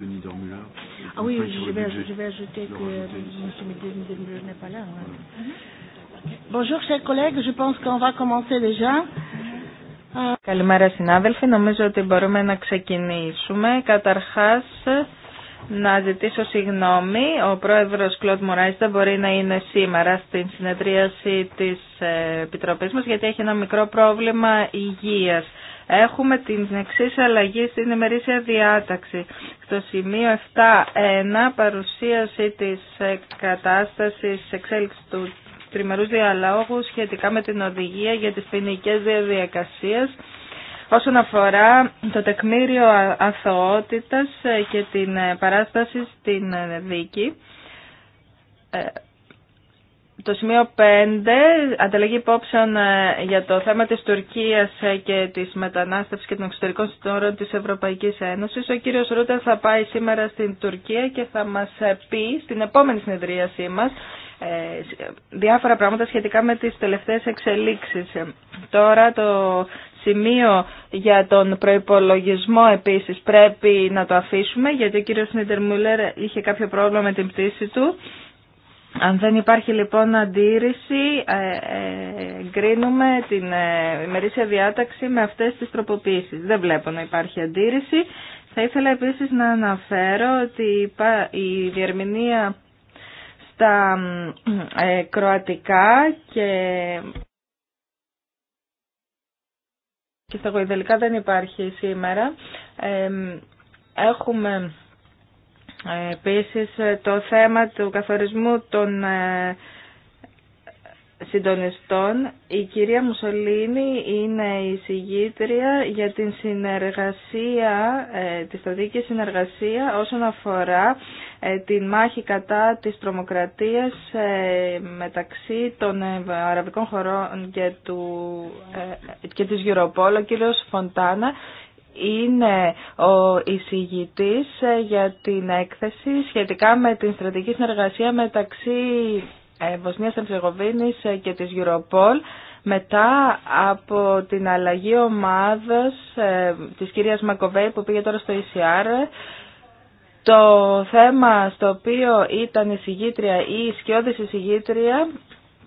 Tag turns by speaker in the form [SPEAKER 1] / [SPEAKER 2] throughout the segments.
[SPEAKER 1] Denis Dormula. Ah
[SPEAKER 2] Καλημέρα συνάδελφοι, νομίζω ότι μπορούμε να ξεκινήσουμε. Καταρχάς, να ζητήσω συγγνώμη, ο πρόεδρος Κλοντ Μωράης δεν μπορεί να είναι σήμερα στην συνεδρίαση της ε, Επιτροπής μας γιατί έχει ένα μικρό πρόβλημα υγείας έχουμε την εξή αλλαγή στην ημερήσια διάταξη. Στο σημείο 7.1 παρουσίαση της κατάστασης εξέλιξης του τριμερούς διαλόγου σχετικά με την οδηγία για τις ποινικέ διαδικασίες όσον αφορά το τεκμήριο αθωότητας και την παράσταση στην δίκη. Ε, το σημείο 5, ανταλλαγή υπόψεων ε, για το θέμα της Τουρκίας ε, και της μετανάστευσης και των εξωτερικών συνόρων της Ευρωπαϊκής Ένωσης. Ο κύριος Ρούτα θα πάει σήμερα στην Τουρκία και θα μας ε, πει στην επόμενη συνεδρίασή μας διάφορα πράγματα σχετικά με τις τελευταίες εξελίξεις. Τώρα το σημείο για τον προϋπολογισμό επίσης πρέπει να το αφήσουμε γιατί ο κύριος Νίτερ Μουλέρ είχε κάποιο πρόβλημα με την πτήση του. Αν δεν υπάρχει λοιπόν αντίρρηση, ε, ε, γκρίνουμε την ε, ημερήσια διάταξη με αυτές τις τροποποίησεις. Δεν βλέπω να υπάρχει αντίρρηση. Θα ήθελα επίσης να αναφέρω ότι η διερμηνία στα κροατικά και... και στα γοηδελικά δεν υπάρχει σήμερα. έχουμε Επίσης το θέμα του καθορισμού των ε, συντονιστών. Η κυρία Μουσολίνη είναι η συγγήτρια για την συνεργασία, ε, τη στρατηγική συνεργασία όσον αφορά ε, την μάχη κατά της τρομοκρατίας μεταξύ των αραβικών χωρών και, του, και της Γιουροπόλου, Ο κύριος Φοντάνα είναι ο εισηγητής ε, για την έκθεση σχετικά με την στρατηγική συνεργασία μεταξύ ε, Βοσνίας Ερζεγοβίνης ε, και της Europol μετά από την αλλαγή ομάδας της κυρίας Μακοβέη που πήγε τώρα στο ECR το θέμα στο οποίο ήταν η συγγήτρια ή η σκιώδης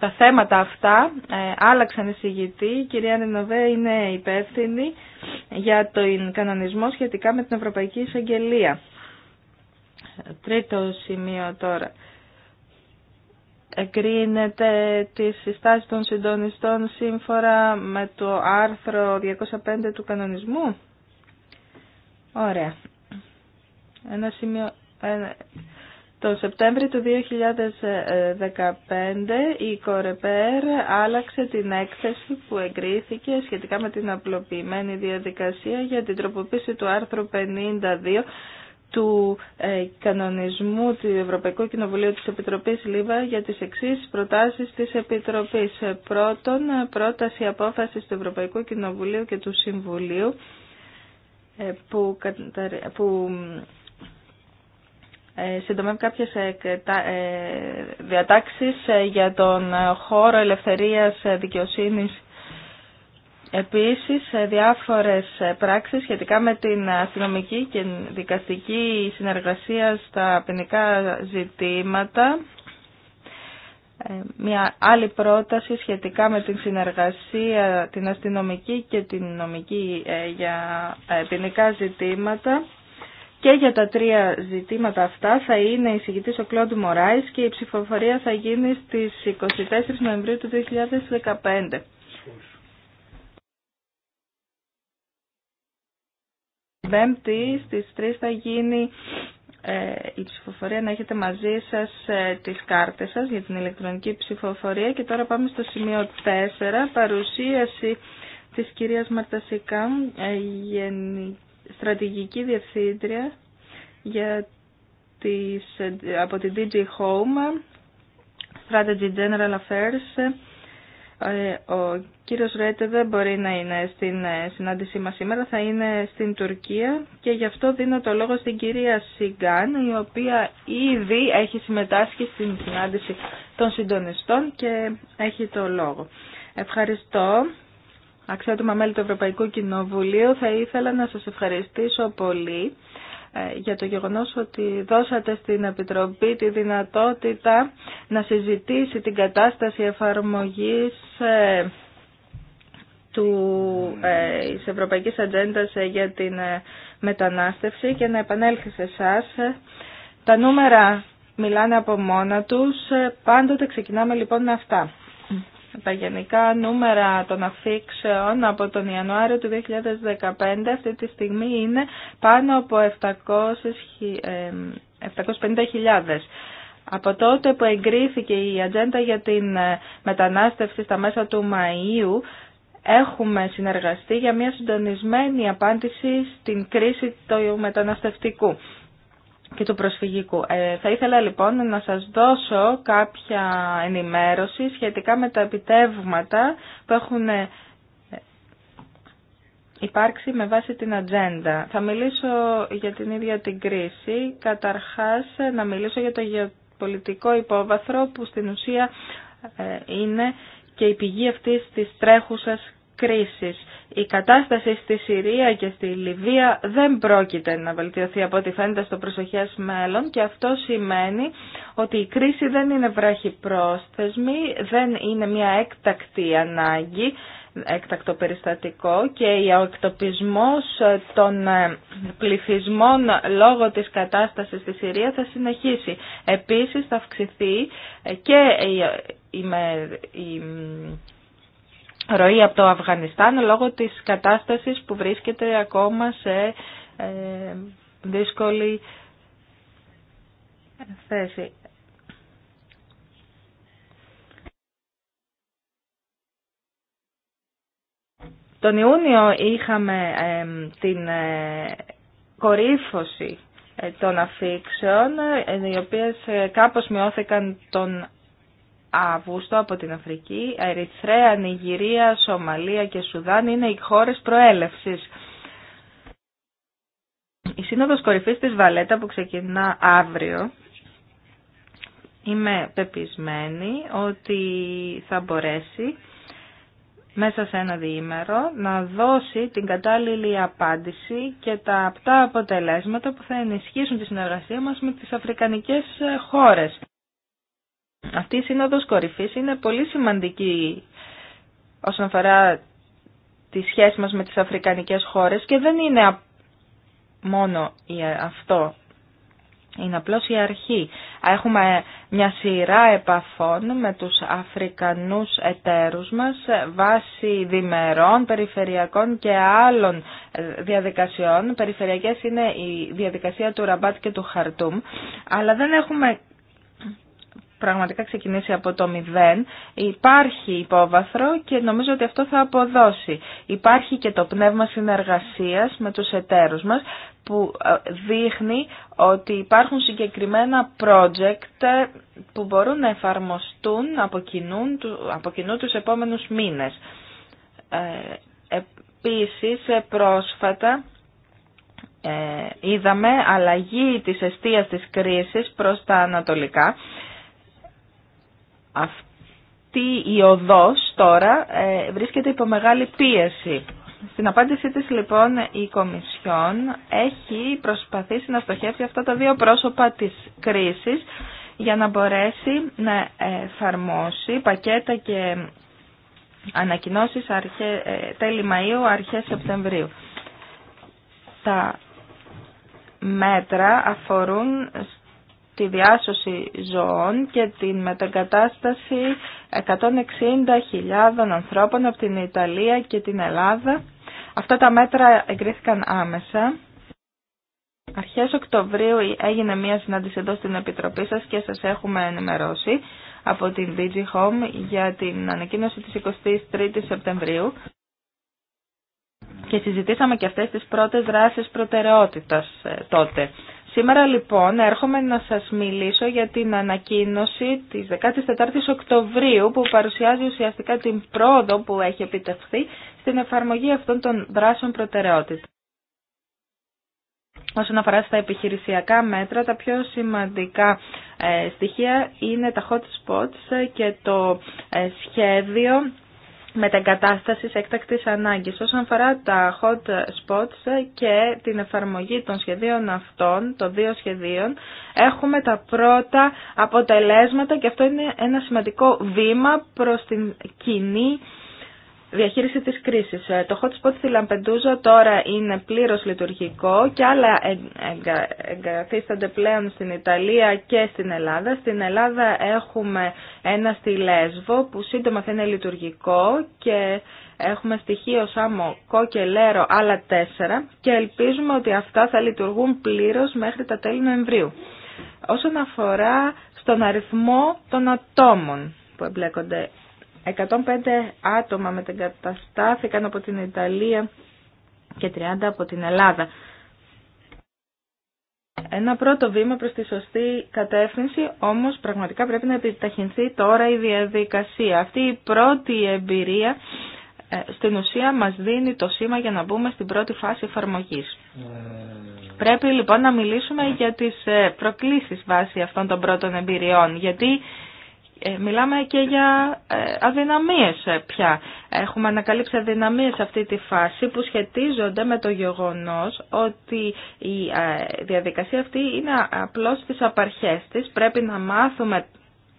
[SPEAKER 2] τα θέματα αυτά ε, άλλαξαν εισηγητή. Η κυρία Νενοβέ είναι υπεύθυνη για τον κανονισμό σχετικά με την Ευρωπαϊκή Εισαγγελία. Τρίτο σημείο τώρα. Εγκρίνεται τη συστάση των συντονιστών σύμφωνα με το άρθρο 205 του κανονισμού. Ωραία. Ένα σημείο... Ένα... Το Σεπτέμβριο του 2015 η Κορεπέρ άλλαξε την έκθεση που εγκρίθηκε σχετικά με την απλοποιημένη διαδικασία για την τροποποίηση του άρθρου 52 του ε, κανονισμού του Ευρωπαϊκού Κοινοβουλίου της Επιτροπής ΛΥΒΑ για τις εξής προτάσεις της Επιτροπής. Πρώτον, πρόταση απόφασης του Ευρωπαϊκού Κοινοβουλίου και του Συμβουλίου ε, που ε, συντομεύει κάποιες ε, ε, διατάξεις για τον χώρο ελευθερίας δικαιοσύνης Επίσης, διάφορες πράξεις σχετικά με την αστυνομική και δικαστική συνεργασία στα ποινικά ζητήματα. Μια άλλη πρόταση σχετικά με την συνεργασία, την αστυνομική και την νομική για ποινικά ζητήματα. Και για τα τρία ζητήματα αυτά θα είναι η συγκητής ο Κλόντ Μωράης και η ψηφοφορία θα γίνει στις 24 Νοεμβρίου του 2015. Πέμπτη στις 3 θα γίνει ε, η ψηφοφορία να έχετε μαζί σας ε, τις κάρτες σας για την ηλεκτρονική ψηφοφορία και τώρα πάμε στο σημείο 4 παρουσίαση της κυρίας Μαρτασικά ε, γενική στρατηγική διευθύντρια για από την DG Home, Strategy General Affairs. Ε, ο κύριος Ρέτε δεν μπορεί να είναι στην ε, συνάντησή μας σήμερα, θα είναι στην Τουρκία και γι' αυτό δίνω το λόγο στην κυρία Σιγκάν, η οποία ήδη έχει συμμετάσχει στην συνάντηση των συντονιστών και έχει το λόγο. Ευχαριστώ αξιότιμα μέλη του Ευρωπαϊκού Κοινοβουλίου, θα ήθελα να σας ευχαριστήσω πολύ ε, για το γεγονός ότι δώσατε στην Επιτροπή τη δυνατότητα να συζητήσει την κατάσταση εφαρμογής ε, του, ε, της Ευρωπαϊκής Ατζέντας ε, για την μετανάστευση και να επανέλθει σε εσά. Τα νούμερα μιλάνε από μόνα τους. Πάντοτε ξεκινάμε λοιπόν με αυτά τα γενικά νούμερα των αφήξεων από τον Ιανουάριο του 2015 αυτή τη στιγμή είναι πάνω από 750.000. Από τότε που εγκρίθηκε η ατζέντα για την ε, μετανάστευση στα μέσα του Μαΐου, έχουμε συνεργαστεί για μια συντονισμένη απάντηση στην κρίση του μεταναστευτικού και του προσφυγικού. Ε, θα ήθελα λοιπόν να σας δώσω κάποια ενημέρωση σχετικά με τα επιτεύγματα που έχουν ε, υπάρξει με βάση την ατζέντα. Θα μιλήσω για την ίδια την κρίση. Καταρχάς να μιλήσω για το γεωπολιτικό υπόβαθρο που στην ουσία ε, είναι και η πηγή αυτής της τρέχουσας η κατάσταση στη Συρία και στη Λιβύα δεν πρόκειται να βελτιωθεί από ό,τι φαίνεται στο προσοχές μέλλον και αυτό σημαίνει ότι η κρίση δεν είναι πρόσθεσμη, δεν είναι μια έκτακτη ανάγκη, έκτακτο περιστατικό και ο εκτοπισμός των ε, πληθυσμών λόγω της κατάστασης στη Συρία θα συνεχίσει. Επίσης θα αυξηθεί και η ε, ροή από το Αφγανιστάν λόγω της κατάστασης που βρίσκεται ακόμα σε ε, δύσκολη θέση. Τον Ιούνιο είχαμε την ε, κορύφωση ε, των αφήξεων, οι οποίες κάπως μειώθηκαν τον Αύγουστο από την Αφρική, Ερυθρέα, Νιγηρία, Σομαλία και Σουδάν είναι οι χώρες προέλευσης. Η Σύνοδος Κορυφής της Βαλέτα που ξεκινά αύριο, είμαι πεπισμένη ότι θα μπορέσει μέσα σε ένα διήμερο να δώσει την κατάλληλη απάντηση και τα απτά αποτελέσματα που θα ενισχύσουν τη συνεργασία μας με τις αφρικανικές χώρες. Αυτή η σύνοδος κορυφής είναι πολύ σημαντική όσον αφορά τη σχέση μας με τις αφρικανικές χώρες και δεν είναι μόνο αυτό. Είναι απλώς η αρχή. Έχουμε μια σειρά επαφών με τους Αφρικανούς εταίρους μας βάσει διμερών, περιφερειακών και άλλων ε, διαδικασιών. Περιφερειακές είναι η διαδικασία του Ραμπάτ και του Χαρτούμ, αλλά δεν έχουμε πραγματικά ξεκινήσει από το μηδέν, υπάρχει υπόβαθρο και νομίζω ότι αυτό θα αποδώσει. Υπάρχει και το πνεύμα συνεργασίας με τους εταίρους μας που ε, δείχνει ότι υπάρχουν συγκεκριμένα project ε, που μπορούν να εφαρμοστούν από κοινού, από κοινού τους επόμενους μήνες. Ε, επίσης, πρόσφατα είδαμε αλλαγή της αιστείας της κρίσης προς τα ανατολικά αυτή η οδός τώρα ε, βρίσκεται υπό μεγάλη πίεση. Στην απάντησή της λοιπόν η Κομισιόν έχει προσπαθήσει να στοχεύσει αυτά τα δύο πρόσωπα της κρίσης για να μπορέσει να εφαρμόσει πακέτα και ανακοινώσεις αρχέ, ε, τέλη Μαΐου, αρχές Σεπτεμβρίου. Τα μέτρα αφορούν τη διάσωση ζωών και την μετακατάσταση 160.000 ανθρώπων από την Ιταλία και την Ελλάδα. Αυτά τα μέτρα εγκρίθηκαν άμεσα. Αρχές Οκτωβρίου έγινε μια συνάντηση εδώ στην Επιτροπή σας και σας έχουμε ενημερώσει από την DigiHome Home για την ανακοίνωση της 23ης Σεπτεμβρίου και συζητήσαμε και αυτές τις πρώτες δράσεις προτεραιότητας ε, τότε. Σήμερα λοιπόν έρχομαι να σας μιλήσω για την ανακοίνωση της 14ης Οκτωβρίου που παρουσιάζει ουσιαστικά την πρόοδο που έχει επιτευχθεί στην εφαρμογή αυτών των δράσεων προτεραιότητας. Όσον αφορά στα επιχειρησιακά μέτρα, τα πιο σημαντικά ε, στοιχεία είναι τα hot spots και το ε, σχέδιο μεταγκατάστασης έκτακτης ανάγκης. Όσον αφορά τα hot spots και την εφαρμογή των σχεδίων αυτών, των δύο σχεδίων, έχουμε τα πρώτα αποτελέσματα και αυτό είναι ένα σημαντικό βήμα προς την κοινή διαχείριση της κρίσης. Ε, το hot spot στη Λαμπεντούζα τώρα είναι πλήρως λειτουργικό και άλλα εγκαθίστανται πλέον στην Ιταλία και στην Ελλάδα. Στην Ελλάδα έχουμε ένα στη Λέσβο που σύντομα θα είναι λειτουργικό και έχουμε στοιχείο Σάμο, Κό και Λέρο άλλα τέσσερα και ελπίζουμε ότι αυτά θα λειτουργούν πλήρως μέχρι τα τέλη Νοεμβρίου. Όσον αφορά στον αριθμό των ατόμων που εμπλέκονται 105 άτομα μετεγκαταστάθηκαν από την Ιταλία και 30 από την Ελλάδα. Ένα πρώτο βήμα προς τη σωστή κατεύθυνση, όμως πραγματικά πρέπει να επιταχυνθεί τώρα η διαδικασία. Αυτή η πρώτη εμπειρία ε, στην ουσία μας δίνει το σήμα για να μπούμε στην πρώτη φάση εφαρμογής. Ε. Πρέπει λοιπόν να μιλήσουμε για τις ε, προκλήσεις βάσει αυτών των πρώτων εμπειριών, γιατί ε, μιλάμε και για ε, αδυναμίες ε, πια. Έχουμε ανακαλύψει αδυναμίες σε αυτή τη φάση που σχετίζονται με το γεγονός ότι η διαδικασία αυτή είναι απλώς στις απαρχές της. Πρέπει να μάθουμε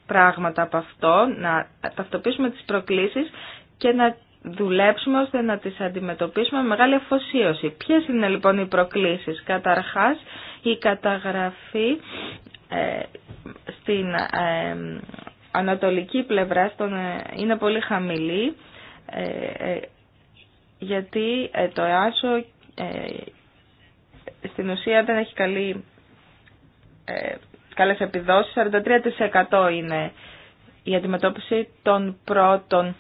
[SPEAKER 2] πράγματα από αυτό, να ταυτοποιήσουμε τις προκλήσεις και να δουλέψουμε ώστε να τις αντιμετωπίσουμε με μεγάλη αφοσίωση. Ποιες είναι λοιπόν οι προκλήσεις. Καταρχάς η καταγραφή στην ανατολική πλευρά στον, ε, είναι πολύ χαμηλή ε, ε, γιατί το ΕΑΣΟ στην ουσία δεν έχει καλή, καλές επιδόσεις. 43% είναι η αντιμετώπιση των πρώτων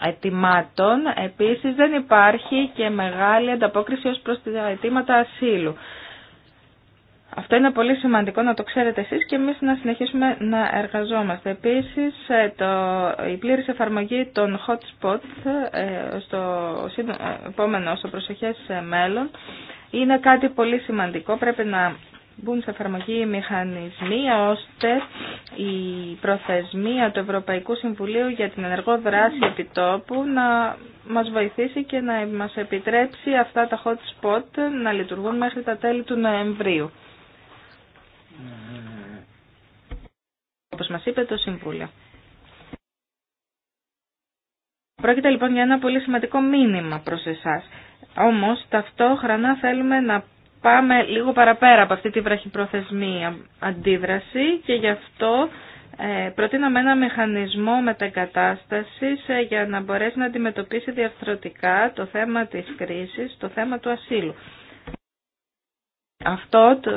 [SPEAKER 2] αιτημάτων. Επίσης δεν υπάρχει και μεγάλη ανταπόκριση ως προς τα αιτήματα ασύλου. Αυτό είναι πολύ σημαντικό να το ξέρετε εσείς και εμείς να συνεχίσουμε να εργαζόμαστε. Επίσης, ε, το, η πλήρης εφαρμογή των hotspot ε, στο ε, επόμενο, στο προσεχές μέλλον, είναι κάτι πολύ σημαντικό. Πρέπει να μπουν σε εφαρμογή οι μηχανισμοί ώστε η προθεσμία του Ευρωπαϊκού Συμβουλίου για την ενεργό δράση επιτόπου να μας βοηθήσει και να μας επιτρέψει αυτά τα hot να λειτουργούν μέχρι τα τέλη του Νοεμβρίου. όπως μας είπε το Συμβούλιο. Πρόκειται λοιπόν για ένα πολύ σημαντικό μήνυμα προς εσάς. Όμως ταυτόχρονα θέλουμε να πάμε λίγο παραπέρα από αυτή τη βραχυπροθεσμία αντίδραση και γι' αυτό ε, προτείναμε ένα μηχανισμό μετακατάστασης ε, για να μπορέσει να αντιμετωπίσει διαρθρωτικά το θέμα της κρίσης, το θέμα του ασύλου. Αυτό το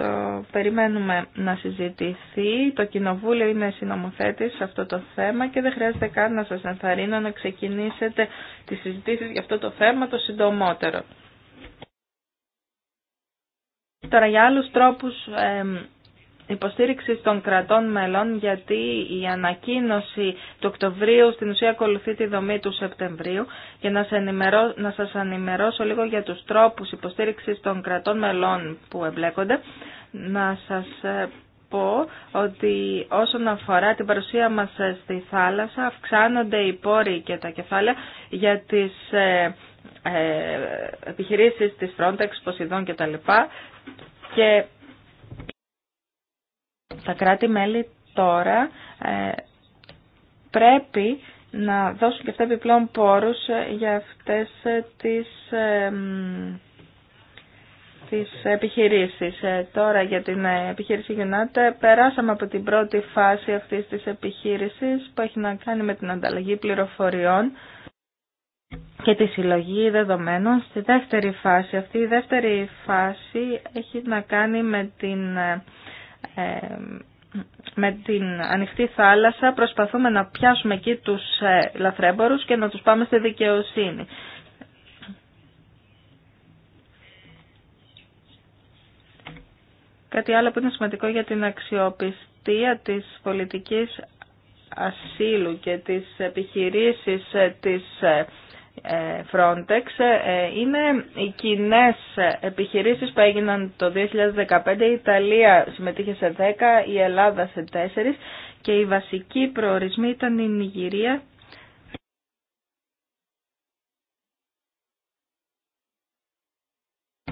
[SPEAKER 2] περιμένουμε να συζητηθεί. Το Κοινοβούλιο είναι συνομοθέτη σε αυτό το θέμα και δεν χρειάζεται καν να σας ενθαρρύνω να ξεκινήσετε τη συζητήση για αυτό το θέμα το συντομότερο. Τώρα για άλλους τρόπους υποστήριξη των κρατών μελών γιατί η ανακοίνωση του Οκτωβρίου στην ουσία ακολουθεί τη δομή του Σεπτεμβρίου Και να, σε να σας ενημερώσω λίγο για τους τρόπους υποστήριξης των κρατών μελών που εμπλέκονται να σας ε, πω ότι όσον αφορά την παρουσία μας ε, στη θάλασσα αυξάνονται οι πόροι και τα κεφάλαια για τις ε, επιχειρήσεις της Frontex, Ποσειδών κτλ. Και τα κράτη-μέλη τώρα ε, πρέπει να δώσουν και αυτά επιπλέον πόρους ε, για αυτές ε, τις, τις επιχειρήσεις. Τώρα για την επιχείρηση γιονάτε περάσαμε από την πρώτη φάση αυτής της επιχείρησης που έχει να κάνει με την ανταλλαγή πληροφοριών και τη συλλογή δεδομένων. Στη δεύτερη φάση, αυτή η δεύτερη φάση έχει να κάνει με την με την ανοιχτή θάλασσα προσπαθούμε να πιάσουμε εκεί τους ε, λαθρέμπορους και να τους πάμε στη δικαιοσύνη. Κάτι άλλο που είναι σημαντικό για την αξιοπιστία της πολιτικής ασύλου και της επιχειρήσεις ε, της ε, ε, Frontex ε, είναι οι κοινέ επιχειρήσεις που έγιναν το 2015. Η Ιταλία συμμετείχε σε 10, η Ελλάδα σε 4 και οι βασικοί προορισμοί ήταν η Νιγηρία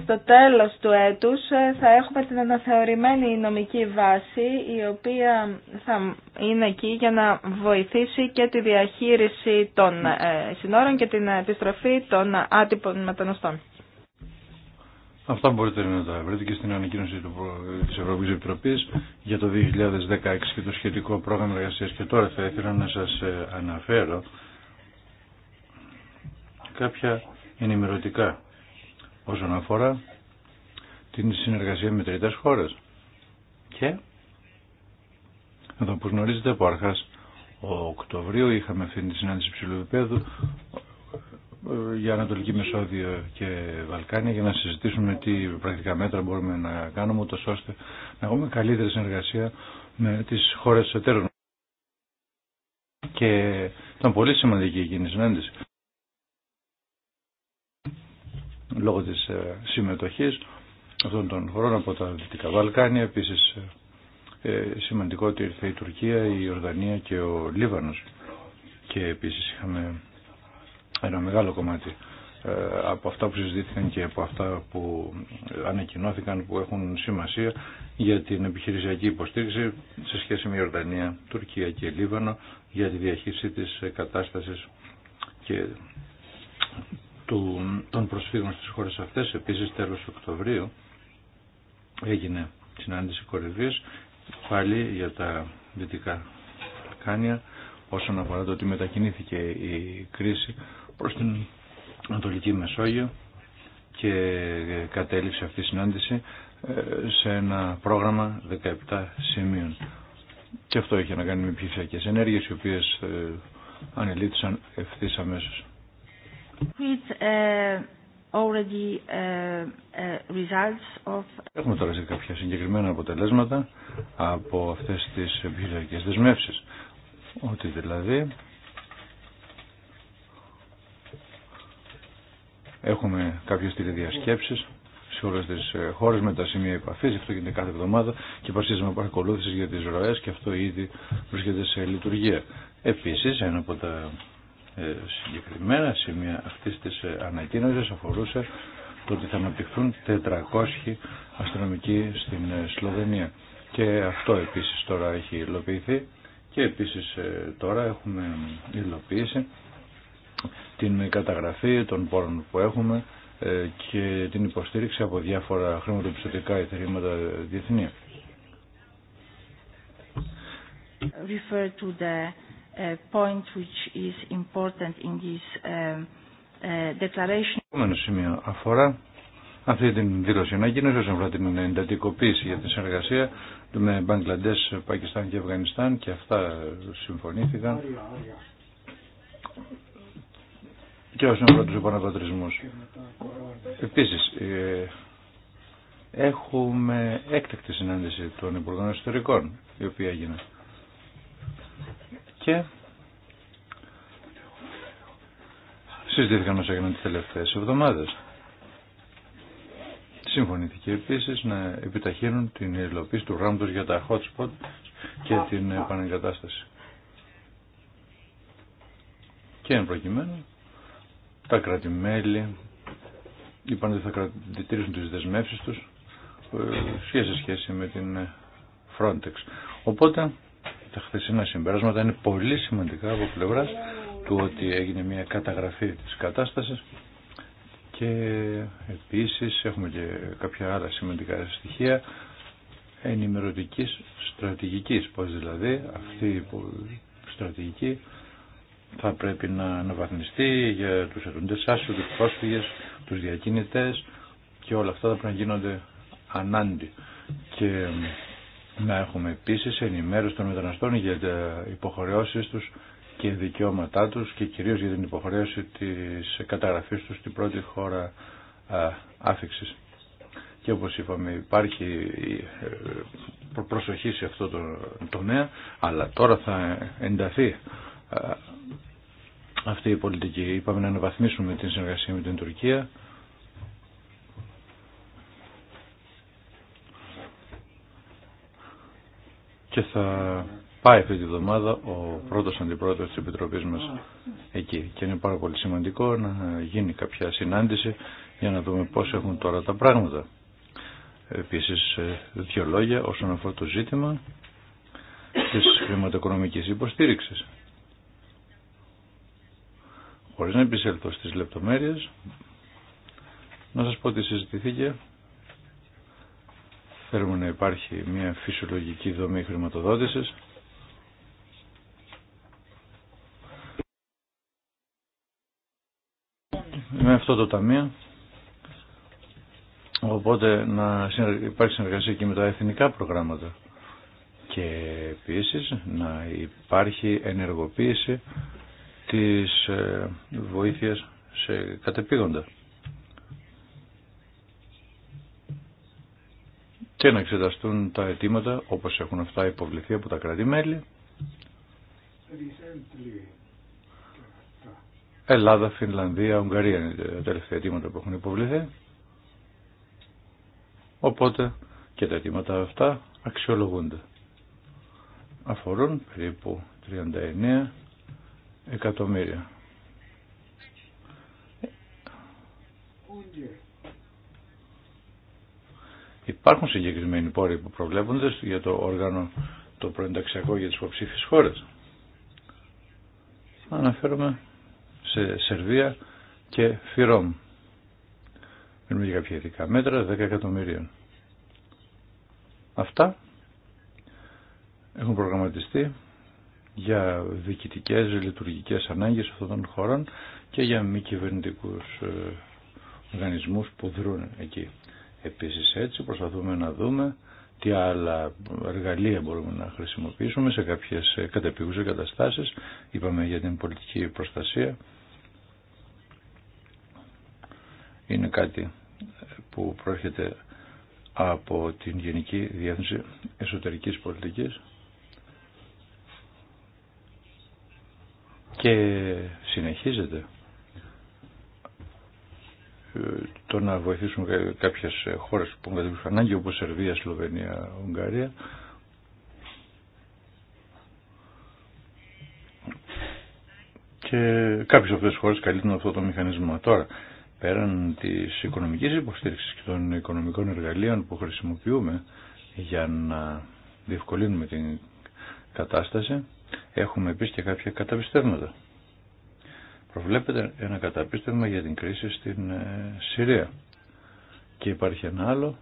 [SPEAKER 2] στο τέλος του έτους ε, θα έχουμε την αναθεωρημένη νομική βάση η οποία θα είναι εκεί για να βοηθήσει και τη διαχείριση των ε, συνόρων και την επιστροφή των άτυπων μεταναστών.
[SPEAKER 3] Αυτά μπορείτε να τα βρείτε και στην ανακοίνωση της Ευρωπαϊκής Επιτροπής για το 2016 και το σχετικό πρόγραμμα εργασίας. Και τώρα θα ήθελα να σας ε, αναφέρω κάποια ενημερωτικά όσον αφορά την συνεργασία με τρίτες χώρες. Και εδώ που γνωρίζετε από αρχάς Οκτωβρίου είχαμε αυτή τη συνάντηση ψηλού επίπεδου για Ανατολική Μεσόδιο και Βαλκάνια για να συζητήσουμε τι πρακτικά μέτρα μπορούμε να κάνουμε ούτως ώστε να έχουμε καλύτερη συνεργασία με τις χώρες εταίρων. Και ήταν πολύ σημαντική εκείνη η συνάντηση λόγω της ε, συμμετοχής αυτών των χωρών από τα Δυτικά Βαλκάνια. Επίσης ε, ε, σημαντικό ότι ήρθε η Τουρκία, η Ορδανία και ο Λίβανος και επίσης είχαμε ένα μεγάλο κομμάτι από αυτά που συζητήθηκαν και από αυτά που ανακοινώθηκαν που έχουν σημασία για την επιχειρησιακή υποστήριξη σε σχέση με Ορδανία Τουρκία και Λίβανο για τη διαχείριση της κατάστασης και του, των προσφύγων στις χώρες αυτές. Επίσης τέλος Οκτωβρίου έγινε συνάντηση κορυφής πάλι για τα δυτικά Κάνια όσον αφορά το ότι μετακινήθηκε η κρίση προς την Ανατολική Μεσόγειο και κατέληξε αυτή η συνάντηση ε, σε ένα πρόγραμμα 17 σημείων. Και αυτό είχε να κάνει με ψηφιακές ενέργειες οι οποίες ε, ανελήφθησαν ευθύς αμέσως.
[SPEAKER 2] Uh, uh, uh, έχουμε τώρα
[SPEAKER 3] σε κάποια συγκεκριμένα αποτελέσματα από αυτές τις επιχειρηματικές δεσμεύσεις. Ότι δηλαδή έχουμε κάποιες τηλεδιασκέψεις σε όλες τις ε, χώρες με τα σημεία επαφής, αυτό γίνεται κάθε εβδομάδα και παρουσιάζουμε παρακολούθηση για τις ροές και αυτό ήδη βρίσκεται σε λειτουργία. Επίσης, ένα από τα ε, συγκεκριμένα σημεία αυτή της ε, ανακοίνωση αφορούσε το ότι θα αναπτυχθούν 400 αστυνομικοί στην ε, Σλοβενία. Και αυτό επίσης τώρα έχει υλοποιηθεί και επίσης τώρα έχουμε υλοποιήσει την καταγραφή των πόρων που έχουμε και την υποστήριξη από διάφορα χρηματοπιστωτικά εθελήματα διεθνή.
[SPEAKER 2] Refer to Uh, point which Το um, uh, επόμενο σημείο
[SPEAKER 3] αφορά αυτή την δήλωση ανακοίνωση όσον αφορά την εντατικοποίηση για τη συνεργασία με Μπαγκλαντές, Πακιστάν και Αφγανιστάν και αυτά συμφωνήθηκαν. Και όσον αφορά τους επαναπατρισμούς. Επίσης, ε, έχουμε έκτακτη συνάντηση των Υπουργών Εσωτερικών, η οποία έγινε και συζητήθηκαν όσα έγιναν τις τελευταίες εβδομάδες. Συμφωνήθηκε επίσης να επιταχύνουν την υλοποίηση του γράμματος για τα hot spot και την επανεγκατάσταση. Και εν προκειμένου, τα κρατημέλη είπαν ότι θα κρατητήρισουν τις δεσμεύσεις τους ε, σχέση σχέση με την Frontex. Οπότε τα χθεσινά συμπεράσματα είναι πολύ σημαντικά από πλευρά του ότι έγινε μια καταγραφή της κατάστασης και επίσης έχουμε και κάποια άλλα σημαντικά στοιχεία ενημερωτικής στρατηγικής, πως δηλαδή αυτή η στρατηγική θα πρέπει να αναβαθμιστεί για τους ετούντες άσου, τους πρόσφυγες, τους διακίνητες και όλα αυτά θα πρέπει να γίνονται ανάντι. Και να έχουμε επίση ενημέρωση των μεταναστών για τι υποχρεώσει τους και δικαιώματά τους και κυρίως για την υποχρέωση της καταγραφή τους στην πρώτη χώρα άφηξη. Και όπως είπαμε υπάρχει ε, προσοχή σε αυτό το τομέα, αλλά τώρα θα ενταθεί αυτή η πολιτική. Είπαμε να αναβαθμίσουμε την συνεργασία με την Τουρκία και θα πάει αυτή τη βδομάδα ο πρώτος αντιπρόεδρος της Επιτροπής μας εκεί και είναι πάρα πολύ σημαντικό να γίνει κάποια συνάντηση για να δούμε πώς έχουν τώρα τα πράγματα. Επίσης ε, δύο λόγια όσον αφορά το ζήτημα της χρηματοοικονομικής υποστήριξης. Χωρίς να επισέλθω στις λεπτομέρειες, να σας πω ότι συζητηθήκε Θέλουμε να υπάρχει μια φυσιολογική δομή χρηματοδότησης. Με αυτό το ταμείο. Οπότε να υπάρχει συνεργασία και με τα εθνικά προγράμματα. Και επίσης να υπάρχει ενεργοποίηση της ε, βοήθειας σε κατεπήγοντα. και να εξεταστούν τα αιτήματα όπως έχουν αυτά υποβληθεί από τα κρατη Ελλάδα, Φινλανδία, Ουγγαρία είναι τα τελευταία αιτήματα που έχουν υποβληθεί. Οπότε και τα αιτήματα αυτά αξιολογούνται. Αφορούν περίπου 39 εκατομμύρια. Υπάρχουν συγκεκριμένοι πόροι που προβλέπονται για το όργανο το προενταξιακό για τις υποψήφιες χώρες. Αναφέρομαι σε Σερβία και Φιρόμ. Μιλούμε για κάποια ειδικά μέτρα 10 εκατομμυρίων. Αυτά έχουν προγραμματιστεί για διοικητικές, λειτουργικές ανάγκες αυτών των χωρών και για μη κυβερνητικού ε, οργανισμούς που δρούν εκεί. Επίσης έτσι προσπαθούμε να δούμε τι άλλα εργαλεία μπορούμε να χρησιμοποιήσουμε σε κάποιες κατεπίγουσες καταστάσεις. Είπαμε για την πολιτική προστασία. Είναι κάτι που προέρχεται από την Γενική Διεύθυνση Εσωτερικής Πολιτικής και συνεχίζεται. Ε, το να βοηθήσουμε κάποιες χώρες που έχουν ανάγκη όπως Σερβία, Σλοβενία, Ουγγαρία και κάποιες αυτές τις χώρες καλύπτουν αυτό το μηχανισμό. Τώρα, πέραν της οικονομικής υποστήριξης και των οικονομικών εργαλείων που χρησιμοποιούμε για να διευκολύνουμε την κατάσταση, έχουμε επίσης και κάποια καταπιστεύματα προβλέπεται ένα καταπίστευμα για την κρίση στην ε, Συρία και υπάρχει ένα άλλο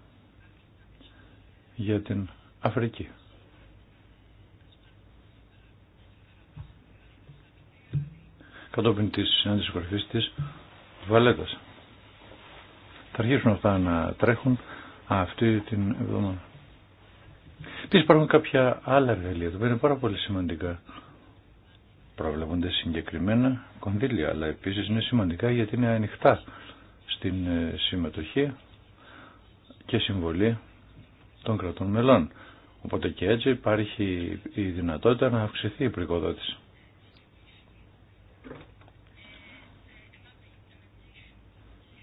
[SPEAKER 3] για την Αφρική. Κατόπιν της συνάντησης κορυφής της Βαλέτας. Θα αρχίσουν αυτά να τρέχουν αυτή την εβδομάδα. Επίσης υπάρχουν κάποια άλλα εργαλεία, που είναι πάρα πολύ σημαντικά προβλέπονται συγκεκριμένα κονδύλια, αλλά επίσης είναι σημαντικά γιατί είναι ανοιχτά στην ε, συμμετοχή και συμβολή των κρατών μελών. Οπότε και έτσι υπάρχει η δυνατότητα να αυξηθεί η πρικοδότηση.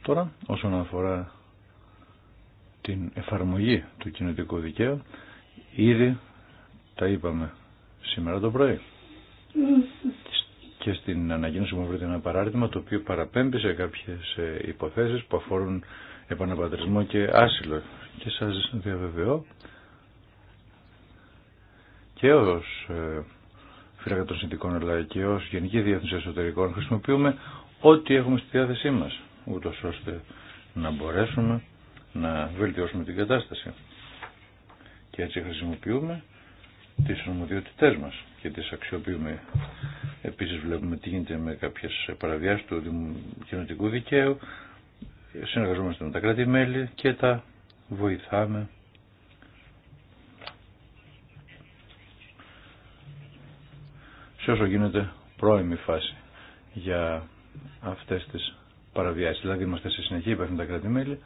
[SPEAKER 3] Τώρα, όσον αφορά την εφαρμογή του κοινωτικού δικαίου, ήδη τα είπαμε σήμερα το πρωί. Και στην ανακοίνωση μου βρείτε ένα παράρτημα το οποίο παραπέμπει σε κάποιες ε, υποθέσεις που αφορούν επαναπατρισμό και άσυλο. Και σας διαβεβαιώ και ως ε, φύλακα των συνδικών αλλά και ως Γενική Διεύθυνση Εσωτερικών χρησιμοποιούμε ό,τι έχουμε στη διάθεσή μας ούτως ώστε να μπορέσουμε να βελτιώσουμε την κατάσταση. Και έτσι χρησιμοποιούμε τις νομοδιότητές μας και τις αξιοποιούμε. Επίσης βλέπουμε τι γίνεται με κάποιες παραβιάσεις του κοινωτικού δικαίου, συνεργαζόμαστε με τα κράτη-μέλη και τα βοηθάμε. Σε όσο γίνεται πρώιμη φάση για αυτές τις παραβιάσεις. Δηλαδή είμαστε σε συνεχή υπάρχουν τα κράτη-μέλη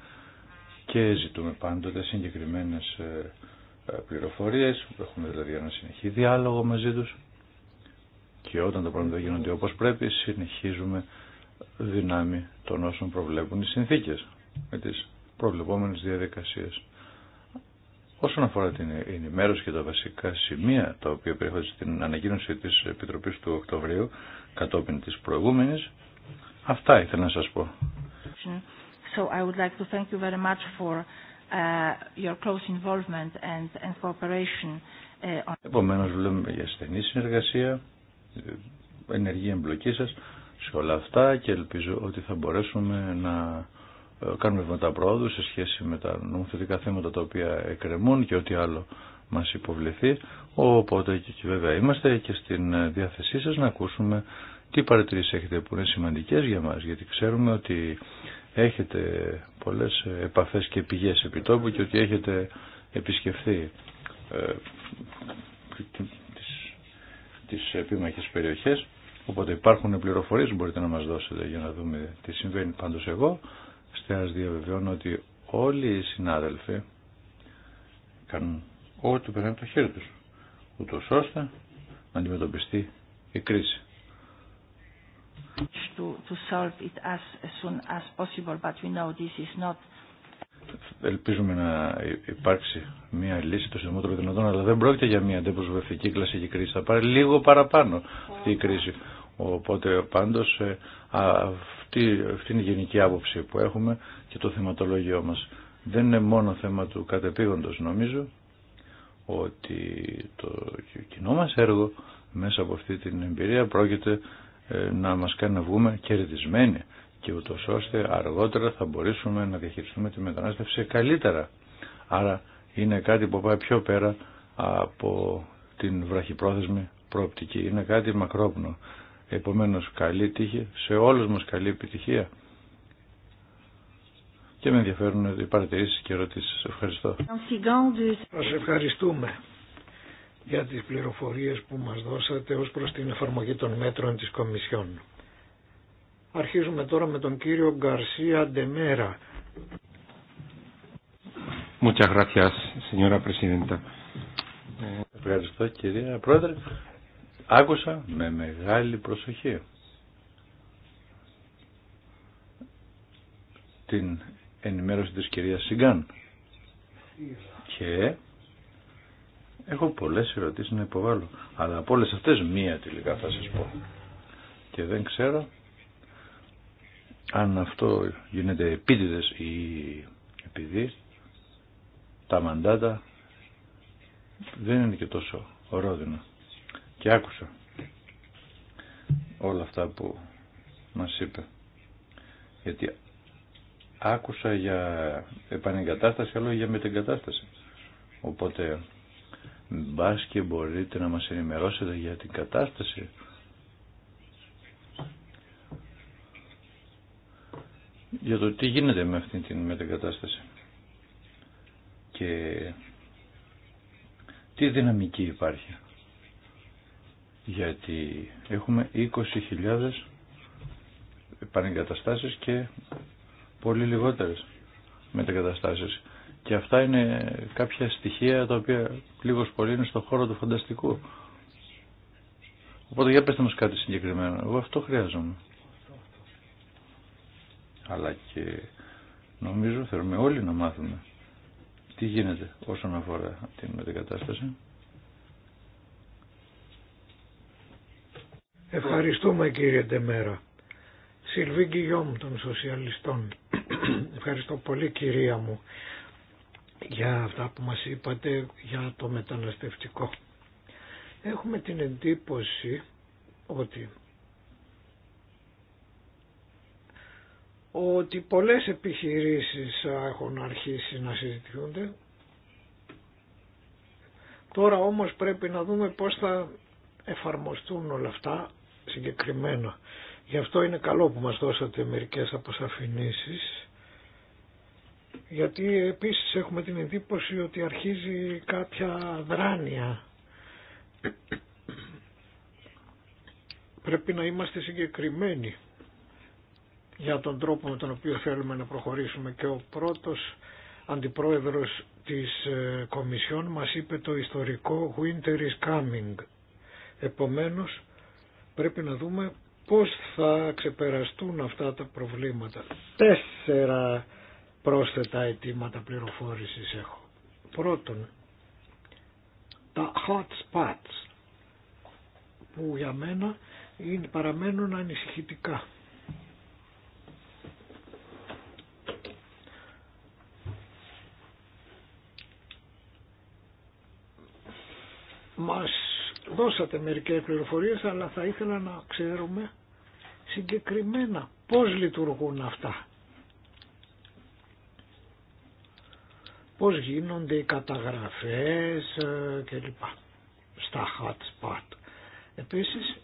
[SPEAKER 3] και ζητούμε πάντοτε συγκεκριμένες ε, ε, πληροφορίες, έχουμε δηλαδή ένα συνεχή διάλογο μαζί τους και όταν τα πράγματα γίνονται όπως πρέπει συνεχίζουμε δυνάμει των όσων προβλέπουν οι συνθήκες με τις προβλεπόμενες διαδικασίες. Όσον αφορά την ενημέρωση και τα βασικά σημεία τα οποία περιέχονται στην ανακοίνωση τη Επιτροπής του Οκτωβρίου κατόπιν της προηγούμενη, αυτά ήθελα να σα πω.
[SPEAKER 1] So I
[SPEAKER 2] would like to thank you very much for Uh, your close involvement and, and cooperation.
[SPEAKER 1] Uh, Επομένως
[SPEAKER 3] βλέπουμε για στενή συνεργασία, ε, ενεργή εμπλοκή σας σε όλα αυτά και ελπίζω ότι θα μπορέσουμε να ε, κάνουμε βήματα πρόοδου σε σχέση με τα νομοθετικά θέματα τα οποία εκκρεμούν και ό,τι άλλο μας υποβληθεί. Οπότε και βέβαια είμαστε και στην ε, διάθεσή σας να ακούσουμε τι παρατηρήσεις έχετε που είναι σημαντικές για μας γιατί ξέρουμε ότι έχετε πολλές επαφές και πηγές επιτόπου και ότι έχετε επισκεφθεί ε, τις, τις επίμαχες περιοχές οπότε υπάρχουν πληροφορίες που μπορείτε να μας δώσετε για να δούμε τι συμβαίνει πάντως εγώ στέας διαβεβαιώνω ότι όλοι οι συνάδελφοι κάνουν ό,τι περνάει από το χέρι τους ούτως ώστε να αντιμετωπιστεί η κρίση Ελπίζουμε να υπάρξει μια λύση το συντομότερο δυνατόν, αλλά δεν πρόκειται για μια αντεπροσβευτική κλασική κρίση. Θα πάρει λίγο παραπάνω αυτή η κρίση. Οπότε πάντως ε, αυτή, αυτή είναι η γενική άποψη που έχουμε και το θεματολόγιο μας. Δεν είναι μόνο θέμα του κατεπήγοντος νομίζω ότι το κοινό μας έργο μέσα από αυτή την εμπειρία πρόκειται ε, να μας κάνει να βγούμε κερδισμένοι και ούτω ώστε αργότερα θα μπορέσουμε να διαχειριστούμε τη μετανάστευση καλύτερα. Άρα είναι κάτι που πάει πιο πέρα από την βραχυπρόθεσμη προοπτική. Είναι κάτι μακρόπνο. Επομένως καλή τύχη, σε όλους μας καλή επιτυχία. Και με ενδιαφέρουν οι παρατηρήσεις και ερωτήσεις. Ευχαριστώ.
[SPEAKER 4] Σας ευχαριστούμε για τις πληροφορίες που μας δώσατε ως προς την εφαρμογή των μέτρων της Κομισιόν. Αρχίζουμε τώρα με τον κύριο Γκαρσία Ντεμέρα.
[SPEAKER 3] Muchas Ευχαριστώ κυρία Πρόεδρε. Άκουσα με μεγάλη προσοχή την ενημέρωση της κυρίας Σιγκάν και Έχω πολλές ερωτήσει να υποβάλω, αλλά από όλε αυτές μία τελικά θα σα πω. Και δεν ξέρω αν αυτό γίνεται επίτηδες ή επειδή τα μαντάτα δεν είναι και τόσο ορόδινα. Και άκουσα όλα αυτά που μας είπε. Γιατί άκουσα για επανεγκατάσταση, αλλά για μετεγκατάσταση. Οπότε Μπάς και μπορείτε να μας ενημερώσετε για την κατάσταση. Για το τι γίνεται με αυτή την μετακατάσταση. Και τι δυναμική υπάρχει. Γιατί έχουμε 20.000 επανεγκαταστάσεις και πολύ λιγότερες μετακαταστάσεις. Και αυτά είναι κάποια στοιχεία τα οποία λίγο πολύ είναι στον χώρο του φανταστικού. Οπότε για πέστε μας κάτι συγκεκριμένο. Εγώ αυτό χρειάζομαι. Αλλά και νομίζω θέλουμε όλοι να μάθουμε τι γίνεται όσον αφορά την μετακατάσταση.
[SPEAKER 4] Ευχαριστούμε κύριε Ντεμέρα. Σιλβί Γκυγιόμ των Σοσιαλιστών. Ευχαριστώ πολύ κυρία μου για αυτά που μας είπατε για το μεταναστευτικό. Έχουμε την εντύπωση ότι ότι πολλές επιχειρήσεις έχουν αρχίσει να συζητιούνται. Τώρα όμως πρέπει να δούμε πώς θα εφαρμοστούν όλα αυτά συγκεκριμένα. Γι' αυτό είναι καλό που μας δώσατε μερικές αποσαφηνήσεις γιατί επίσης έχουμε την εντύπωση ότι αρχίζει κάποια δράνεια. Πρέπει να είμαστε συγκεκριμένοι για τον τρόπο με τον οποίο θέλουμε να προχωρήσουμε και ο πρώτος αντιπρόεδρος της ε, Κομισιόν μας είπε το ιστορικό Winter is coming. Επομένως πρέπει να δούμε πώς θα ξεπεραστούν αυτά τα προβλήματα. Τέσσερα πρόσθετα αιτήματα πληροφόρησης έχω. Πρώτον, τα hot spots που για μένα είναι, παραμένουν ανησυχητικά. Μας δώσατε μερικές πληροφορίες αλλά θα ήθελα να ξέρουμε συγκεκριμένα πώς λειτουργούν αυτά. πώς γίνονται οι καταγραφές ε, κλπ. στα hot spot. Επίσης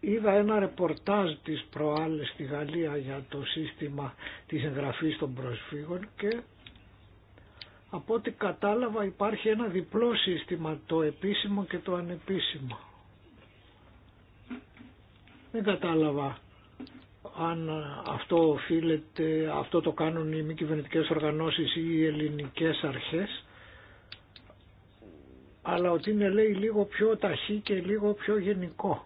[SPEAKER 4] είδα ένα ρεπορτάζ της προάλλες στη Γαλλία για το σύστημα της εγγραφής των προσφύγων και από ό,τι κατάλαβα υπάρχει ένα διπλό σύστημα, το επίσημο και το ανεπίσημο. Δεν κατάλαβα αν αυτό οφείλεται, αυτό το κάνουν οι μη κυβερνητικές οργανώσεις ή οι ελληνικές αρχές, αλλά ότι είναι λέει λίγο πιο ταχύ και λίγο πιο γενικό.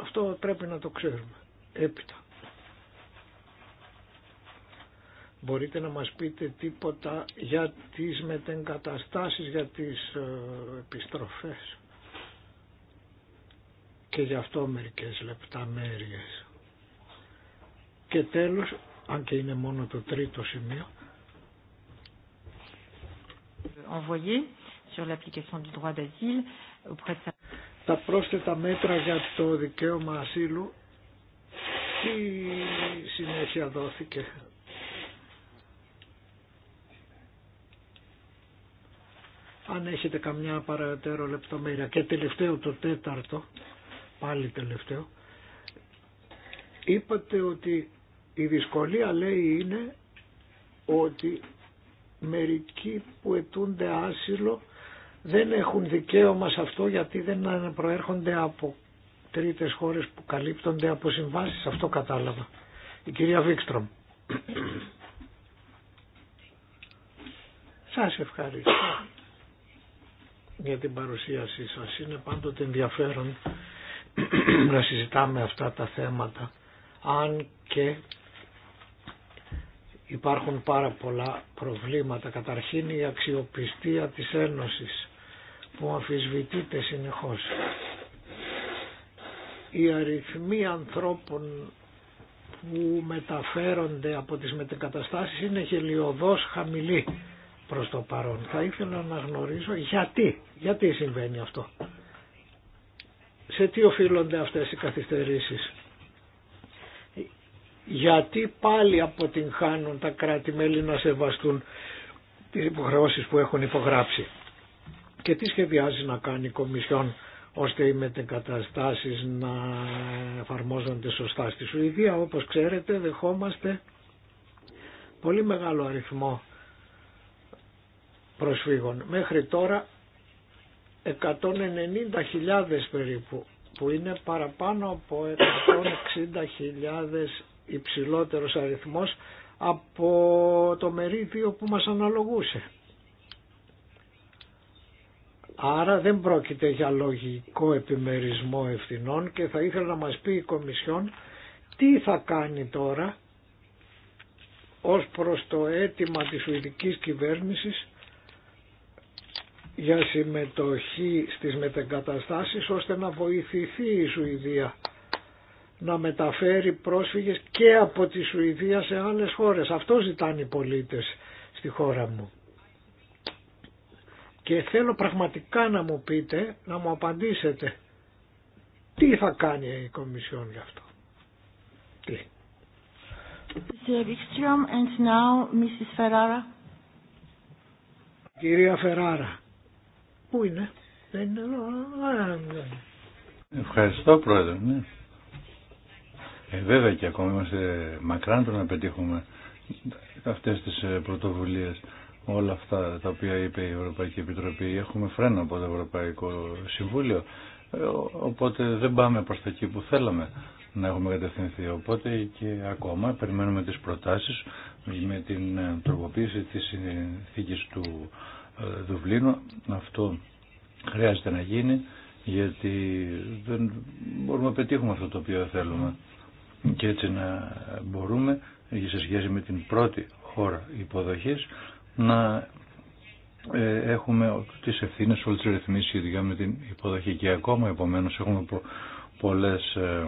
[SPEAKER 4] Αυτό πρέπει να το ξέρουμε. Έπειτα. Μπορείτε να μας πείτε τίποτα για τις μετεγκαταστάσεις, για τις ε, επιστροφές και γι' αυτό μερικές λεπταμέρειες. Και τέλος, αν και είναι μόνο το τρίτο σημείο, τα πρόσθετα μέτρα για το δικαίωμα ασύλου τι συνέχεια δόθηκε. Αν έχετε καμιά παρατέρω λεπτομέρεια και τελευταίο το τέταρτο πάλι τελευταίο, είπατε ότι η δυσκολία λέει είναι ότι μερικοί που ετούνται άσυλο
[SPEAKER 1] δεν έχουν
[SPEAKER 4] δικαίωμα σε αυτό γιατί δεν προέρχονται από τρίτες χώρες που καλύπτονται από συμβάσεις. Αυτό κατάλαβα. Η κυρία Βίξτρομ. Σας ευχαριστώ για την παρουσίασή σας. Είναι πάντοτε ενδιαφέρον να συζητάμε αυτά τα θέματα αν και υπάρχουν πάρα πολλά προβλήματα. Καταρχήν η αξιοπιστία της Ένωσης που αμφισβητείται συνεχώς. Οι αριθμοί ανθρώπων που μεταφέρονται από τις μετεγκαταστάσεις είναι χελιοδός χαμηλή προς το παρόν. Θα ήθελα να γνωρίσω γιατί, γιατί συμβαίνει αυτό σε τι οφείλονται αυτές οι καθυστερήσεις. Γιατί πάλι αποτυγχάνουν τα κράτη-μέλη να σεβαστούν τις υποχρεώσεις που έχουν υπογράψει. Και τι σχεδιάζει να κάνει η Κομισιόν ώστε οι μετεγκαταστάσεις να εφαρμόζονται σωστά στη Σουηδία. Όπως ξέρετε δεχόμαστε πολύ μεγάλο αριθμό προσφύγων. Μέχρι τώρα 190.000 περίπου που είναι παραπάνω από 160.000 υψηλότερος αριθμός από το μερίδιο που μας αναλογούσε. Άρα δεν πρόκειται για λογικό επιμερισμό ευθυνών και θα ήθελα να μας πει η Κομισιόν τι θα κάνει τώρα ως προς το αίτημα της Σουηδικής Κυβέρνησης για συμμετοχή στις μετεγκαταστάσεις ώστε να βοηθηθεί η Σουηδία να μεταφέρει πρόσφυγες και από τη Σουηδία σε άλλες χώρες. Αυτό ζητάνε οι πολίτες στη χώρα μου. Και θέλω πραγματικά να μου πείτε, να μου απαντήσετε, τι θα κάνει η Κομισιόν γι' αυτό. Τι. Κυρία Φεράρα. Πού είναι, δεν είναι εδώ,
[SPEAKER 3] Ευχαριστώ πρόεδρε, ναι. Ε, βέβαια και ακόμα είμαστε μακράν το να πετύχουμε αυτές τις ε, πρωτοβουλίες όλα αυτά τα οποία είπε η Ευρωπαϊκή Επιτροπή. Έχουμε φρένο από το Ευρωπαϊκό Συμβούλιο, ε, οπότε δεν πάμε προ τα εκεί που θέλαμε να έχουμε κατευθυνθεί. Οπότε και ακόμα περιμένουμε τις προτάσεις με την ε, τροποποίηση της συνθήκης του ε, Δουβλίνο. Αυτό χρειάζεται να γίνει γιατί δεν μπορούμε να πετύχουμε αυτό το οποίο θέλουμε και έτσι να μπορούμε σε σχέση με την πρώτη χώρα υποδοχής να ε, έχουμε τις ευθύνες όλες τις ρυθμίσεις ειδικά με την υποδοχή και ακόμα επομένως έχουμε πολλές ε,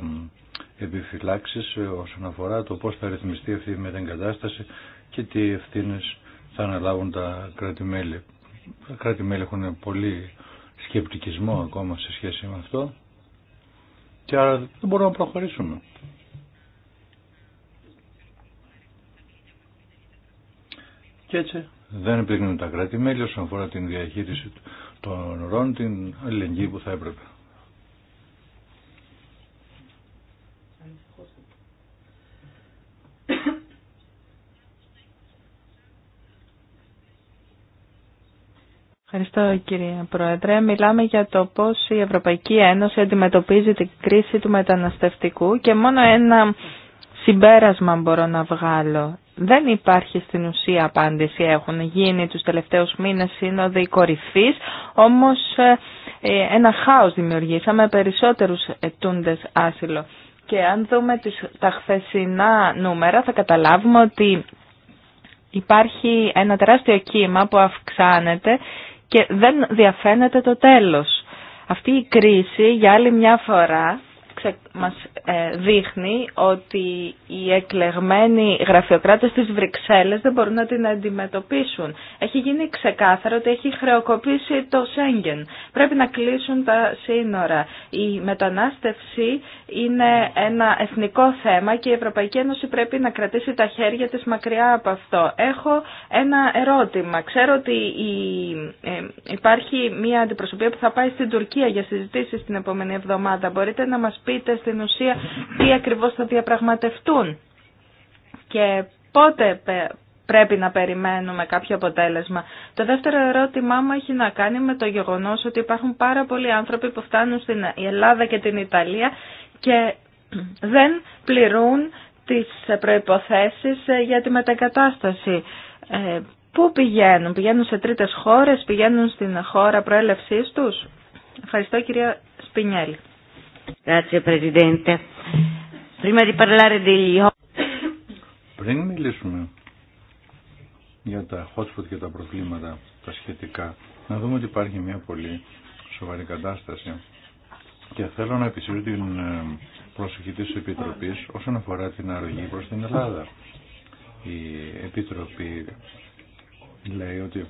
[SPEAKER 3] επιφυλάξεις όσον αφορά το πώς θα ρυθμιστεί αυτή η κατάσταση και τι ευθύνες θα αναλάβουν τα κράτη-μέλη. Τα κράτη-μέλη έχουν πολύ σκεπτικισμό ακόμα σε σχέση με αυτό και άρα δεν μπορούμε να προχωρήσουμε. Και έτσι
[SPEAKER 1] δεν επιδεικνύουν
[SPEAKER 3] τα κράτη-μέλη όσον αφορά την διαχείριση των ροών, την αλληλεγγύη που θα έπρεπε.
[SPEAKER 2] Ευχαριστώ κύριε Πρόεδρε. Μιλάμε για το πώς η Ευρωπαϊκή Ένωση αντιμετωπίζει την κρίση του μεταναστευτικού και μόνο ένα συμπέρασμα μπορώ να βγάλω. Δεν υπάρχει στην ουσία απάντηση. Έχουν γίνει τους τελευταίους μήνες σύνοδοι κορυφή, όμως ε, ένα χάος δημιουργήσαμε περισσότερους ετούντες άσυλο. Και αν δούμε τα χθεσινά νούμερα θα καταλάβουμε ότι υπάρχει ένα τεράστιο κύμα που αυξάνεται και δεν διαφαίνεται το τέλος. Αυτή η κρίση για άλλη μια φορά ξε... μας ε, δείχνει ότι οι εκλεγμένοι γραφειοκράτες της Βρυξέλλες δεν μπορούν να την αντιμετωπίσουν. Έχει γίνει ξεκάθαρο ότι έχει χρεοκοπήσει το Σέγγεν. Πρέπει να κλείσουν τα σύνορα. Η μετανάστευση είναι ένα εθνικό θέμα και η Ευρωπαϊκή Ένωση πρέπει να κρατήσει τα χέρια της μακριά από αυτό. Έχω ένα ερώτημα. Ξέρω ότι ε, υπάρχει μια αντιπροσωπεία που θα πάει στην Τουρκία για συζητήσεις την επόμενη εβδομάδα. Μπορείτε να μας πείτε είτε στην ουσία τι ακριβώς θα διαπραγματευτούν και πότε πρέπει να περιμένουμε κάποιο αποτέλεσμα. Το δεύτερο ερώτημά μου έχει να κάνει με το γεγονός ότι υπάρχουν πάρα πολλοί άνθρωποι που φτάνουν στην Ελλάδα και την Ιταλία και δεν πληρούν τις προϋποθέσεις ε, για τη μετακατάσταση. Ε, πού πηγαίνουν, πηγαίνουν σε τρίτες χώρες, πηγαίνουν στην χώρα προέλευσής τους. Ευχαριστώ κυρία Σπινιέλη.
[SPEAKER 3] Πριν μιλήσουμε για τα hotspot και τα προβλήματα τα σχετικά, να δούμε ότι υπάρχει μια πολύ σοβαρή κατάσταση και θέλω να επισύρω την ε, προσοχή της Επιτροπής όσον αφορά την αρρωγή προς την Ελλάδα. Η Επιτροπή λέει ότι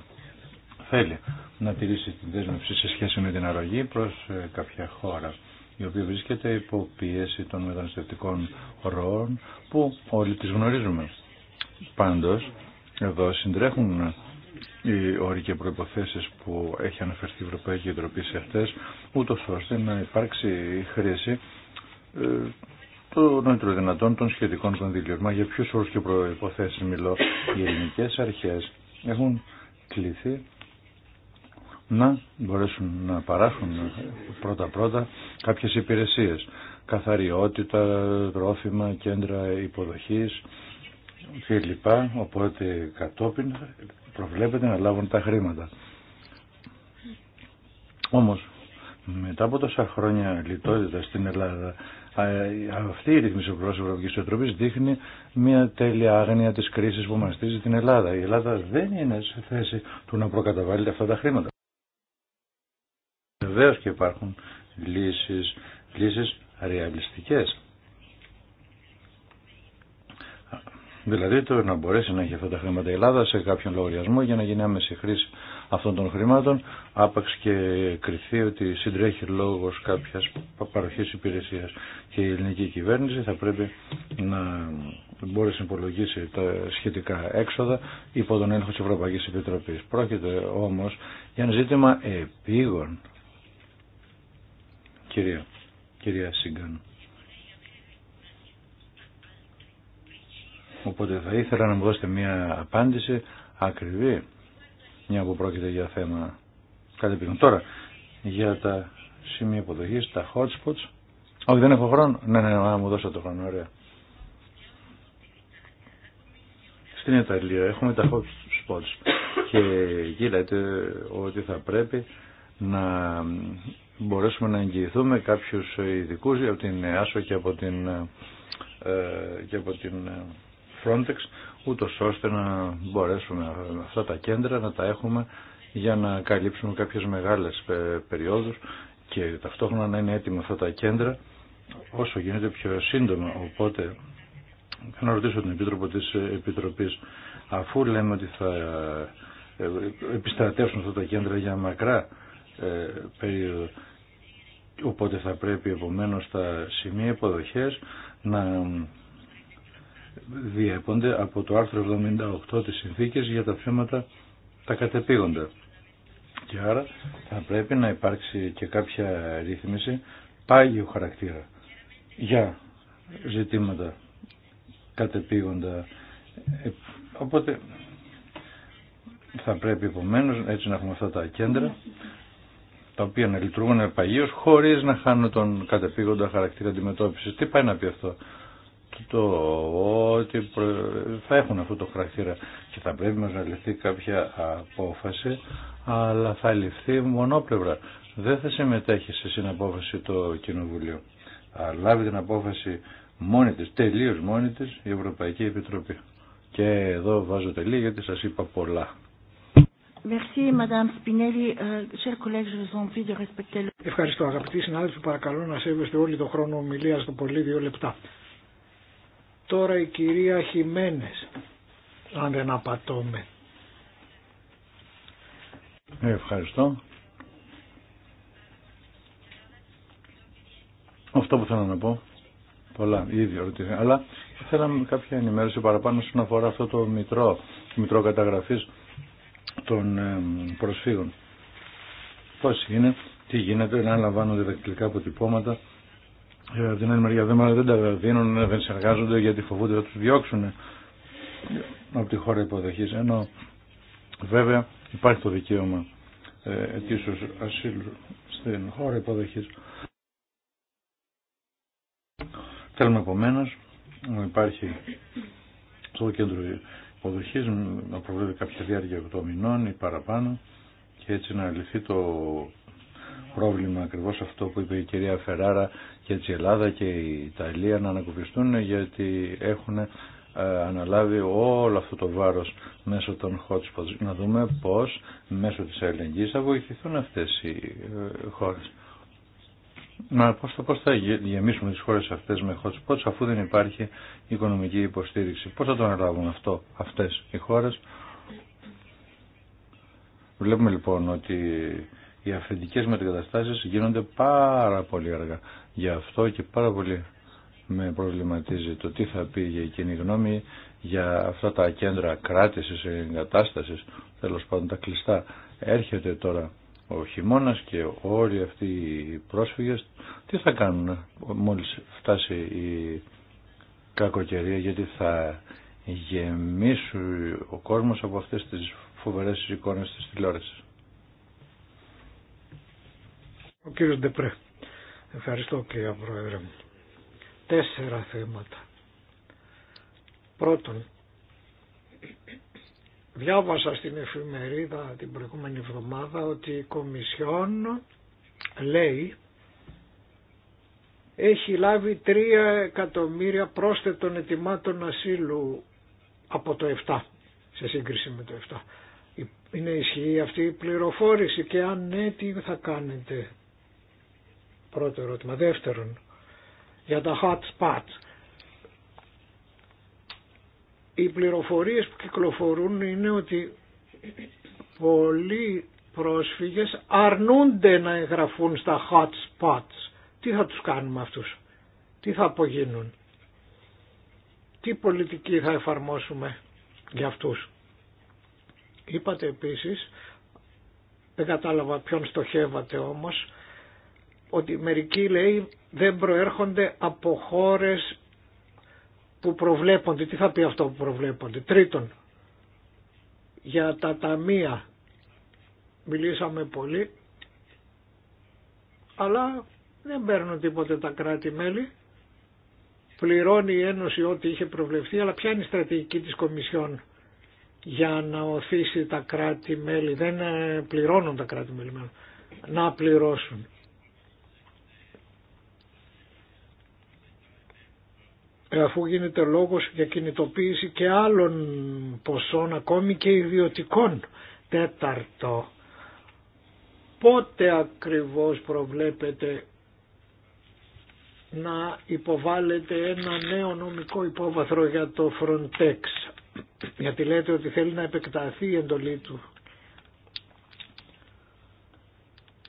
[SPEAKER 3] θέλει να τηρήσει την δέσμευση σε σχέση με την αρρωγή προς ε, κάποια χώρα η οποία βρίσκεται υπό πίεση των μεταναστευτικών ροών που όλοι τις γνωρίζουμε. Πάντως, εδώ συντρέχουν οι όροι και προϋποθέσεις που έχει αναφερθεί η Ευρωπαϊκή Εντροπή σε αυτές, ούτως ώστε να υπάρξει χρήση ε, των δυνατών των σχετικών κονδυλίων. Μα για ποιους όρους και προϋποθέσεις μιλώ. Οι ελληνικές αρχές έχουν κλείθει να μπορέσουν να παράχουν πρώτα-πρώτα κάποιες υπηρεσίες. Καθαριότητα, τρόφιμα, κέντρα υποδοχής κλπ. Οπότε κατόπιν προβλέπεται να λάβουν τα χρήματα. Όμως μετά από τόσα χρόνια λιτότητα στην Ελλάδα αυτή η ρυθμίση του πρόσωπου Ευρωπαϊκής δείχνει μια τέλεια άγνοια της κρίσης που μαστίζει την Ελλάδα. Η Ελλάδα δεν είναι σε θέση του να προκαταβάλει αυτά τα χρήματα. Βεβαίως και υπάρχουν λύσεις, λύσεις ρεαλιστικές. Δηλαδή το να μπορέσει να έχει αυτά τα χρήματα η Ελλάδα σε κάποιον λογαριασμό για να γίνει άμεση χρήση αυτών των χρημάτων άπαξ και κριθεί ότι συντρέχει λόγος κάποιας παροχής υπηρεσίας και η ελληνική κυβέρνηση θα πρέπει να μπορέσει να υπολογίσει τα σχετικά έξοδα υπό τον έλεγχο της Ευρωπαϊκής Επιτροπής. Πρόκειται όμως για ένα ζήτημα επίγον κυρία, κυρία Σίγκαν. Οπότε θα ήθελα να μου δώσετε μια απάντηση ακριβή, μια που πρόκειται για θέμα κατεπίγον. Τώρα, για τα σημεία υποδοχή, τα hot spots. Όχι, δεν έχω χρόνο. Ναι, ναι, να μου δώσετε το χρόνο, ωραία. Στην Ιταλία έχουμε τα hot spots και εκεί λέτε ότι θα πρέπει να μπορέσουμε να εγγυηθούμε κάποιους ειδικούς από την ΕΑΣΟ και από την, ε, και από την ε, Frontex ούτω ώστε να μπορέσουμε αυτά τα κέντρα να τα έχουμε για να καλύψουμε κάποιες μεγάλες ε, περιόδους και ταυτόχρονα να είναι έτοιμα αυτά τα κέντρα όσο γίνεται πιο σύντομα. Οπότε, να ρωτήσω την Επίτροπο της Επιτροπής, αφού λέμε ότι θα επιστρατεύσουν αυτά τα κέντρα για μακρά περίοδο, Οπότε θα πρέπει επομένως τα σημεία υποδοχές να διέπονται από το άρθρο 78 της συνθήκης για τα θέματα τα κατεπήγοντα. Και άρα θα πρέπει να υπάρξει και κάποια ρύθμιση πάγιο χαρακτήρα για ζητήματα κατεπήγοντα. Ε, οπότε θα πρέπει επομένως έτσι να έχουμε αυτά τα κέντρα τα οποία να λειτουργούν επαγίως χωρίς να χάνουν τον κατεπήγοντα χαρακτήρα αντιμετώπισης. Τι πάει να πει αυτό. Το ότι θα έχουν αυτό το χαρακτήρα και θα πρέπει να ληφθεί κάποια απόφαση αλλά θα ληφθεί μονόπλευρα. Δεν θα συμμετέχει σε συναπόφαση το Κοινοβουλίο. Θα λάβει την απόφαση μόνη της, τελείως μόνη της, η Ευρωπαϊκή Επιτροπή. Και εδώ βάζω τελείω γιατί σας είπα πολλά.
[SPEAKER 4] Ευχαριστώ αγαπητοί συνάδελφοι, παρακαλώ να σέβεστε όλοι τον χρόνο ομιλία στο πολύ δύο λεπτά. Τώρα η κυρία Χιμένες, αν δεν απατώμε.
[SPEAKER 3] Ευχαριστώ. Αυτό που θέλω να πω, πολλά ήδη ρωτήθηκαν, αλλά θέλαμε κάποια ενημέρωση παραπάνω σχετικά αφορά αυτό το μητρό, το μητρό καταγραφής των ε, προσφύγων. Πώς είναι, τι γίνεται, να λαμβάνουν δακτυλικά αποτυπώματα, ε, από την άλλη μεριά δεν τα δίνουν, ε, δεν συνεργάζονται γιατί φοβούνται ότι τους διώξουν από τη χώρα υποδοχή Ενώ βέβαια υπάρχει το δικαίωμα ετήσεως ασύλου στην χώρα υποδοχής. Θέλουμε επομένω να υπάρχει στο κέντρο αποδοχή να προβλέπει κάποια διάρκεια 8 μηνών ή παραπάνω και έτσι να λυθεί το πρόβλημα ακριβώ αυτό που είπε η κυρία Φεράρα και έτσι η Ελλάδα και η Ιταλία να ανακουφιστούν γιατί έχουν ε, αναλάβει όλο αυτό το βάρο μέσω των hot spots. Να δούμε πώ μέσω τη αλληλεγγύης θα βοηθηθούν αυτέ οι ε, χώρες. Μα πώς, πώς θα γεμίσουμε τις χώρες αυτές με hot spots αφού δεν υπάρχει οικονομική υποστήριξη. Πώς θα το αναλάβουν αυτό αυτές οι χώρες. Βλέπουμε λοιπόν ότι οι αυθεντικές μετεγκαταστάσεις γίνονται πάρα πολύ αργά. Γι' αυτό και πάρα πολύ με προβληματίζει το τι θα πει για εκείνη γνώμη για αυτά τα κέντρα κράτησης, εγκατάστασης, τέλος πάντων τα κλειστά. Έρχεται τώρα ο χειμώνας και όλοι αυτοί οι πρόσφυγες τι θα κάνουν μόλις φτάσει η κακοκαιρία γιατί θα γεμίσει ο κόσμος από αυτές τις φοβερές εικόνες της τηλεόρασης.
[SPEAKER 4] Ο κύριος Ντεπρέ. Ευχαριστώ κύριε Πρόεδρε. Τέσσερα θέματα. Πρώτον, Διάβασα στην εφημερίδα την προηγούμενη εβδομάδα ότι η Κομισιόν λέει έχει λάβει 3 εκατομμύρια πρόσθετων ετοιμάτων ασύλου από το 7 σε σύγκριση με το 7. Είναι ισχύει αυτή η πληροφόρηση και αν ναι τι θα κάνετε. Πρώτο ερώτημα. Δεύτερον, για τα hot spots οι πληροφορίες που κυκλοφορούν είναι ότι πολλοί πρόσφυγες αρνούνται να εγγραφούν στα hot spots. Τι θα τους κάνουμε αυτούς, τι θα απογίνουν, τι πολιτική θα εφαρμόσουμε για αυτούς. Είπατε επίσης, δεν κατάλαβα ποιον στοχεύατε όμως, ότι μερικοί λέει δεν προέρχονται από χώρες που προβλέπονται, τι θα πει αυτό που προβλέπονται. Τρίτον, για τα ταμεία μιλήσαμε πολύ, αλλά δεν παίρνουν τίποτε τα κράτη-μέλη. Πληρώνει η Ένωση ό,τι είχε προβλεφθεί, αλλά ποια είναι η στρατηγική της Κομισιόν για να οθήσει τα κράτη-μέλη, δεν ε, πληρώνουν τα κράτη-μέλη, να πληρώσουν. αφού γίνεται λόγος για κινητοποίηση και άλλων ποσών ακόμη και ιδιωτικών. Τέταρτο, πότε ακριβώς προβλέπετε να υποβάλλετε ένα νέο νομικό υπόβαθρο για το Frontex. Γιατί λέτε ότι θέλει να επεκταθεί η εντολή του.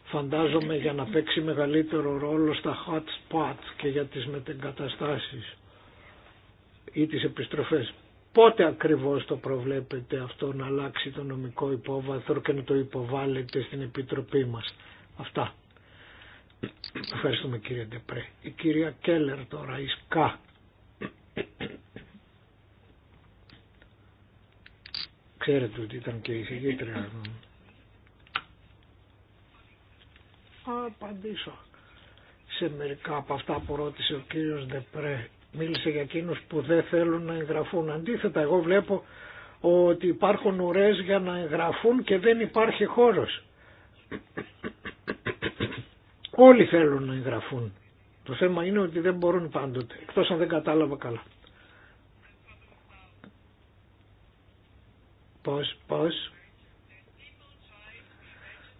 [SPEAKER 4] Φαντάζομαι για να παίξει μεγαλύτερο ρόλο στα hot spots και για τις μετεγκαταστάσεις ή τις επιστροφές. Πότε ακριβώς το προβλέπετε αυτό να αλλάξει το νομικό υπόβαθρο και να το υποβάλλετε στην Επιτροπή μας. Αυτά. Ευχαριστούμε κύριε Ντεπρέ. Η κυρία Κέλλερ τώρα, η ΣΚΑ. Ξέρετε ότι ήταν και η συγκήτρια. Απαντήσω σε μερικά από αυτά που ρώτησε ο κύριος Ντεπρέ Μίλησε για εκείνους που δεν θέλουν να εγγραφούν. Αντίθετα, εγώ βλέπω ότι υπάρχουν ουρές για να εγγραφούν και δεν υπάρχει χώρος. Όλοι θέλουν να εγγραφούν. Το θέμα είναι ότι δεν μπορούν πάντοτε, εκτός αν δεν κατάλαβα καλά. Πώς, πώς.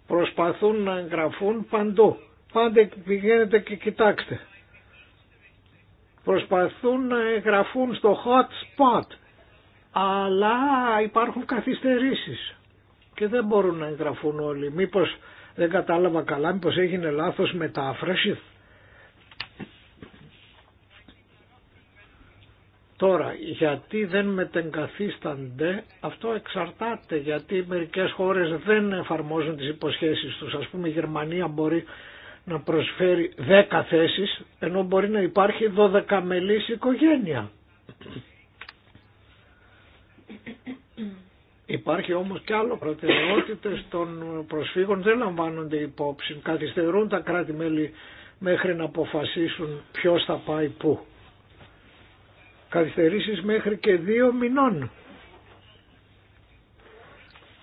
[SPEAKER 4] Προσπαθούν να εγγραφούν παντού. πάντε πηγαίνετε και κοιτάξτε προσπαθούν να εγγραφούν στο hot spot αλλά υπάρχουν καθυστερήσεις και δεν μπορούν να εγγραφούν όλοι. Μήπως δεν κατάλαβα καλά, μήπως έγινε λάθος μετάφραση. Τώρα, γιατί δεν μετεγκαθίστανται, αυτό εξαρτάται γιατί μερικές χώρες δεν εφαρμόζουν τις υποσχέσεις τους. Ας πούμε η Γερμανία μπορεί να προσφέρει 10 θέσεις ενώ μπορεί να υπάρχει 12 μελής οικογένεια. Υπάρχει όμως και άλλο προτεραιότητες των προσφύγων δεν λαμβάνονται υπόψη. Καθυστερούν τα κράτη-μέλη μέχρι να αποφασίσουν ποιος θα πάει πού. Καθυστερήσεις μέχρι και δύο μηνών.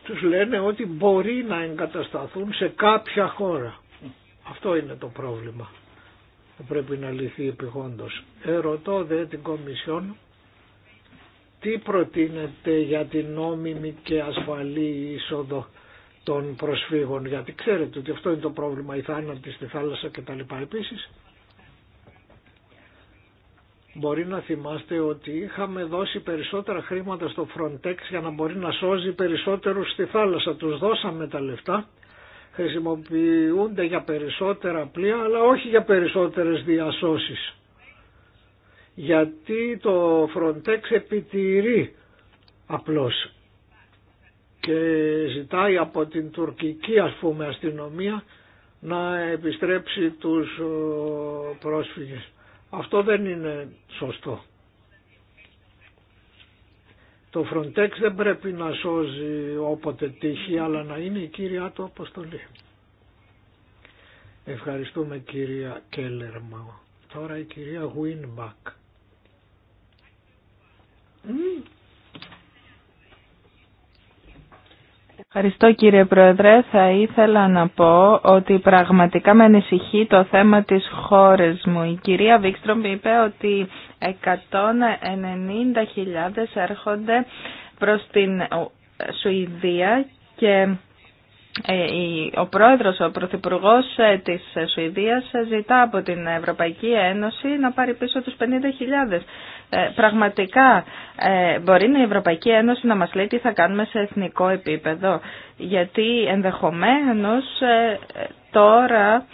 [SPEAKER 4] Τους λένε ότι μπορεί να εγκατασταθούν σε κάποια χώρα. Αυτό είναι το πρόβλημα που πρέπει να λυθεί επιχόντως. Ερωτώ δε την Κομισιόν τι προτείνεται για την νόμιμη και ασφαλή είσοδο των προσφύγων, γιατί ξέρετε ότι αυτό είναι το πρόβλημα, η θάνατη στη θάλασσα κτλ. Επίσης, μπορεί να θυμάστε ότι είχαμε δώσει περισσότερα χρήματα στο Frontex για να μπορεί να σώζει περισσότερους στη θάλασσα. Τους δώσαμε τα λεφτά χρησιμοποιούνται για περισσότερα πλοία αλλά όχι για περισσότερες διασώσεις. Γιατί το Frontex επιτηρεί απλώς και ζητάει από την τουρκική ας πούμε αστυνομία να επιστρέψει τους ε, πρόσφυγες. Αυτό δεν είναι σωστό. Το Frontex δεν πρέπει να σώζει όποτε τύχει, αλλά να είναι η κύρια του αποστολή. Ευχαριστούμε κυρία Κέλλερμα. Τώρα η κυρία Γουίνμπακ.
[SPEAKER 2] Ευχαριστώ κύριε Πρόεδρε. Θα ήθελα να πω ότι πραγματικά με ανησυχεί το θέμα της χώρες μου. Η κυρία Βίξτρομ είπε ότι 190.000 έρχονται προς την Σουηδία και ε, ο πρόεδρος, ο πρωθυπουργός ε, της ε, Σουηδίας ζητά από την Ευρωπαϊκή Ένωση να πάρει πίσω τους 50.000. Πραγματικά μπορεί να η Ευρωπαϊκή Ένωση να μας λέει τι θα κάνουμε σε εθνικό επίπεδο. Γιατί ενδεχομένως τώρα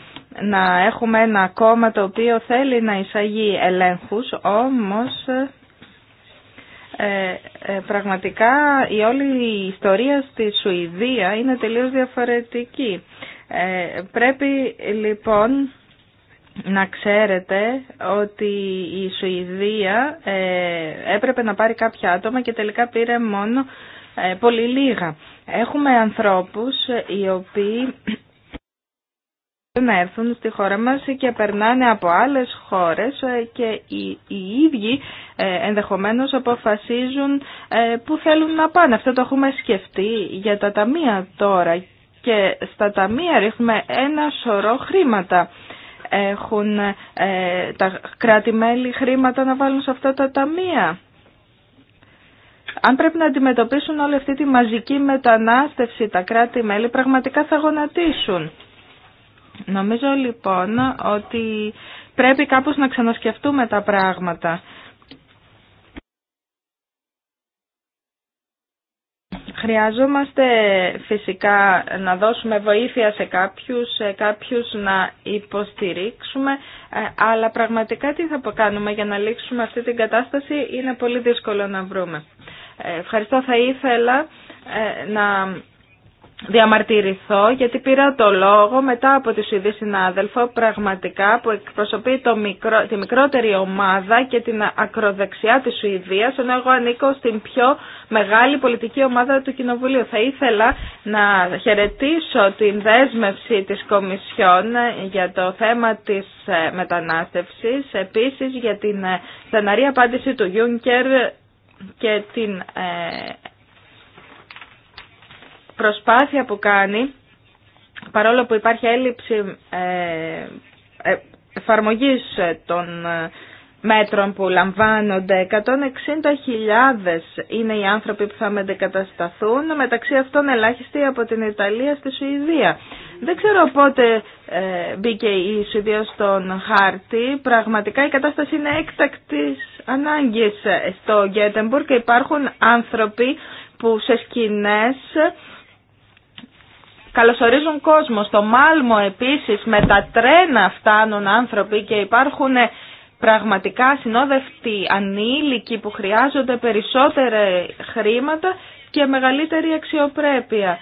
[SPEAKER 2] να έχουμε ένα κόμμα το οποίο θέλει να εισαγεί ελέγχους, όμως ε, ε, πραγματικά η όλη η ιστορία στη Σουηδία είναι τελείως διαφορετική. Ε, πρέπει λοιπόν να ξέρετε ότι η Σουηδία έπρεπε να πάρει κάποια άτομα και τελικά πήρε μόνο πολύ λίγα. Έχουμε ανθρώπους οι οποίοι να έρθουν στη χώρα μας και περνάνε από άλλες χώρες ε, και οι, ίδιοι ε, ενδεχομένως αποφασίζουν ε, που θέλουν να πάνε. Αυτό το έχουμε σκεφτεί για τα ταμεία τώρα και στα ταμεία ρίχνουμε ένα σωρό χρήματα. Έχουν τα κράτη-μέλη χρήματα να βάλουν σε αυτά τα ταμεία. Αν πρέπει να αντιμετωπίσουν όλη αυτή τη μαζική μετανάστευση τα κράτη-μέλη πραγματικά θα γονατίσουν. Νομίζω λοιπόν ότι πρέπει κάπως να ξανασκεφτούμε τα πράγματα. Χρειαζόμαστε φυσικά να δώσουμε βοήθεια σε κάποιους, σε κάποιους να υποστηρίξουμε, ε, αλλά πραγματικά τι θα κάνουμε για να λύξουμε αυτή την κατάσταση είναι πολύ δύσκολο να βρούμε. Ε, ευχαριστώ, θα ήθελα ε, να διαμαρτυρηθώ γιατί πήρα το λόγο μετά από τη Σουηδή συνάδελφο πραγματικά που εκπροσωπεί το μικρό, τη μικρότερη ομάδα και την ακροδεξιά της Σουηδίας ενώ εγώ ανήκω στην πιο μεγάλη πολιτική ομάδα του Κοινοβουλίου. Θα ήθελα να χαιρετήσω την δέσμευση της Κομισιόν ε, για το θέμα της ε, μετανάστευσης επίσης για την ε, στεναρή απάντηση του Γιούνκερ και την προσπάθεια που κάνει, παρόλο που υπάρχει έλλειψη ε, ε, εφαρμογής των ε, μέτρων που λαμβάνονται, 160.000 είναι οι άνθρωποι που θα μετεκατασταθούν, μεταξύ αυτών ελάχιστοι από την Ιταλία στη Σουηδία. Δεν ξέρω πότε μπήκε η Σουηδία στον χάρτη. Πραγματικά η κατάσταση είναι έκτακτης ανάγκης στο Γκέτεμπουργκ και υπάρχουν άνθρωποι που σε σκηνές καλωσορίζουν κόσμο. Στο Μάλμο επίσης με τα τρένα φτάνουν άνθρωποι και υπάρχουν ε, πραγματικά συνόδευτοι ανήλικοι που χρειάζονται περισσότερα χρήματα και μεγαλύτερη αξιοπρέπεια.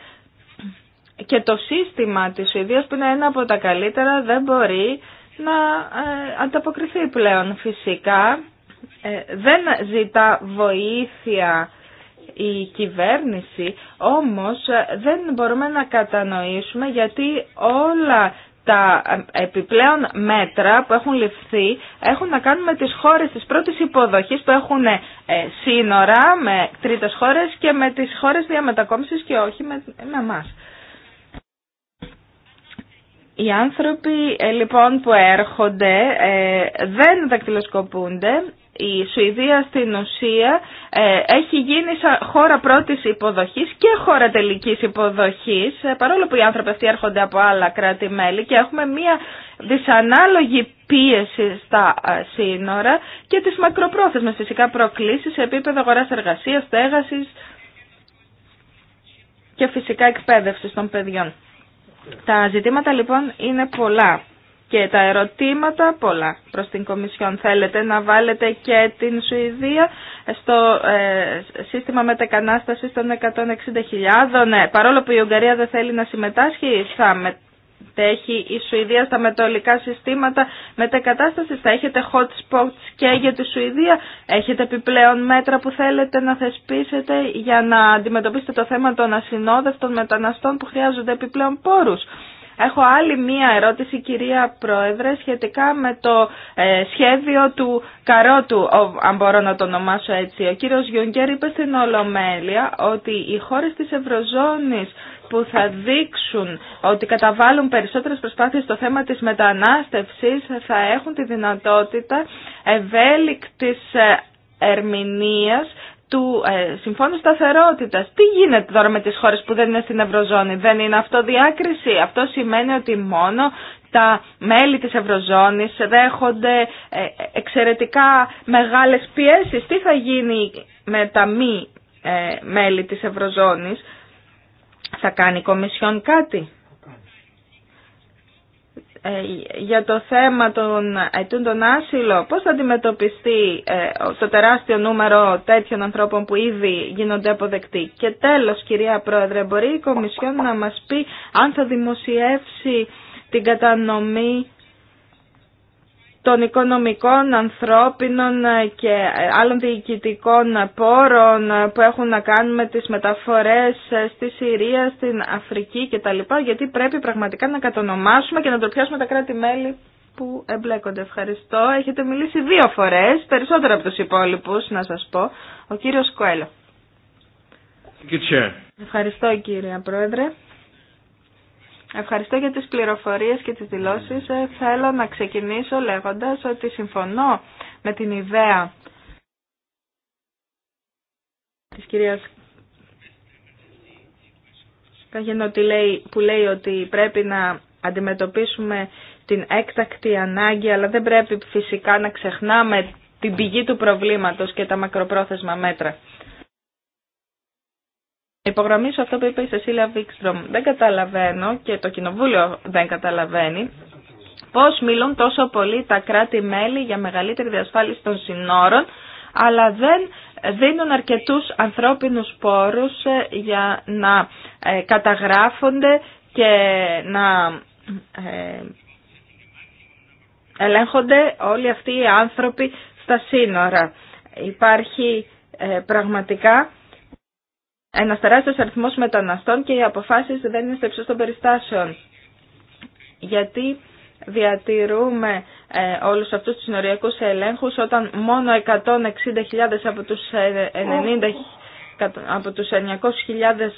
[SPEAKER 2] Και το σύστημα της Σουηδίας που είναι ένα από τα καλύτερα δεν μπορεί να ε, ανταποκριθεί πλέον φυσικά. Ε, δεν ζητά βοήθεια η κυβέρνηση, όμως ε, δεν μπορούμε να κατανοήσουμε γιατί όλα τα ε, επιπλέον μέτρα που έχουν ληφθεί έχουν να κάνουν με τις χώρες της πρώτης υποδοχής που έχουν ε, σύνορα με τρίτες χώρες και με τις χώρες διαμετακόμισης και όχι με, με μας. Οι άνθρωποι λοιπόν που έρχονται δεν δακτυλοσκοπούνται η Σουηδία στην ουσία ε, έχει γίνει χώρα πρώτης υποδοχής και χώρα τελικής υποδοχής ε, παρόλο που οι άνθρωποι αυτοί έρχονται από άλλα κράτη-μέλη και έχουμε μία δυσανάλογη πίεση στα ε, σύνορα και τις μακροπρόθεσμες φυσικά προκλήσεις σε επίπεδο αγοράς εργασίας, στέγασης και φυσικά εκπαίδευσης των παιδιών. Τα ζητήματα λοιπόν είναι πολλά και τα ερωτήματα πολλά προς την Κομισιόν. Θέλετε να βάλετε και την Σουηδία στο ε, σύστημα μετακανάστασης των 160.000. Ναι, ε, παρόλο που η Ουγγαρία δεν θέλει να συμμετάσχει, θα μετέχει η Σουηδία στα μετολικά συστήματα μετακατάστασης. Θα έχετε hot spots και για τη Σουηδία. Έχετε επιπλέον μέτρα που θέλετε να θεσπίσετε για να αντιμετωπίσετε το θέμα των ασυνόδευτων μεταναστών που χρειάζονται επιπλέον πόρους. Έχω άλλη μία ερώτηση, κυρία Πρόεδρε, σχετικά με το ε, σχέδιο του καρότου, αν μπορώ να το ονομάσω έτσι. Ο κύριος Γιούγκερ είπε στην Ολομέλεια ότι οι χώρες της Ευρωζώνης που θα δείξουν ότι καταβάλουν περισσότερες προσπάθειες στο θέμα της μετανάστευσης θα έχουν τη δυνατότητα ευέλικτης ε, ερμηνείας του ε, Συμφώνου σταθερότητα. Τι γίνεται τώρα με τις χώρε που δεν είναι στην Ευρωζώνη. Δεν είναι αυτό διάκριση. Αυτό σημαίνει ότι μόνο τα μέλη της Ευρωζώνης δέχονται ε, εξαιρετικά μεγάλες πιέσεις. Τι θα γίνει με τα μη ε, μέλη της Ευρωζώνης. Θα κάνει η Κομισιόν κάτι. Ε, για το θέμα των τον άσυλο, πώς θα αντιμετωπιστεί ε, το τεράστιο νούμερο τέτοιων ανθρώπων που ήδη γίνονται αποδεκτοί. Και τέλος, κυρία Πρόεδρε, μπορεί η Κομισιόν να μας πει αν θα δημοσιεύσει την κατανομή των οικονομικών, ανθρώπινων και άλλων διοικητικών πόρων που έχουν να κάνουν με τις μεταφορές στη Συρία, στην Αφρική κτλ. Γιατί πρέπει πραγματικά να κατονομάσουμε και να το πιάσουμε τα κράτη-μέλη που εμπλέκονται. Ευχαριστώ. Έχετε μιλήσει δύο φορές, περισσότερο από τους υπόλοιπους, να σας πω. Ο κύριος Κοέλο. Ευχαριστώ κύριε Πρόεδρε. Ευχαριστώ για τις πληροφορίες και τις δηλώσεις. Ε, θέλω να ξεκινήσω λέγοντας ότι συμφωνώ με την ιδέα της κυρίας Καγενότη που λέει ότι πρέπει να αντιμετωπίσουμε την έκτακτη ανάγκη, αλλά δεν πρέπει φυσικά να ξεχνάμε την πηγή του προβλήματος και τα μακροπρόθεσμα μέτρα υπογραμμίσω αυτό που είπε η Σεσίλια Βίξτρομ. Δεν καταλαβαίνω και το Κοινοβούλιο δεν καταλαβαίνει πώς μιλούν τόσο πολύ τα κράτη-μέλη για μεγαλύτερη διασφάλιση των συνόρων, αλλά δεν δίνουν αρκετούς ανθρώπινους πόρους ε, για να ε, καταγράφονται και να ε, ελέγχονται όλοι αυτοί οι άνθρωποι στα σύνορα. Υπάρχει πραγματικά ένα τεράστιο αριθμό μεταναστών και οι αποφάσει δεν είναι στο των περιστάσεων. Γιατί διατηρούμε ε, όλους αυτούς τους συνοριακούς ελέγχους όταν μόνο 160.000 από τους 90 ε, από τους 900.000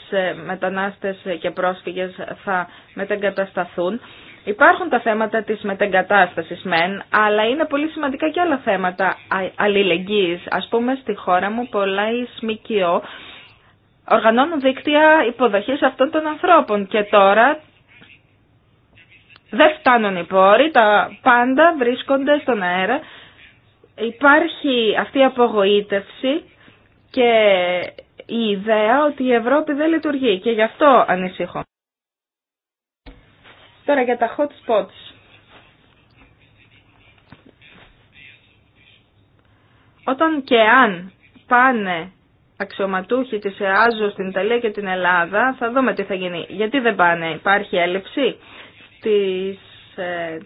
[SPEAKER 2] ε, μετανάστες και πρόσφυγες θα μετεγκατασταθούν. Υπάρχουν τα θέματα της μετεγκατάστασης μεν, αλλά είναι πολύ σημαντικά και άλλα θέματα αλληλεγγύης. Ας πούμε στη χώρα μου πολλά ΜΚΟ οργανώνουν δίκτυα υποδοχής αυτών των ανθρώπων και τώρα δεν φτάνουν οι πόροι, τα πάντα βρίσκονται στον αέρα. Υπάρχει αυτή η απογοήτευση και η ιδέα ότι η Ευρώπη δεν λειτουργεί και γι' αυτό ανησυχώ. Τώρα για τα hot spots. Όταν και αν πάνε αξιωματούχοι της ΕΑΖΟ στην Ιταλία και την Ελλάδα, θα δούμε τι θα γίνει. Γιατί δεν πάνε, υπάρχει έλλειψη ε,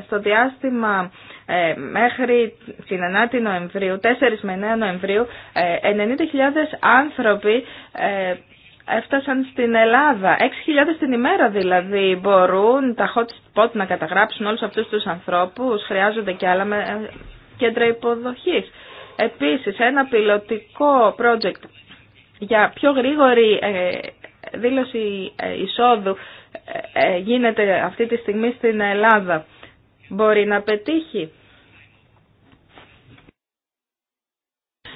[SPEAKER 2] στο διάστημα ε, μέχρι την 9η Νοεμβρίου, 4 με 9 Νοεμβρίου, 90.000 ε, άνθρωποι έφτασαν στην Ελλάδα. 6.000 την ημέρα δηλαδή μπορούν τα hot spot να καταγράψουν όλους αυτούς τους ανθρώπους, χρειάζονται και άλλα κέντρα υποδοχής. Επίσης, ένα πιλωτικό project για πιο γρήγορη ε, δήλωση ε, εισόδου ε, γίνεται αυτή τη στιγμή στην Ελλάδα. Μπορεί να πετύχει.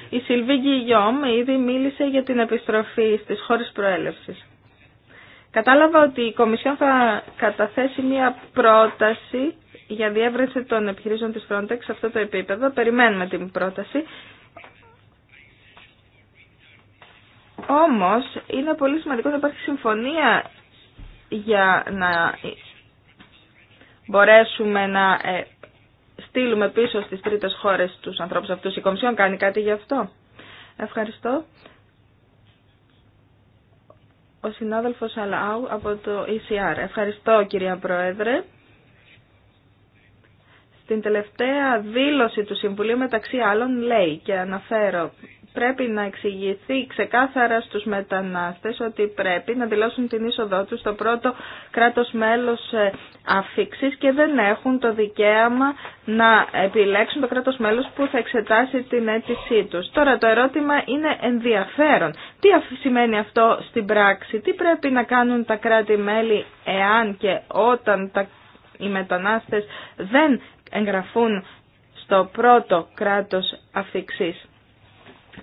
[SPEAKER 2] Η Σιλβί Γιόμ ήδη μίλησε για την επιστροφή στις χώρες προέλευσης. Κατάλαβα ότι η Κομισιόν θα καταθέσει μία πρόταση για διεύρυνση των επιχειρήσεων της Frontex σε αυτό το επίπεδο. Περιμένουμε την πρόταση. Όμως είναι πολύ σημαντικό να υπάρχει συμφωνία για να μπορέσουμε να ε, στείλουμε πίσω στις τρίτες χώρες τους ανθρώπους αυτούς. Η Κομισιόν κάνει κάτι γι' αυτό. Ευχαριστώ. Ο συνάδελφος Αλάου από το ECR. Ευχαριστώ κυρία Πρόεδρε. Την τελευταία δήλωση του Συμβουλίου μεταξύ άλλων λέει και αναφέρω πρέπει να εξηγηθεί ξεκάθαρα στους μετανάστες ότι πρέπει να δηλώσουν την είσοδό τους στο πρώτο κράτος μέλος ε, αφήξης και δεν έχουν το δικαίωμα να επιλέξουν το κράτος μέλος που θα εξετάσει την αίτησή τους. Τώρα το ερώτημα είναι ενδιαφέρον. Τι σημαίνει αυτό στην πράξη, τι πρέπει να κάνουν τα κράτη-μέλη εάν και όταν τα οι μετανάστες δεν εγγραφούν στο πρώτο κράτος αφήξης.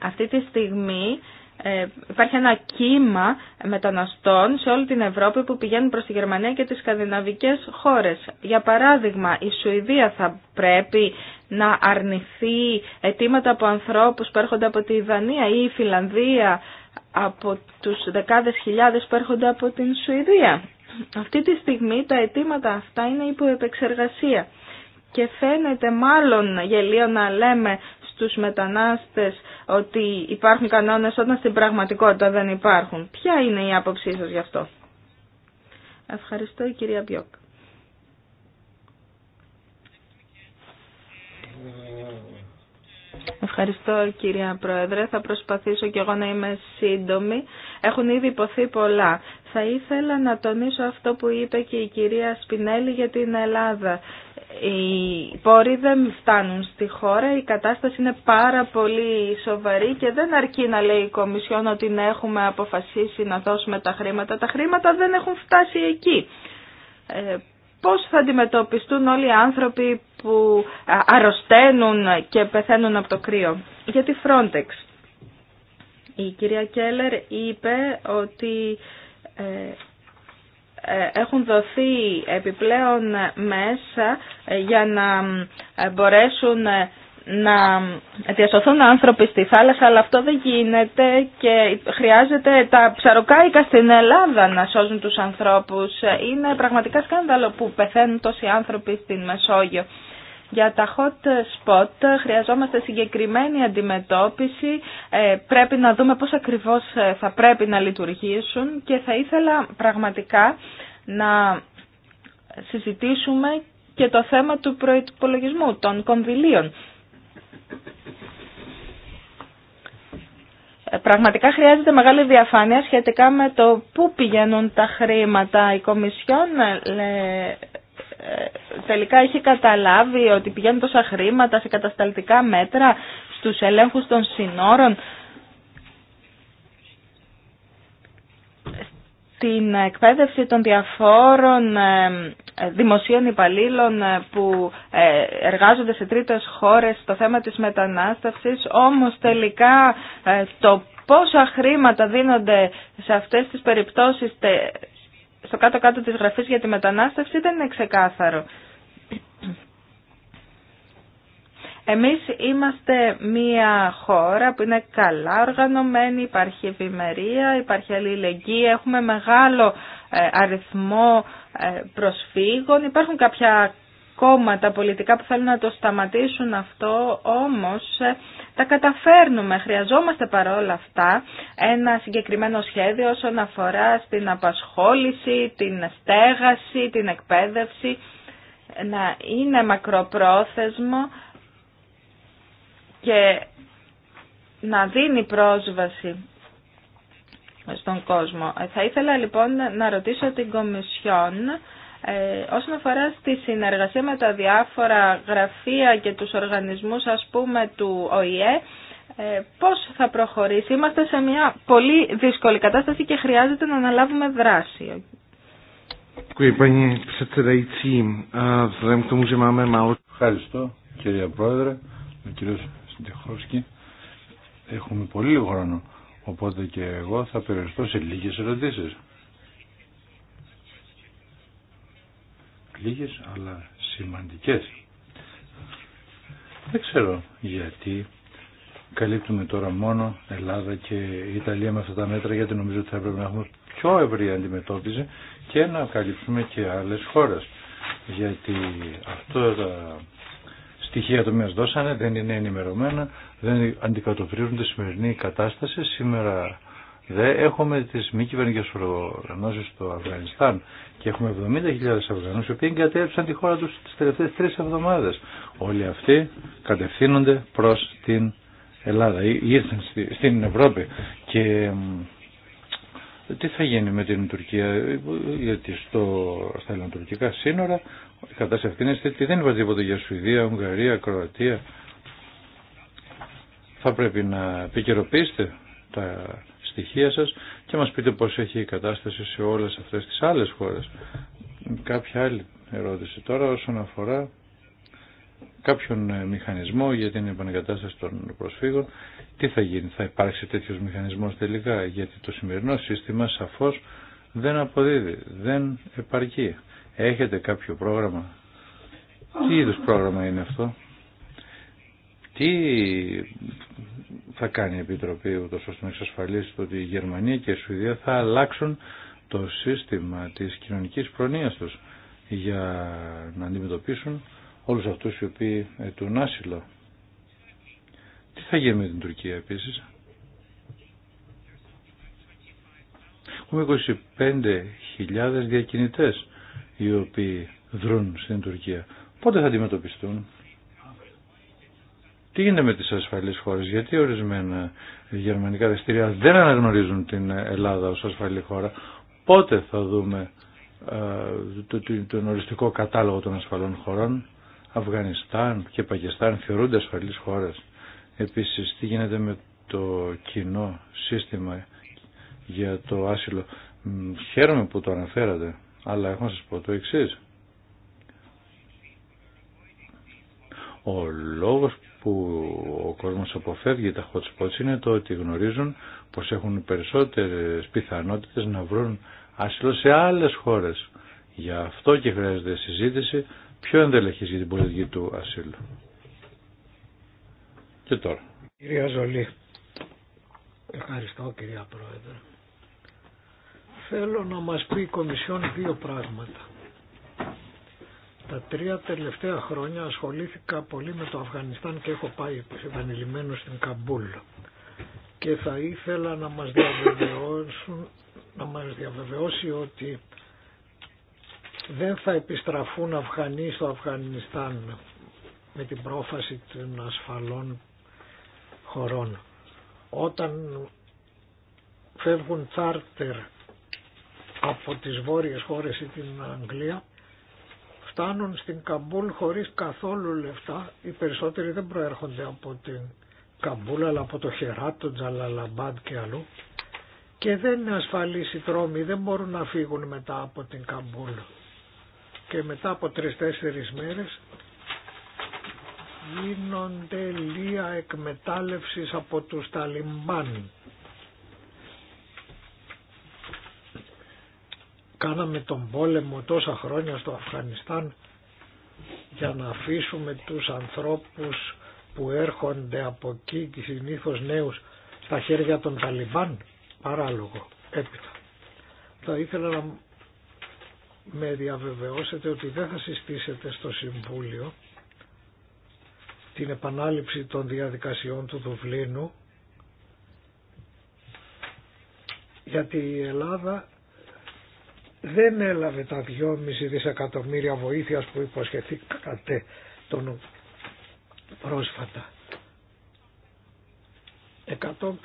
[SPEAKER 2] Αυτή τη στιγμή ε, υπάρχει ένα κύμα μεταναστών σε όλη την Ευρώπη που πηγαίνουν προς τη Γερμανία και τις σκανδιναβικές χώρες. Για παράδειγμα, η Σουηδία θα πρέπει να αρνηθεί αιτήματα από ανθρώπους που έρχονται από τη Δανία ή η Φιλανδία από τους δεκάδες χιλιάδες που έρχονται από την Σουηδία. Αυτή τη στιγμή τα αιτήματα αυτά είναι υπό επεξεργασία και φαίνεται μάλλον γελίο να λέμε στους μετανάστες ότι υπάρχουν κανόνες όταν στην πραγματικότητα δεν υπάρχουν. Ποια είναι η άποψή σας γι' αυτό. Ευχαριστώ η κυρία Μπιόκ. Ευχαριστώ κυρία Πρόεδρε. Θα προσπαθήσω και εγώ να είμαι σύντομη. Έχουν ήδη υποθεί πολλά. Θα ήθελα να τονίσω αυτό που είπε και η κυρία Σπινέλη για την Ελλάδα οι πόροι δεν φτάνουν στη χώρα, η κατάσταση είναι πάρα πολύ σοβαρή και δεν αρκεί να λέει η Κομισιόν ότι να έχουμε αποφασίσει να δώσουμε τα χρήματα. Τα χρήματα δεν έχουν φτάσει εκεί. Ε, πώς θα αντιμετωπιστούν όλοι οι άνθρωποι που ε, αρρωσταίνουν και πεθαίνουν από το κρύο. Για τη Frontex. Η κυρία Κέλλερ είπε ότι... Ε, ε, έχουν δοθεί επιπλέον μέσα ε, για να ε, μπορέσουν να διασωθούν άνθρωποι στη θάλασσα, αλλά αυτό δεν γίνεται και χρειάζεται τα ψαροκάικα στην Ελλάδα να σώζουν τους ανθρώπους. Είναι πραγματικά σκάνδαλο που πεθαίνουν τόσοι άνθρωποι στην Μεσόγειο. Για τα hot spot χρειαζόμαστε συγκεκριμένη αντιμετώπιση, ε, πρέπει να δούμε πώς ακριβώς ε, θα πρέπει να λειτουργήσουν και θα ήθελα πραγματικά να συζητήσουμε και το θέμα του προϋπολογισμού, των κονδυλίων. Ε, πραγματικά χρειάζεται μεγάλη διαφάνεια σχετικά με το πού πηγαίνουν τα χρήματα. Η Κομισιόν τελικά έχει καταλάβει ότι πηγαίνουν τόσα χρήματα σε κατασταλτικά μέτρα στους ελέγχους των συνόρων. στην εκπαίδευση των διαφόρων ε, δημοσίων υπαλλήλων ε, που ε, εργάζονται σε τρίτες χώρες στο θέμα της μετανάστευσης, όμως τελικά το πόσα χρήματα δίνονται σε αυτές τις περιπτώσεις στο κάτω-κάτω της γραφής για τη μετανάστευση δεν είναι ξεκάθαρο. Εμείς είμαστε μια χώρα που είναι καλά οργανωμένη, υπάρχει ευημερία, υπάρχει αλληλεγγύη, έχουμε μεγάλο ε, αριθμό ε, προσφύγων, υπάρχουν κάποια κόμματα πολιτικά που θέλουν να το σταματήσουν αυτό, όμως ε, τα καταφέρνουμε. Χρειαζόμαστε παρόλα αυτά ένα συγκεκριμένο σχέδιο όσον αφορά στην απασχόληση, την στέγαση, την εκπαίδευση, να είναι μακροπρόθεσμο και να δίνει πρόσβαση στον κόσμο. Ε, θα ήθελα λοιπόν να ρωτήσω την Κομισιόν ε, όσον αφορά στη συνεργασία με τα διάφορα γραφεία και τους οργανισμούς ας πούμε του ΟΗΕ ε, πώς θα προχωρήσει. Είμαστε σε μια πολύ δύσκολη κατάσταση και χρειάζεται να αναλάβουμε δράση.
[SPEAKER 3] Ευχαριστώ κύριε Πρόεδρε, ο και Έχουμε πολύ λίγο χρόνο, οπότε και εγώ θα περιοριστώ σε λίγες ερωτήσεις. Λίγες αλλά σημαντικές. Δεν ξέρω γιατί καλύπτουμε τώρα μόνο Ελλάδα και Ιταλία με αυτά τα μέτρα γιατί νομίζω ότι θα έπρεπε να έχουμε πιο ευρύ αντιμετώπιση και να καλύψουμε και άλλες χώρες. Γιατί αυτό τα στοιχεία το μας δώσανε δεν είναι ενημερωμένα, δεν αντικατοπτρίζουν τη σημερινή κατάσταση. Σήμερα δε έχουμε τι μη κυβερνητικέ οργανώσει στο Αφγανιστάν και έχουμε 70.000 Αφγανού οι οποίοι εγκατέλειψαν τη χώρα του τι τελευταίε τρει εβδομάδε. Όλοι αυτοί κατευθύνονται προ την Ελλάδα, ήρθαν στην Ευρώπη και τι θα γίνει με την Τουρκία, γιατί στο, στα ελληνοτουρκικά σύνορα η κατάσταση αυτή είναι δεν υπάρχει τίποτα για Σουηδία, Ουγγαρία, Κροατία. Θα πρέπει να επικαιροποιήσετε τα στοιχεία σας και μας πείτε πώς έχει η κατάσταση σε όλες αυτές τις άλλες χώρες. Κάποια άλλη ερώτηση τώρα όσον αφορά κάποιον μηχανισμό για την επανεκατάσταση των προσφύγων τι θα γίνει, θα υπάρξει τέτοιος μηχανισμός τελικά, γιατί το σημερινό σύστημα σαφώς δεν αποδίδει, δεν επαρκεί. Έχετε κάποιο πρόγραμμα. Τι είδους πρόγραμμα είναι αυτό. Τι θα κάνει η Επιτροπή ούτως ώστε να εξασφαλίσει ότι η Γερμανία και η Σουηδία θα αλλάξουν το σύστημα της κοινωνικής προνοίας τους για να αντιμετωπίσουν όλους αυτούς οι οποίοι ετούν άσυλο θα γίνει με την Τουρκία επίσης. Έχουμε 25.000 διακινητές οι οποίοι δρούν στην Τουρκία. Πότε θα αντιμετωπιστούν. Τι γίνεται με τις ασφαλείς χώρες, γιατί ορισμένα γερμανικά δεστηρία δεν αναγνωρίζουν την Ελλάδα ως ασφαλή χώρα. Πότε θα δούμε ε, τον οριστικό κατάλογο των ασφαλών χωρών. Αφγανιστάν και Πακιστάν θεωρούνται ασφαλείς χώρες. Επίσης, τι γίνεται με το κοινό σύστημα για το άσυλο. Χαίρομαι που το αναφέρατε, αλλά έχω να σας πω το εξή. Ο λόγος που ο κόσμος αποφεύγει τα hot spots είναι το ότι γνωρίζουν πως έχουν περισσότερες πιθανότητες να βρουν άσυλο σε άλλες χώρες. Γι' αυτό και χρειάζεται συζήτηση πιο ενδελεχής για την πολιτική του ασύλου.
[SPEAKER 4] Κυρία Ζολή. Ευχαριστώ κυρία Πρόεδρε. Θέλω να μας πει η Κομισιόν δύο πράγματα. Τα τρία τελευταία χρόνια ασχολήθηκα πολύ με το Αφγανιστάν και έχω πάει επανειλημμένο στην Καμπούλ. Και θα ήθελα να μας, διαβεβαιώσουν, να μας διαβεβαιώσει ότι δεν θα επιστραφούν Αφγανοί στο Αφγανιστάν με την πρόφαση των ασφαλών χωρών. Όταν φεύγουν τσάρτερ από τις βόρειες χώρες ή την Αγγλία φτάνουν στην Καμπούλ χωρίς καθόλου λεφτά. Οι περισσότεροι δεν προέρχονται από την Καμπούλ αλλά από το Χεράτ, το Τζαλαλαμπάντ και αλλού και δεν είναι ασφαλείς οι δεν μπορούν να φύγουν μετά από την Καμπούλ και μετά από τρεις-τέσσερις μέρες γίνονται λία εκμετάλλευσης από τους Ταλιμπάν. Κάναμε τον πόλεμο τόσα χρόνια στο Αφγανιστάν για να αφήσουμε τους ανθρώπους που έρχονται από εκεί και συνήθως νέους στα χέρια των Ταλιμπάν. Παράλογο. Έπειτα. Θα ήθελα να με διαβεβαιώσετε ότι δεν θα συστήσετε στο Συμβούλιο την επανάληψη των διαδικασιών του Δουβλίνου γιατί η Ελλάδα δεν έλαβε τα 2,5 δισεκατομμύρια βοήθειας που υποσχεθήκατε τον πρόσφατα. 150.000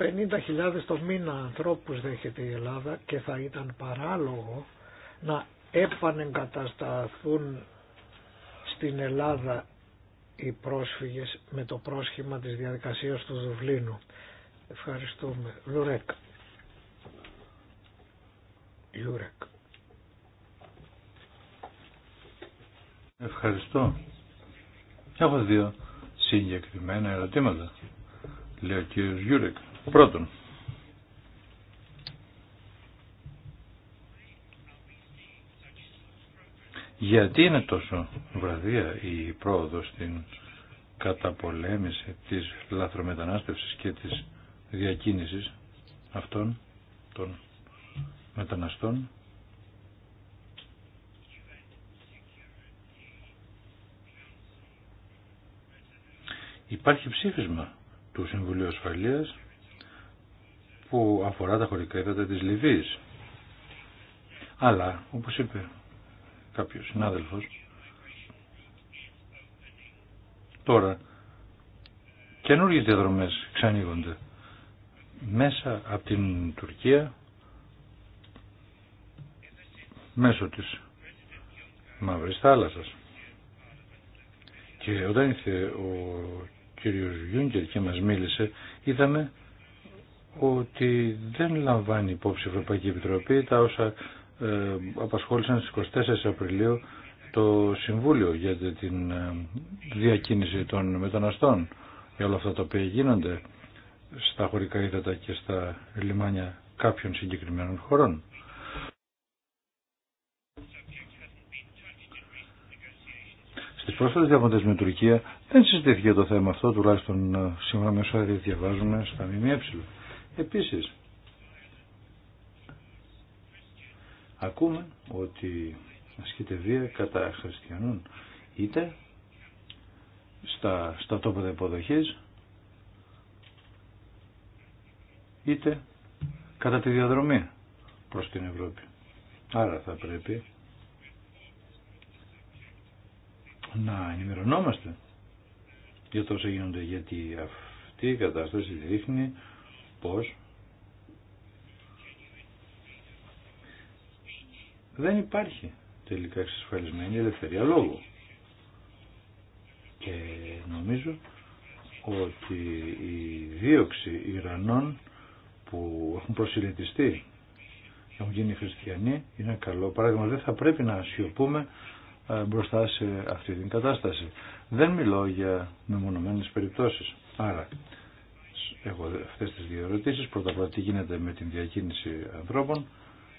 [SPEAKER 4] το μήνα ανθρώπους δέχεται η Ελλάδα και θα ήταν παράλογο να επανεγκατασταθούν στην Ελλάδα οι πρόσφυγες με το πρόσχημα της διαδικασίας του Δουβλίνου. Ευχαριστούμε. Λουρέκ. Λουρέκ.
[SPEAKER 3] Ευχαριστώ. Έχω δύο συγκεκριμένα ερωτήματα, λέω ο κύριος Γιούρεκ. Πρώτον, Γιατί είναι τόσο βραδία η πρόοδο στην καταπολέμηση της λαθρομετανάστευσης και της διακίνησης αυτών των μεταναστών. Υπάρχει ψήφισμα του Συμβουλίου Ασφαλείας που αφορά τα χωρικά έδατα της Λιβύης. Αλλά, όπως είπε κάποιος συνάδελφος τώρα καινούργιες διαδρομές ξανοίγονται μέσα από την Τουρκία μέσω της Μαύρης Θάλασσας και όταν ήρθε ο κύριος Γιούγκερ και μας μίλησε είδαμε ότι δεν λαμβάνει υπόψη η Ευρωπαϊκή Επιτροπή τα όσα ε, απασχόλησαν στις 24 Απριλίου το Συμβούλιο για την ε, διακίνηση των μεταναστών για όλα αυτά τα οποία γίνονται στα χωρικά ύδατα και στα λιμάνια κάποιων συγκεκριμένων χωρών. Στις πρόσφατες διαμοντές με Τουρκία δεν συζητήθηκε το θέμα αυτό, τουλάχιστον ε, σύμφωνα με όσα διαβάζουμε στα ΜΜΕ. Επίσης, ακούμε ότι ασκείται βία κατά χριστιανών είτε στα, στα τόπεδα υποδοχής είτε κατά τη διαδρομή προς την Ευρώπη. Άρα θα πρέπει να ενημερωνόμαστε για το γίνονται γιατί αυτή η κατάσταση δείχνει πως δεν υπάρχει τελικά εξασφαλισμένη ελευθερία λόγου. Και νομίζω ότι η δίωξη Ιρανών που έχουν προσυλλητιστεί και έχουν γίνει χριστιανοί είναι καλό παράδειγμα. Δεν θα πρέπει να σιωπούμε ε, μπροστά σε αυτή την κατάσταση. Δεν μιλώ για μεμονωμένες περιπτώσεις. Άρα, έχω αυτές τις δύο ερωτήσεις. Πρώτα απ' τι γίνεται με την διακίνηση ανθρώπων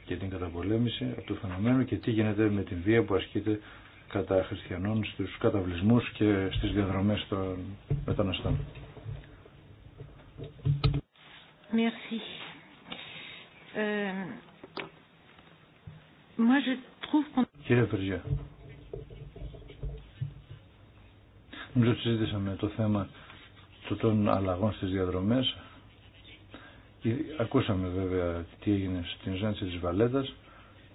[SPEAKER 3] και την καταπολέμηση του φαινομένου και τι γίνεται με την βία που ασκείται κατά χριστιανών στους καταβλισμούς και στις διαδρομές των μεταναστών.
[SPEAKER 1] Merci. Euh, moi je trouve...
[SPEAKER 3] Κύριε Φερζιά, νομίζω ότι συζήτησαμε το θέμα των αλλαγών στις διαδρομές ακούσαμε βέβαια τι έγινε στην Ζάντηση της Βαλέτας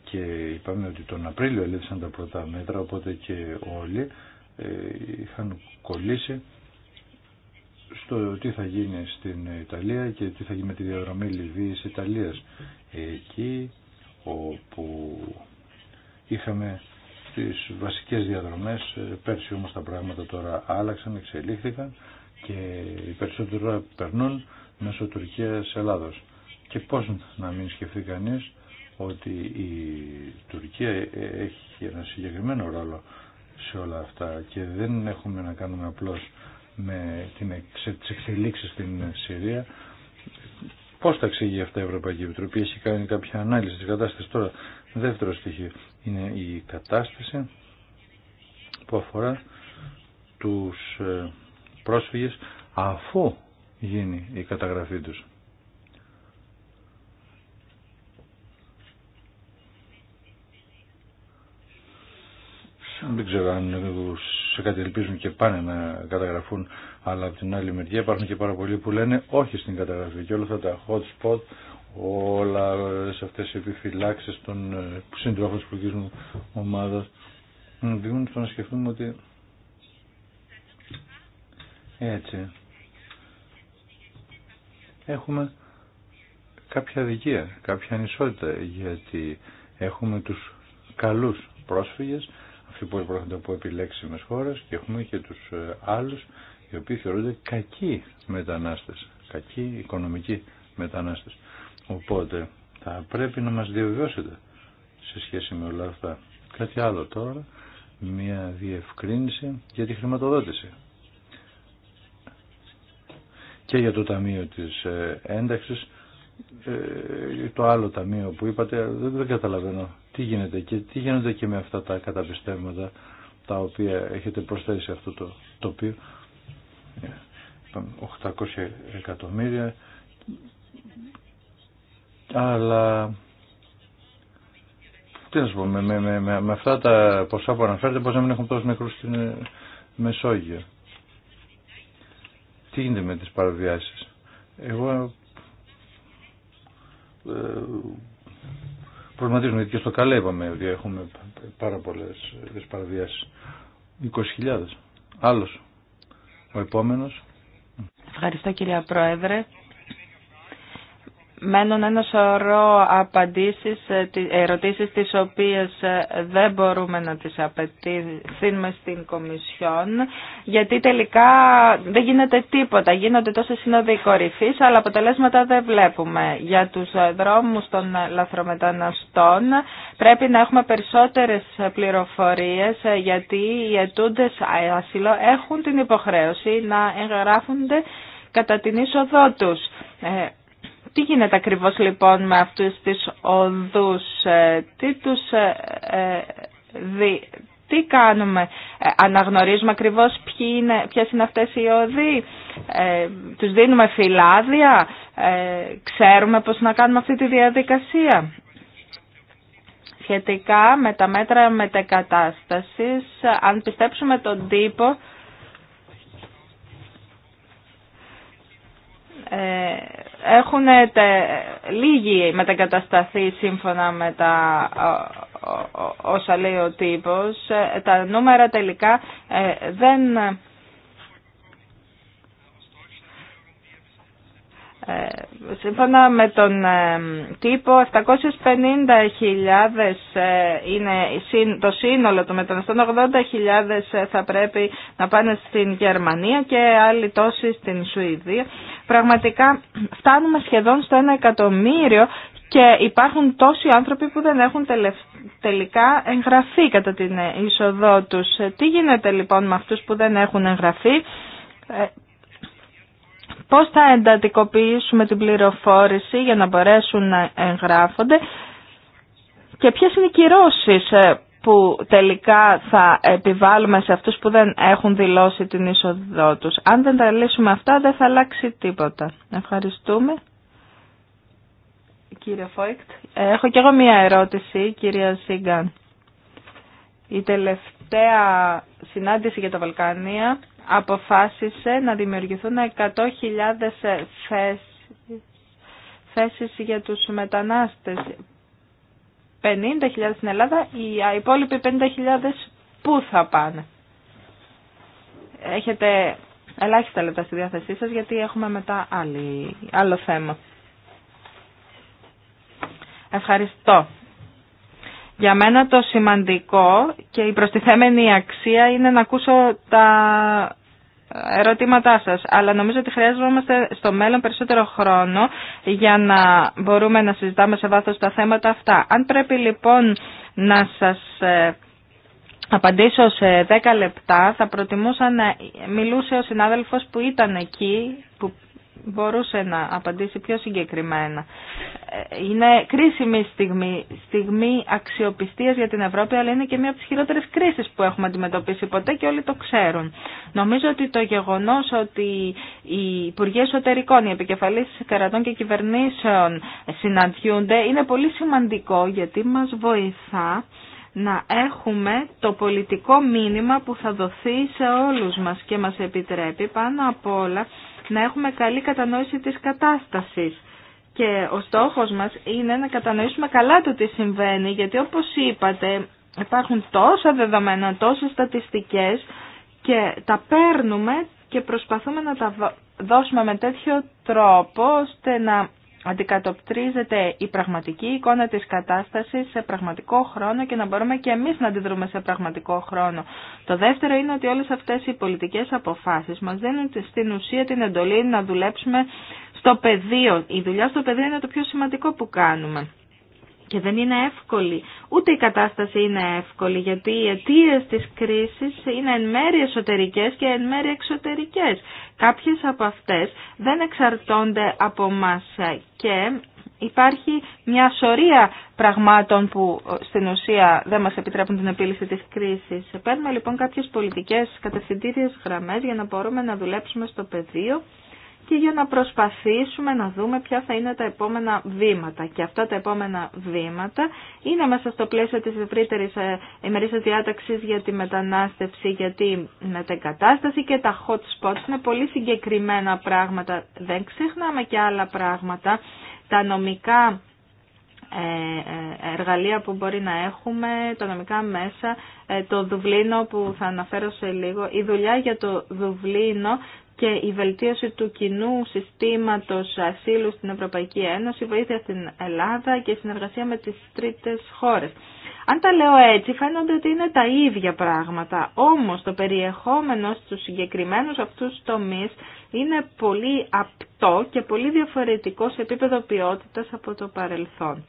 [SPEAKER 3] και είπαμε ότι τον Απρίλιο ελήφθησαν τα πρώτα μέτρα οπότε και όλοι ε, είχαν κολλήσει στο τι θα γίνει στην Ιταλία και τι θα γίνει με τη διαδρομή Λιβύης Ιταλίας εκεί όπου είχαμε τις βασικές διαδρομές ε, πέρσι όμως τα πράγματα τώρα άλλαξαν, εξελίχθηκαν και οι περισσότεροι περνούν μέσω Τουρκίας Ελλάδος. Και πώς να μην σκεφτεί κανείς ότι η Τουρκία έχει ένα συγκεκριμένο ρόλο σε όλα αυτά και δεν έχουμε να κάνουμε απλώς με τις εξελίξεις στην Συρία. Πώς τα εξηγεί αυτά η Ευρωπαϊκή Επιτροπή, έχει κάνει κάποια ανάλυση της κατάστασης τώρα. Δεύτερο στοιχείο είναι η κατάσταση που αφορά τους ε, πρόσφυγες αφού γίνει η καταγραφή τους. Δεν ξέρω αν σε κάτι και πάνε να καταγραφούν, αλλά από την άλλη μεριά υπάρχουν και πάρα πολλοί που λένε όχι στην καταγραφή και όλα αυτά τα hot spot, όλα σε αυτές οι επιφυλάξεις των ε, συντρόφων της πολιτικής ομάδας, δίνουν στο να σκεφτούμε ότι έτσι έχουμε κάποια αδικία, κάποια ανισότητα, γιατί έχουμε τους καλούς πρόσφυγες, αυτοί που έχουν από επιλέξιμες χώρες και έχουμε και τους ε, άλλους οι οποίοι θεωρούνται κακοί μετανάστες, κακοί οικονομικοί μετανάστες. Οπότε θα πρέπει να μας διαβιώσετε σε σχέση με όλα αυτά. Κάτι άλλο τώρα, μια διευκρίνηση για τη χρηματοδότηση και για το Ταμείο της ε, Ένταξης ε, το άλλο ταμείο που είπατε δεν, καταλαβαίνω τι γίνεται και τι γίνονται και με αυτά τα καταπιστεύματα τα οποία έχετε προσθέσει σε αυτό το τοπίο 800 ε, εκατομμύρια αλλά τι να σου πω με, με, με, με αυτά τα ποσά που αναφέρετε πως να μην έχουν τόσο νεκρούς στην Μεσόγειο τι γίνεται με τις παραβιάσεις. Εγώ ε, προβληματίζομαι, γιατί και στο καλέ είπαμε ότι έχουμε πάρα πολλές παραβιάσεις. 20.000. Άλλος. Ο επόμενος.
[SPEAKER 2] Ευχαριστώ κυρία Πρόεδρε. Μένουν ένα σωρό απαντήσεις, ε, ε, ερωτήσεις τις οποίες ε, δεν μπορούμε να τις απαιτήσουμε στην Κομισιόν γιατί τελικά δεν γίνεται τίποτα. Γίνονται τόσε σύνοδοι κορυφή, αλλά αποτελέσματα δεν βλέπουμε. Για τους δρόμους των λαθρομεταναστών πρέπει να έχουμε περισσότερες πληροφορίες γιατί οι ετούντες ασύλο έχουν την υποχρέωση να εγγράφονται κατά την είσοδό τους. Τι γίνεται ακριβώς λοιπόν με αυτούς τις οδούς, ε, τι τους ε, ε, δι, τι κάνουμε, αναγνωρίζουμε ακριβώς ποιοι είναι, ποιες είναι αυτές οι οδοί, τους δίνουμε φυλάδια, ξέρουμε πώς να κάνουμε αυτή τη διαδικασία. Σχετικά με τα μέτρα μετεκατάστασης, αν πιστέψουμε τον τύπο, ε, έχουν λίγοι μετακατασταθεί σύμφωνα με τα όσα λέει ο τύπος. Ε, τα νούμερα τελικά ε, δεν Ε, σύμφωνα με τον ε, τύπο, 750.000 ε, είναι το σύνολο των μεταναστών, 80.000 θα πρέπει να πάνε στην Γερμανία και άλλοι τόσοι στην Σουηδία. Πραγματικά φτάνουμε σχεδόν στο ένα εκατομμύριο και υπάρχουν τόσοι άνθρωποι που δεν έχουν τελικά εγγραφεί κατά την είσοδό τους. Τι γίνεται λοιπόν με αυτούς που δεν έχουν εγγραφεί πώς θα εντατικοποιήσουμε την πληροφόρηση για να μπορέσουν να εγγράφονται και ποιες είναι οι κυρώσεις ε, που τελικά θα επιβάλλουμε σε αυτούς που δεν έχουν δηλώσει την είσοδό τους. Αν δεν τα λύσουμε αυτά δεν θα αλλάξει τίποτα. Ευχαριστούμε. Κύριε Φόικτ, ε, έχω και εγώ μία ερώτηση, κυρία Σίγκαν. Η τελευταία συνάντηση για τα Βαλκάνια αποφάσισε να δημιουργηθούν 100.000 θέσεις, για τους μετανάστες. 50.000 στην Ελλάδα, οι υπόλοιποι 50.000 πού θα πάνε. Έχετε ελάχιστα λεπτά στη διάθεσή σας γιατί έχουμε μετά άλλο θέμα. Ευχαριστώ. Για μένα το σημαντικό και η προστιθέμενη αξία είναι να ακούσω τα ερωτήματά σας, αλλά νομίζω ότι χρειάζομαστε στο μέλλον περισσότερο χρόνο για να μπορούμε να συζητάμε σε βάθος τα θέματα αυτά. Αν πρέπει λοιπόν να σας ε, απαντήσω σε 10 λεπτά, θα προτιμούσα να μιλούσε ο συνάδελφος που ήταν εκεί, που μπορούσε να απαντήσει πιο συγκεκριμένα. Είναι κρίσιμη στιγμή, στιγμή αξιοπιστίας για την Ευρώπη, αλλά είναι και μία από τις χειρότερες κρίσεις που έχουμε αντιμετωπίσει ποτέ και όλοι το ξέρουν. Νομίζω ότι το γεγονός ότι οι Υπουργοί Εσωτερικών, οι επικεφαλής κρατών και κυβερνήσεων συναντιούνται είναι πολύ σημαντικό γιατί μας βοηθά να έχουμε το πολιτικό μήνυμα που θα δοθεί σε όλους μας και μας επιτρέπει πάνω απ' όλα να έχουμε καλή κατανόηση της κατάστασης. Και ο στόχος μας είναι να κατανοήσουμε καλά το τι συμβαίνει, γιατί όπως είπατε υπάρχουν τόσα δεδομένα, τόσε στατιστικές και τα παίρνουμε και προσπαθούμε να τα δώσουμε με τέτοιο τρόπο ώστε να αντικατοπτρίζεται η πραγματική εικόνα της κατάστασης σε πραγματικό χρόνο και να μπορούμε και εμείς να αντιδρούμε σε πραγματικό χρόνο. Το δεύτερο είναι ότι όλες αυτές οι πολιτικές αποφάσεις μας δίνουν στην ουσία την εντολή να δουλέψουμε στο πεδίο. Η δουλειά στο πεδίο είναι το πιο σημαντικό που κάνουμε και δεν είναι εύκολη. Ούτε η κατάσταση είναι εύκολη γιατί οι αιτίε της κρίσης είναι εν μέρει εσωτερικές και εν μέρει εξωτερικές. Κάποιες από αυτές δεν εξαρτώνται από μας και υπάρχει μια σωρία πραγμάτων που ε, στην ουσία δεν μας επιτρέπουν την επίλυση της κρίσης. Παίρνουμε λοιπόν κάποιες πολιτικές κατευθυντήριες γραμμές για να μπορούμε να δουλέψουμε στο πεδίο και για να προσπαθήσουμε να δούμε ποια θα είναι τα επόμενα βήματα. Και αυτά τα επόμενα βήματα είναι μέσα στο πλαίσιο της ευρύτερης ε, ημερήσιας διάταξης για τη μετανάστευση, για τη μετεγκατάσταση και τα hot spots είναι πολύ συγκεκριμένα πράγματα. Δεν ξεχνάμε και άλλα πράγματα. Τα νομικά ε, ε, εργαλεία που μπορεί να έχουμε, τα νομικά μέσα, το Δουβλίνο που θα αναφέρω σε λίγο, η δουλειά για το Δουβλίνο και η βελτίωση του κοινού συστήματος ασύλου στην Ευρωπαϊκή Ένωση, βοήθεια στην Ελλάδα και συνεργασία με τις τρίτες χώρες. Αν τα λέω έτσι φαίνονται ότι είναι τα ίδια πράγματα, όμως το περιεχόμενο στους συγκεκριμένους αυτούς τομείς είναι πολύ απτό και πολύ διαφορετικό σε επίπεδο ποιότητας από το παρελθόν.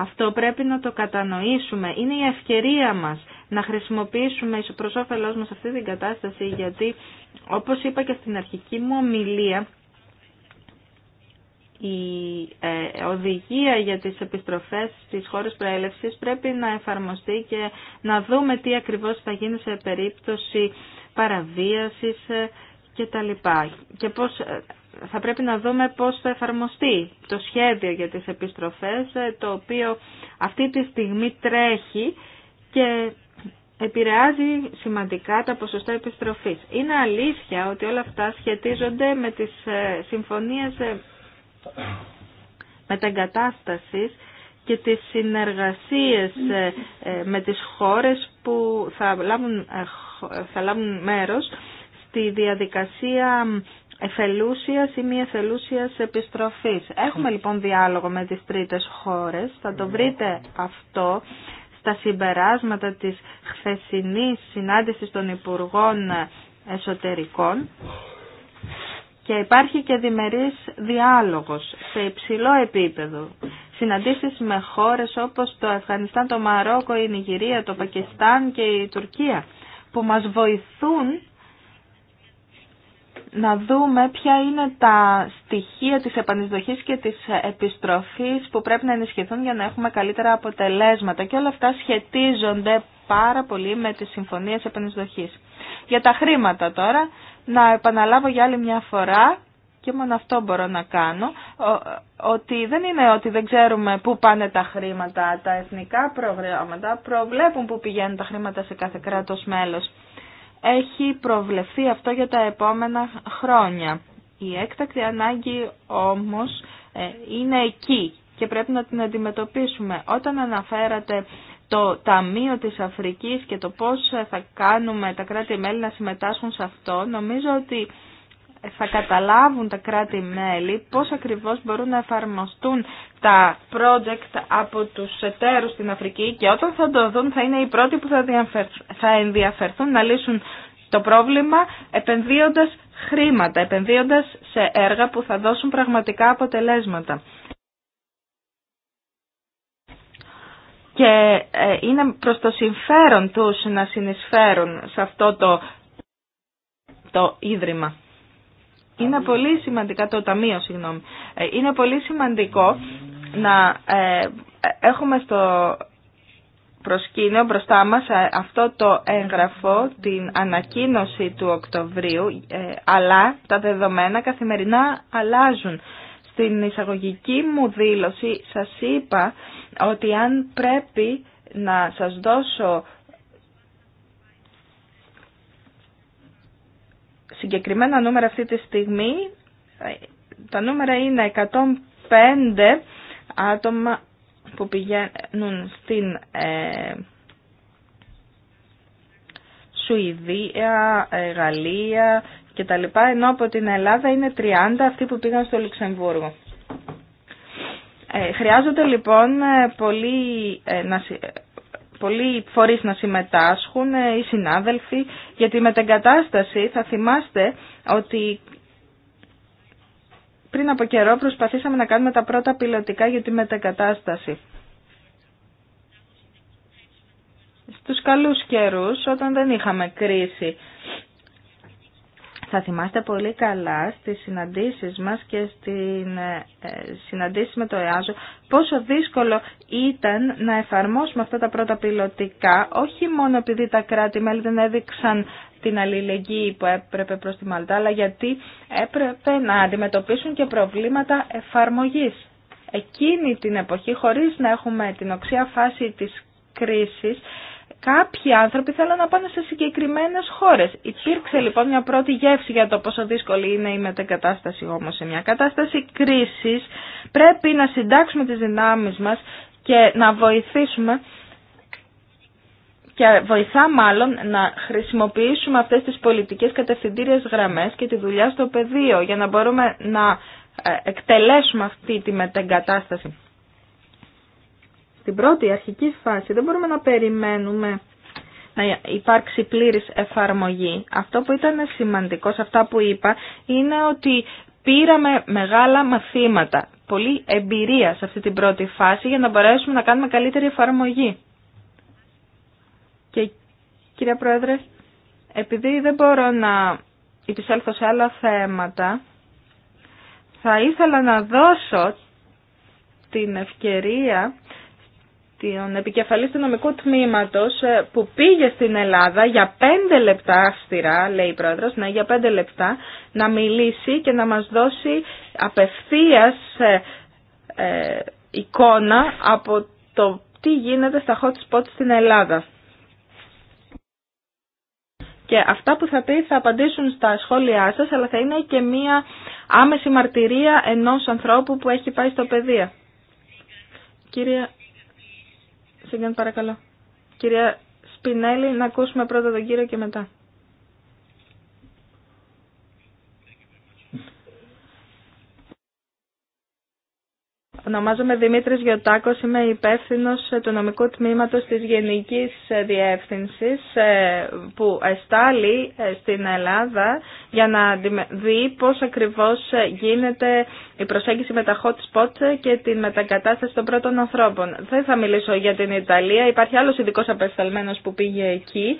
[SPEAKER 2] Αυτό πρέπει να το κατανοήσουμε. Είναι η ευκαιρία μας να χρησιμοποιήσουμε προς όφελός μας αυτή την κατάσταση γιατί όπως είπα και στην αρχική μου ομιλία η ε, οδηγία για τις επιστροφές στις χώρες προέλευσης πρέπει να εφαρμοστεί και να δούμε τι ακριβώς θα γίνει σε περίπτωση παραβίασης ε, και τα λοιπά. Και πώς ε, θα πρέπει να δούμε πώς θα εφαρμοστεί το σχέδιο για τις επιστροφές, ε, το οποίο αυτή τη στιγμή τρέχει και επηρεάζει σημαντικά τα ποσοστά επιστροφής. Είναι αλήθεια ότι όλα αυτά σχετίζονται με τις ε, συμφωνίες ε, μεταγκατάστασης και τις συνεργασίες με τις χώρες που θα λάβουν, θα λάβουν μέρος στη διαδικασία εφελούσια ή μη εφελούσια επιστροφής. Έχουμε λοιπόν διάλογο με τις τρίτε χώρες, θα το βρείτε αυτό στα συμπεράσματα της χθεσινής συνάντησης των Υπουργών Εσωτερικών και υπάρχει και διμερής διάλογος σε υψηλό επίπεδο. Συναντήσεις με χώρες όπως το Αφγανιστάν, το Μαρόκο, η Νιγηρία, το Πακιστάν και η Τουρκία που μας βοηθούν να δούμε ποια είναι τα στοιχεία της επανεισδοχής και της επιστροφής που πρέπει να ενισχυθούν για να έχουμε καλύτερα αποτελέσματα και όλα αυτά σχετίζονται πάρα πολύ με τις συμφωνίες επανεισδοχής. Για τα χρήματα τώρα, να επαναλάβω για άλλη μια φορά και μόνο αυτό μπορώ να κάνω, ότι δεν είναι ότι δεν ξέρουμε πού πάνε τα χρήματα, τα εθνικά προγράμματα προβλέπουν πού πηγαίνουν τα χρήματα σε κάθε κράτος μέλος έχει προβλεφθεί αυτό για τα επόμενα χρόνια. Η έκτακτη ανάγκη όμως ε, είναι εκεί και πρέπει να την αντιμετωπίσουμε. Όταν αναφέρατε το Ταμείο της Αφρικής και το πώς θα κάνουμε τα κράτη-μέλη να συμμετάσχουν σε αυτό, νομίζω ότι θα καταλάβουν τα κράτη-μέλη πώς ακριβώς μπορούν να εφαρμοστούν τα project από τους εταίρους στην Αφρική και όταν θα το δουν θα είναι οι πρώτοι που θα ενδιαφερθούν να λύσουν το πρόβλημα επενδύοντας χρήματα, επενδύοντας σε έργα που θα δώσουν πραγματικά αποτελέσματα. Και ε, είναι προς το συμφέρον τους να συνεισφέρουν σε αυτό το, το ίδρυμα. Είναι πολύ σημαντικά το ταμείο, συγγνώμη. Ε, είναι πολύ σημαντικό να ε, έχουμε στο προσκήνιο μπροστά μας ε, αυτό το έγγραφο, την ανακοίνωση του Οκτωβρίου, αλλά τα δεδομένα καθημερινά αλλάζουν. Στην εισαγωγική μου δήλωση σας είπα ότι αν πρέπει να σας δώσω συγκεκριμένα νούμερα αυτή τη στιγμή, τα νούμερα είναι 105 άτομα που πηγαίνουν στην ε, Σουηδία, ε, Γαλλία και τα λοιπά, ενώ από την Ελλάδα είναι 30 αυτοί που πήγαν στο Λουξεμβούργο. Ε, χρειάζονται λοιπόν ε, πολύ να πολλοί φορείς να συμμετάσχουν, ε, οι συνάδελφοι, γιατί με την κατάσταση θα θυμάστε ότι πριν από καιρό προσπαθήσαμε να κάνουμε τα πρώτα πιλωτικά για τη μετεγκατάσταση. Στους καλούς καιρούς, όταν δεν είχαμε κρίση, θα θυμάστε πολύ καλά στις συναντήσεις μας και στην ε, συναντήσεις με το ΕΑΖΟ πόσο δύσκολο ήταν να εφαρμόσουμε αυτά τα πρώτα πιλωτικά όχι μόνο επειδή τα κράτη-μέλη δεν έδειξαν την αλληλεγγύη που έπρεπε προς τη Μαλτά αλλά γιατί έπρεπε να αντιμετωπίσουν και προβλήματα εφαρμογής. Εκείνη την εποχή χωρίς να έχουμε την οξία φάση της κρίσης κάποιοι άνθρωποι θέλουν να πάνε σε συγκεκριμένε χώρες. Υπήρξε λοιπόν μια πρώτη γεύση για το πόσο δύσκολη είναι η μετεγκατάσταση όμως σε μια κατάσταση κρίσης. Πρέπει να συντάξουμε τις δυνάμει μας και να βοηθήσουμε και βοηθά μάλλον να χρησιμοποιήσουμε αυτές τις πολιτικές κατευθυντήριες γραμμές και τη δουλειά στο πεδίο για να μπορούμε να ε, εκτελέσουμε αυτή τη μετεγκατάσταση στην πρώτη αρχική φάση δεν μπορούμε να περιμένουμε να υπάρξει πλήρης εφαρμογή. Αυτό που ήταν σημαντικό σε αυτά που είπα είναι ότι πήραμε μεγάλα μαθήματα, πολύ εμπειρία σε αυτή την πρώτη φάση για να μπορέσουμε να κάνουμε καλύτερη εφαρμογή. Και κυρία Πρόεδρε, επειδή δεν μπορώ να επισέλθω σε άλλα θέματα, θα ήθελα να δώσω την ευκαιρία τον επικεφαλή του νομικού τμήματο ε, που πήγε στην Ελλάδα για πέντε λεπτά αυστηρά, λέει η πρόεδρος, ναι, για πέντε λεπτά, να μιλήσει και να μα δώσει απευθείας ε, ε, εικόνα από το τι γίνεται στα hot spots στην Ελλάδα. Και αυτά που θα πει θα απαντήσουν στα σχόλιά σας, αλλά θα είναι και μία άμεση μαρτυρία ενός ανθρώπου που έχει πάει στο παιδεία. Κύριε Σίγκαν παρακαλώ. Κυρία Σπινέλη, να ακούσουμε πρώτα τον κύριο και μετά. Ονομάζομαι Δημήτρης Γιωτάκος, είμαι υπεύθυνο του νομικού Τμήματο της Γενικής Διεύθυνση ε, που εστάλει ε, στην Ελλάδα για να δει πώ ακριβώς ε, γίνεται η προσέγγιση με τα hot spot και την μετακατάσταση των πρώτων ανθρώπων. Δεν θα μιλήσω για την Ιταλία, υπάρχει άλλο ειδικό απεσταλμένο που πήγε εκεί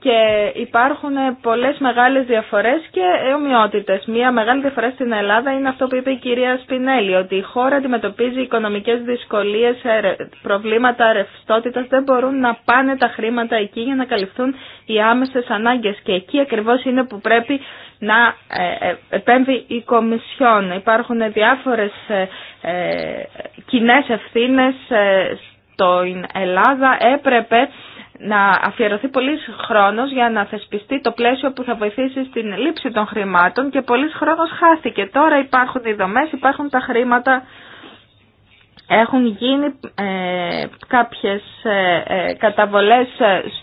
[SPEAKER 2] και υπάρχουν πολλές μεγάλες διαφορές και ομοιότητες. Μία μεγάλη διαφορά στην Ελλάδα είναι αυτό που είπε η κυρία Σπινέλη, ότι η χώρα αντιμετωπίζει οικονομικές δυσκολίες, ε, προβλήματα ρευστότητας, δεν μπορούν να πάνε τα χρήματα εκεί για να καλυφθούν οι άμεσες ανάγκες και εκεί ακριβώς είναι που πρέπει να ε, ε, επέμβει η Κομισιόν. Υπάρχουν διάφορες κοινέ ευθύνε στην Ελλάδα, έπρεπε να αφιερωθεί πολύ χρόνο για να θεσπιστεί το πλαίσιο που θα βοηθήσει στην λήψη των χρημάτων και πολλής χρόνο χάθηκε. Τώρα υπάρχουν οι δομέ, υπάρχουν τα χρήματα, έχουν γίνει ε, κάποιες ε, ε, καταβολές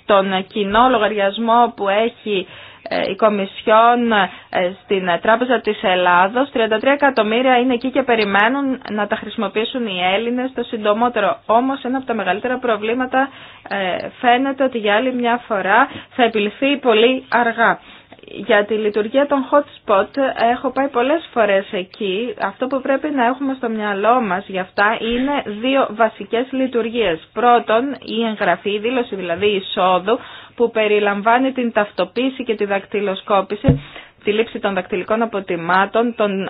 [SPEAKER 2] στον κοινό λογαριασμό που έχει ε, η Κομισιόν ε, στην Τράπεζα της Ελλάδος. 33 εκατομμύρια είναι εκεί και περιμένουν να τα χρησιμοποιήσουν οι Έλληνες το συντομότερο. Όμως ένα από τα μεγαλύτερα προβλήματα ε, φαίνεται ότι για άλλη μια φορά θα επιληθεί πολύ αργά για τη λειτουργία των hot spot έχω πάει πολλές φορές εκεί. Αυτό που πρέπει να έχουμε στο μυαλό μας για αυτά είναι δύο βασικές λειτουργίες. Πρώτον, η εγγραφή, η δήλωση δηλαδή εισόδου που περιλαμβάνει την ταυτοποίηση και τη δακτυλοσκόπηση, τη λήψη των δακτυλικών αποτιμάτων, των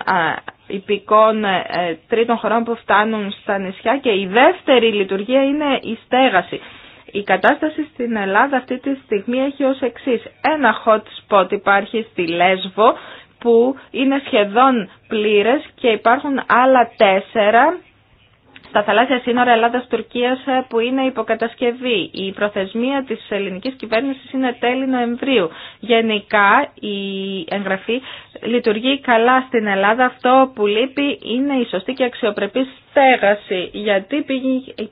[SPEAKER 2] υπηκών ε, τρίτων χωρών που φτάνουν στα νησιά και η δεύτερη λειτουργία είναι η στέγαση. Η κατάσταση στην Ελλάδα αυτή τη στιγμή έχει ως εξής. Ένα hot spot υπάρχει στη Λέσβο που είναι σχεδόν πλήρες και υπάρχουν άλλα τέσσερα στα θαλάσσια σύνορα Ελλάδας-Τουρκίας ε, που είναι υποκατασκευή. Η προθεσμία της ελληνικής κυβέρνησης είναι τέλη Νοεμβρίου. Γενικά η εγγραφή λειτουργεί καλά στην Ελλάδα. Αυτό που λείπει είναι η σωστή και αξιοπρεπή στέγαση γιατί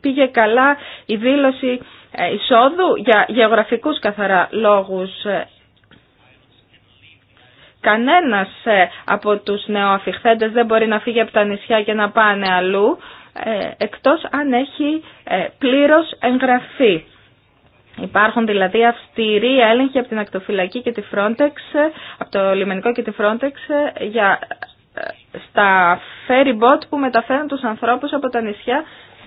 [SPEAKER 2] πήγε καλά η δήλωση ε, εισόδου για γεωγραφικούς καθαρά λόγους. Ε, κανένας ε, από τους νεοαφιχθέντες δεν μπορεί να φύγει από τα νησιά και να πάνε αλλού, εκτός αν έχει πλήρως εγγραφή. Υπάρχουν δηλαδή αυστηροί έλεγχοι από την ακτοφυλακή και τη Frontex, από το λιμενικό και τη Frontex, για, στα ferry boat που μεταφέρουν τους ανθρώπους από τα νησιά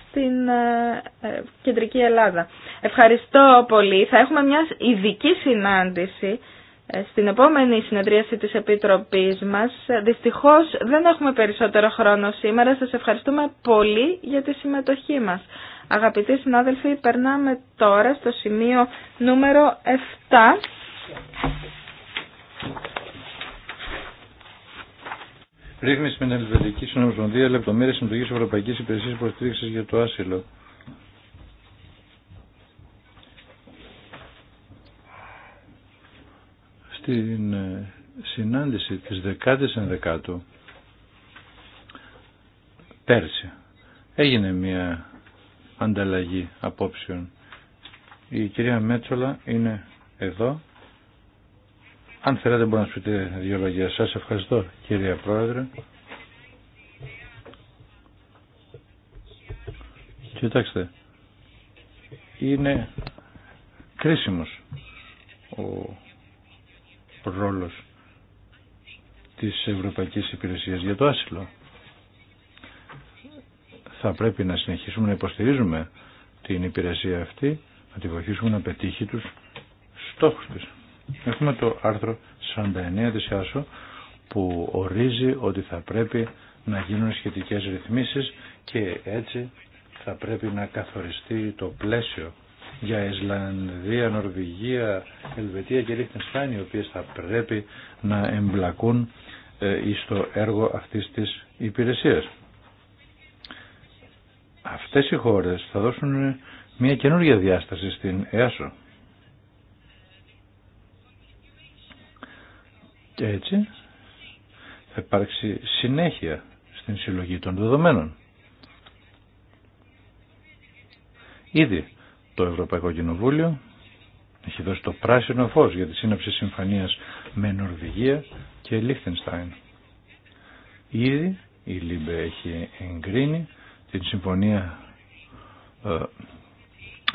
[SPEAKER 2] στην ε, ε, κεντρική Ελλάδα. Ευχαριστώ πολύ. Θα έχουμε μια ειδική συνάντηση ε, στην επόμενη συνεδρίαση της Επιτροπής μας. Δυστυχώς δεν έχουμε περισσότερο χρόνο σήμερα. Σας ευχαριστούμε πολύ για τη συμμετοχή μας. Αγαπητοί συνάδελφοι, περνάμε τώρα στο σημείο νούμερο 7.
[SPEAKER 3] Ρύθμιση με την Ελβετική Συνομοσπονδία λεπτομέρειε συντογή Ευρωπαϊκή Υπηρεσία Υποστήριξη για το Άσυλο. Στην ε, συνάντηση της 10 Η ενδεκάτου πέρσι έγινε μια ανταλλαγή απόψεων. Η κυρία Μέτσολα είναι εδώ αν θέλετε μπορείτε να σου πείτε δύο λόγια. Σας ευχαριστώ κύριε Πρόεδρε. Κοιτάξτε, είναι κρίσιμος ο ρόλος της Ευρωπαϊκής Υπηρεσίας για το άσυλο. Θα πρέπει να συνεχίσουμε να υποστηρίζουμε την υπηρεσία αυτή, να τη βοηθήσουμε να πετύχει τους στόχους της. Έχουμε το άρθρο 49 της άσο που ορίζει ότι θα πρέπει να γίνουν σχετικές ρυθμίσεις και έτσι θα πρέπει να καθοριστεί το πλαίσιο για Ισλανδία, Νορβηγία, Ελβετία και Λίχτενστάιν οι οποίες θα πρέπει να εμπλακούν στο ε, έργο αυτής της υπηρεσίας. Αυτές οι χώρες θα δώσουν μια καινούργια διάσταση στην ΕΑΣΟ Και έτσι θα υπάρξει συνέχεια στην συλλογή των δεδομένων. Ήδη το Ευρωπαϊκό Κοινοβούλιο έχει δώσει το πράσινο φως για τη σύναψη συμφωνίας με Νορβηγία και Λίχτενστάιν. Ήδη η Λίμπε έχει εγκρίνει την συμφωνία ε,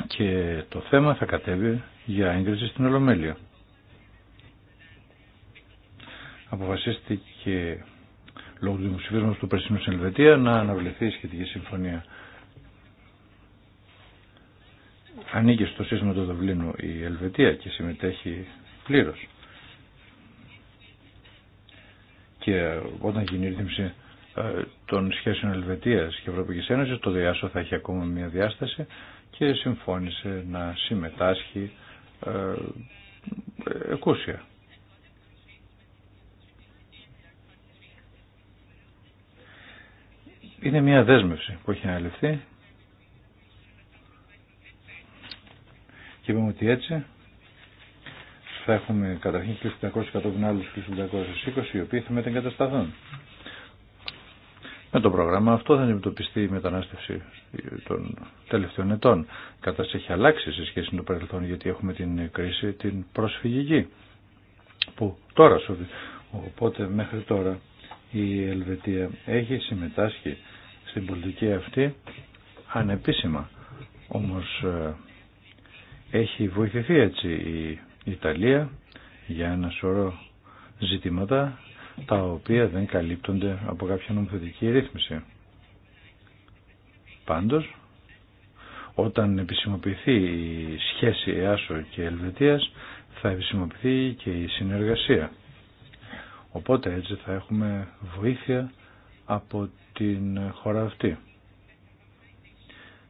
[SPEAKER 3] και το θέμα θα κατέβει για έγκριση στην Ολομέλεια αποφασίστηκε λόγω του δημοσιοφίσματος του Περσίνου στην Ελβετία να αναβληθεί η σχετική συμφωνία. Ανήκει στο σύστημα του Δευλίνου η Ελβετία και συμμετέχει πλήρως. Και όταν γίνει η ρύθμιση ε, των σχέσεων Ελβετίας και Ευρωπαϊκής Ένωσης, το ΔΕΑΣΟ θα έχει ακόμα μια διάσταση και συμφώνησε να συμμετάσχει ε, ε, εκούσια είναι μια δέσμευση που έχει αναλυφθεί και είπαμε ότι έτσι θα έχουμε καταρχήν 1.500 κατόπιν άλλους 1.520 οι οποίοι θα μετεγκατασταθούν. Με το πρόγραμμα αυτό θα αντιμετωπιστεί η μετανάστευση των τελευταίων ετών. κατάσταση έχει αλλάξει σε σχέση με το παρελθόν γιατί έχουμε την κρίση την προσφυγική που τώρα Οπότε μέχρι τώρα η Ελβετία έχει συμμετάσχει στην πολιτική αυτή ανεπίσημα. Όμως ε, έχει βοηθηθεί έτσι η Ιταλία για ένα σωρό ζητήματα τα οποία δεν καλύπτονται από κάποια νομοθετική ρύθμιση. Πάντως, όταν επισημοποιηθεί η σχέση ΕΑΣΟ και Ελβετίας, θα επισημοποιηθεί και η συνεργασία. Οπότε έτσι θα έχουμε βοήθεια από την χώρα αυτή.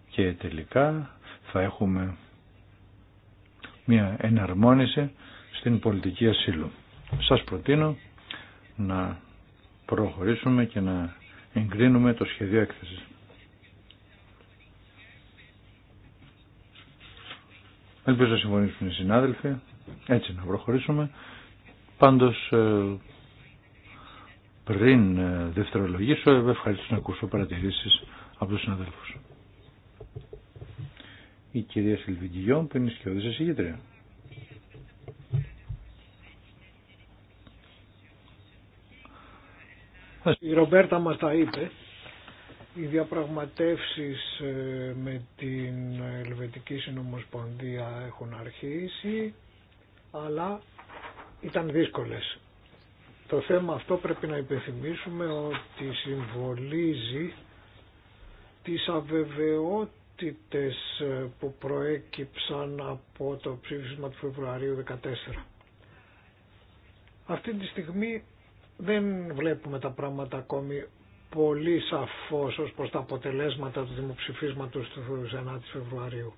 [SPEAKER 3] Και τελικά θα έχουμε μια εναρμόνιση στην πολιτική ασύλου. Σας προτείνω να προχωρήσουμε και να εγκρίνουμε το σχέδιο έκθεσης. Ελπίζω να συμφωνήσουν οι συνάδελφοι. Έτσι να προχωρήσουμε. Πάντως ε, πριν ε, δευτερολογήσω, ευχαριστώ να ακούσω παρατηρήσεις από τους συναδέλφους. Η κυρία Σιλβικηγιόν που είναι σκιώδης εισηγήτρια.
[SPEAKER 4] Η Ρομπέρτα μας τα είπε. Οι διαπραγματεύσεις ε, με την Ελβετική Συνομοσπονδία έχουν αρχίσει, αλλά ήταν δύσκολες. Το θέμα αυτό πρέπει να υπενθυμίσουμε ότι συμβολίζει τις αβεβαιότητες που προέκυψαν από το ψήφισμα του Φεβρουαρίου 14. Αυτή τη στιγμή δεν βλέπουμε τα πράγματα ακόμη πολύ σαφώς ως προς τα αποτελέσματα του δημοψηφίσματος του 9 Φεβρουαρίου.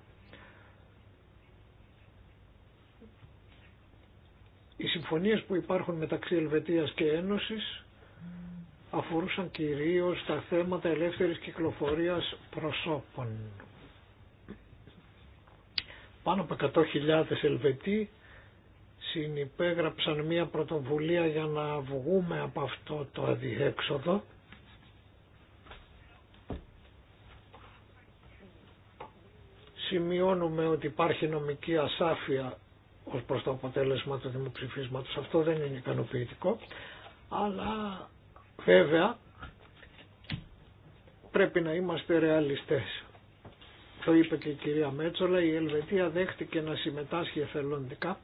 [SPEAKER 4] Οι συμφωνίες που υπάρχουν μεταξύ Ελβετίας και Ένωσης αφορούσαν κυρίως τα θέματα ελεύθερης κυκλοφορίας προσώπων. Πάνω από 100.000 Ελβετοί συνυπέγραψαν μία πρωτοβουλία για να βγούμε από αυτό το αδιέξοδο σημειώνουμε ότι υπάρχει νομική ασάφεια ως προς το αποτέλεσμα του δημοψηφίσματος. Αυτό δεν είναι ικανοποιητικό, αλλά βέβαια πρέπει να είμαστε ρεαλιστές. Το είπε και η κυρία Μέτσολα, η Ελβετία δέχτηκε να συμμετάσχει εθελοντικά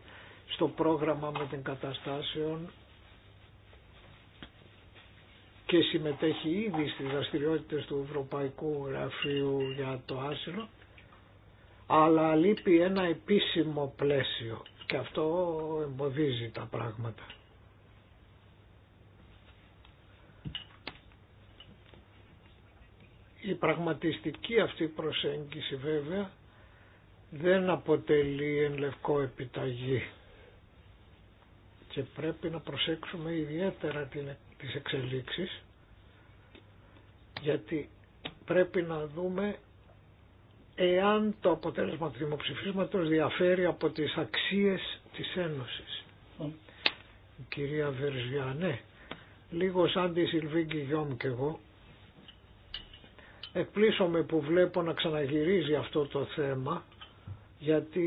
[SPEAKER 4] στο πρόγραμμα με την καταστάσεων και συμμετέχει ήδη στις δραστηριότητες του Ευρωπαϊκού Γραφείου για το Άσυλο, αλλά λείπει ένα επίσημο πλαίσιο και αυτό εμποδίζει τα πράγματα. Η πραγματιστική αυτή προσέγγιση βέβαια δεν αποτελεί εν λευκό επιταγή και πρέπει να προσέξουμε ιδιαίτερα τις εξελίξεις γιατί πρέπει να δούμε εάν το αποτέλεσμα του δημοψηφίσματος διαφέρει από τις αξίες της Ένωσης. κυρία Βερζιά, ναι, λίγο σαν τη Σιλβίγκη Γιώμ και εγώ, με που βλέπω να ξαναγυρίζει αυτό το θέμα, γιατί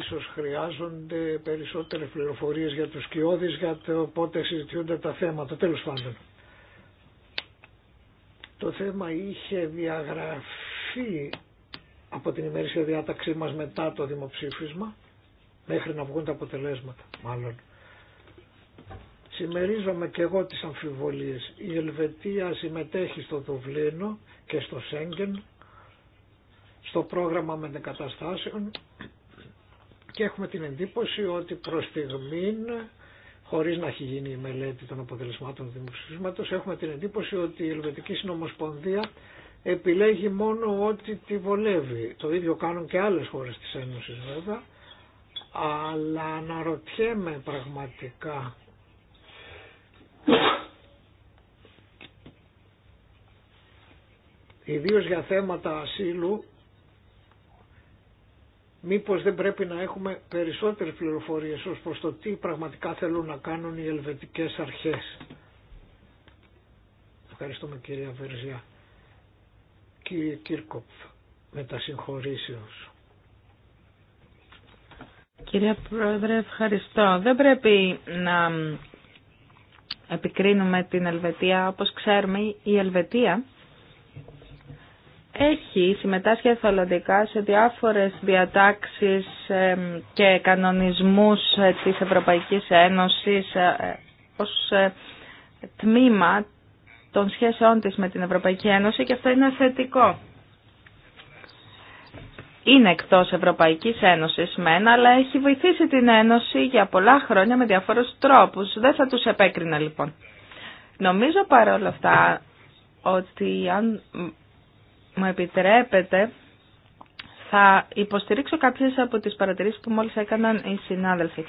[SPEAKER 4] ίσως χρειάζονται περισσότερες πληροφορίες για τους κοιόδης, για το πότε συζητιούνται τα θέματα, τέλος πάντων. Το θέμα είχε διαγραφεί φύγει από την ημερήσια διάταξή μας μετά το δημοψήφισμα, μέχρι να βγουν τα αποτελέσματα μάλλον. Συμμερίζομαι και εγώ τις αμφιβολίες. Η Ελβετία συμμετέχει στο Δουβλίνο και στο Σέγγεν, στο πρόγραμμα μετεκαταστάσεων και έχουμε την εντύπωση ότι προς στιγμήν, χωρίς να έχει γίνει η μελέτη των αποτελεσμάτων του δημοψηφίσματος, έχουμε την εντύπωση ότι η Ελβετική Συνομοσπονδία επιλέγει μόνο ό,τι τη βολεύει. Το ίδιο κάνουν και άλλες χώρες της Ένωσης βέβαια, αλλά αναρωτιέμαι πραγματικά ιδίω για θέματα ασύλου μήπως δεν πρέπει να έχουμε περισσότερες πληροφορίες ως προς το τι πραγματικά θέλουν να κάνουν οι ελβετικές αρχές. Ευχαριστούμε κυρία Βερζιά κύριε Κύρκοπ με τα συγχωρήσεως.
[SPEAKER 2] Κύριε Πρόεδρε, ευχαριστώ. Δεν πρέπει να επικρίνουμε την Ελβετία. Όπως ξέρουμε, η Ελβετία έχει συμμετάσχει εθελοντικά σε διάφορες διατάξεις ε, και κανονισμούς ε, της Ευρωπαϊκής Ένωσης ε, ως τμήμα των σχέσεών της με την Ευρωπαϊκή Ένωση και αυτό είναι θετικό. Είναι εκτός Ευρωπαϊκής Ένωσης μένα, αλλά έχει βοηθήσει την Ένωση για πολλά χρόνια με διαφόρους τρόπους. Δεν θα τους επέκρινα λοιπόν. Νομίζω παρόλα αυτά ότι αν μου επιτρέπετε θα υποστηρίξω κάποιες από τις παρατηρήσεις που μόλις έκαναν οι συνάδελφοι.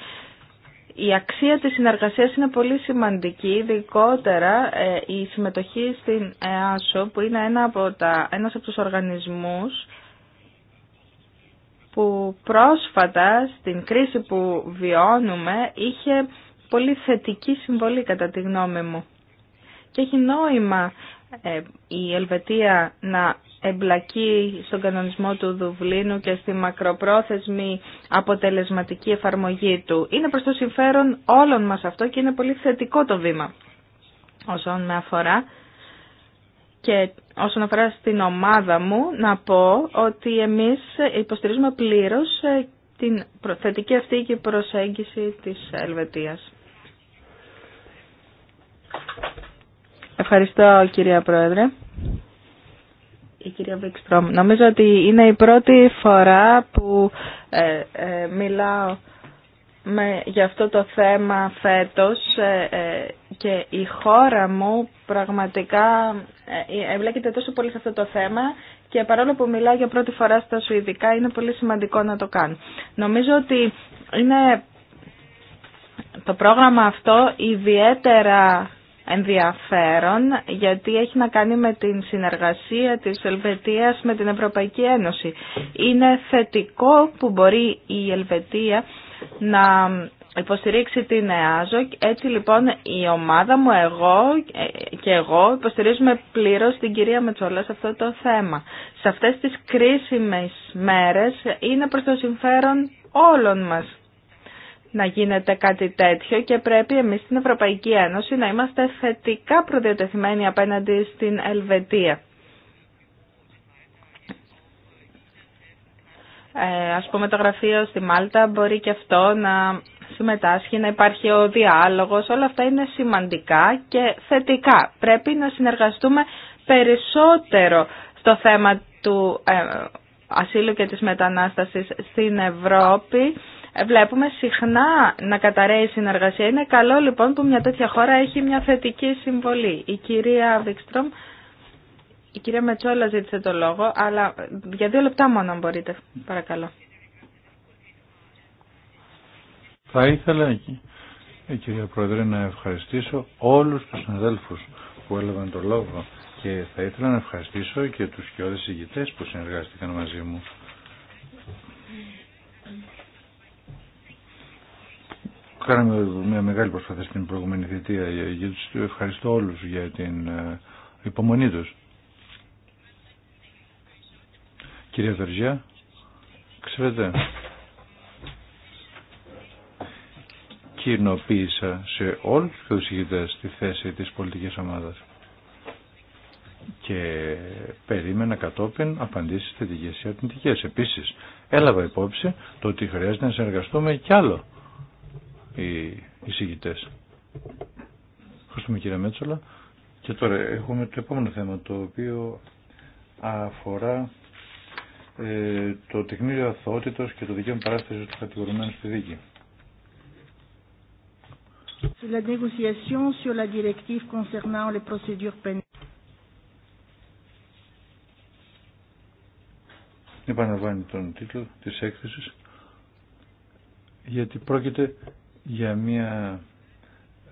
[SPEAKER 2] Η αξία της συνεργασίας είναι πολύ σημαντική, ειδικότερα ε, η συμμετοχή στην ΕΑΣΟ που είναι ένα από τα, ένας από τους οργανισμούς που πρόσφατα στην κρίση που βιώνουμε είχε πολύ θετική συμβολή κατά τη γνώμη μου. Και έχει νόημα ε, η Ελβετία να εμπλακεί στον κανονισμό του Δουβλίνου και στη μακροπρόθεσμη αποτελεσματική εφαρμογή του. Είναι προς το συμφέρον όλων μας αυτό και είναι πολύ θετικό το βήμα όσον με αφορά. Και όσον αφορά στην ομάδα μου, να πω ότι εμείς υποστηρίζουμε πλήρως ε, την θετική αυτή και προσέγγιση της Ελβετίας. Ευχαριστώ κυρία Πρόεδρε. Η κυρία Βίξτρομ, νομίζω ότι είναι η πρώτη φορά που ε, ε, μιλάω με, για αυτό το θέμα φέτος ε, ε και η χώρα μου πραγματικά ε, ε, εμπλέκεται τόσο πολύ σε αυτό το θέμα και παρόλο που μιλάω για πρώτη φορά στα Σουηδικά είναι πολύ σημαντικό να το κάνω. Νομίζω ότι είναι το πρόγραμμα αυτό ιδιαίτερα ενδιαφέρον γιατί έχει να κάνει με την συνεργασία της Ελβετίας με την Ευρωπαϊκή Ένωση. Είναι θετικό που μπορεί η Ελβετία να υποστηρίξει την ΕΑΖΟ. Έτσι λοιπόν η ομάδα μου, εγώ ε, και εγώ υποστηρίζουμε πλήρως την κυρία Μετσόλα σε αυτό το θέμα. Σε αυτές τις κρίσιμες μέρες είναι προς το συμφέρον όλων μας να γίνεται κάτι τέτοιο και πρέπει εμείς στην Ευρωπαϊκή Ένωση να είμαστε θετικά προδιοτεθειμένοι απέναντι στην Ελβετία. Ε, ας πούμε το γραφείο στη Μάλτα μπορεί και αυτό να συμμετάσχει, να υπάρχει ο διάλογος, όλα αυτά είναι σημαντικά και θετικά. Πρέπει να συνεργαστούμε περισσότερο στο θέμα του ε, ασύλου και της μετανάστασης στην Ευρώπη ε, βλέπουμε συχνά να καταραίει η συνεργασία. Είναι καλό λοιπόν που μια τέτοια χώρα έχει μια θετική συμβολή. Η κυρία Βίξτρομ, η κυρία Μετσόλα ζήτησε το λόγο, αλλά για δύο λεπτά μόνο αν μπορείτε, παρακαλώ.
[SPEAKER 3] Θα ήθελα, ε, κυρία Πρόεδρε, να ευχαριστήσω όλους τους συναδέλφους που έλαβαν το λόγο και θα ήθελα να ευχαριστήσω και τους κοιόδες ηγητές που συνεργάστηκαν μαζί μου. Κάναμε μια μεγάλη προσπάθεια στην προηγούμενη θητεία για τους ευχαριστώ όλους για την ε, υπομονή τους. Κυρία Βεργιά, ξέρετε, κοινοποίησα σε όλους τους ηγητές τη θέση της πολιτικής ομάδας και περίμενα κατόπιν απαντήσεις θετικές ή αρνητικές. Επίσης, έλαβα υπόψη το ότι χρειάζεται να συνεργαστούμε κι άλλο οι εισηγητέ. Ευχαριστούμε κύριε Μέτσολα. Και τώρα έχουμε το επόμενο θέμα το οποίο αφορά ε, το τεχνίδιο αθωότητος και το δικαίωμα παράσταση του κατηγορουμένου στη δίκη.
[SPEAKER 2] Sur la négociation sur la directive concernant les procédures pénales.
[SPEAKER 3] Επαναλαμβάνει τον τίτλο της έκθεσης γιατί πρόκειται για μια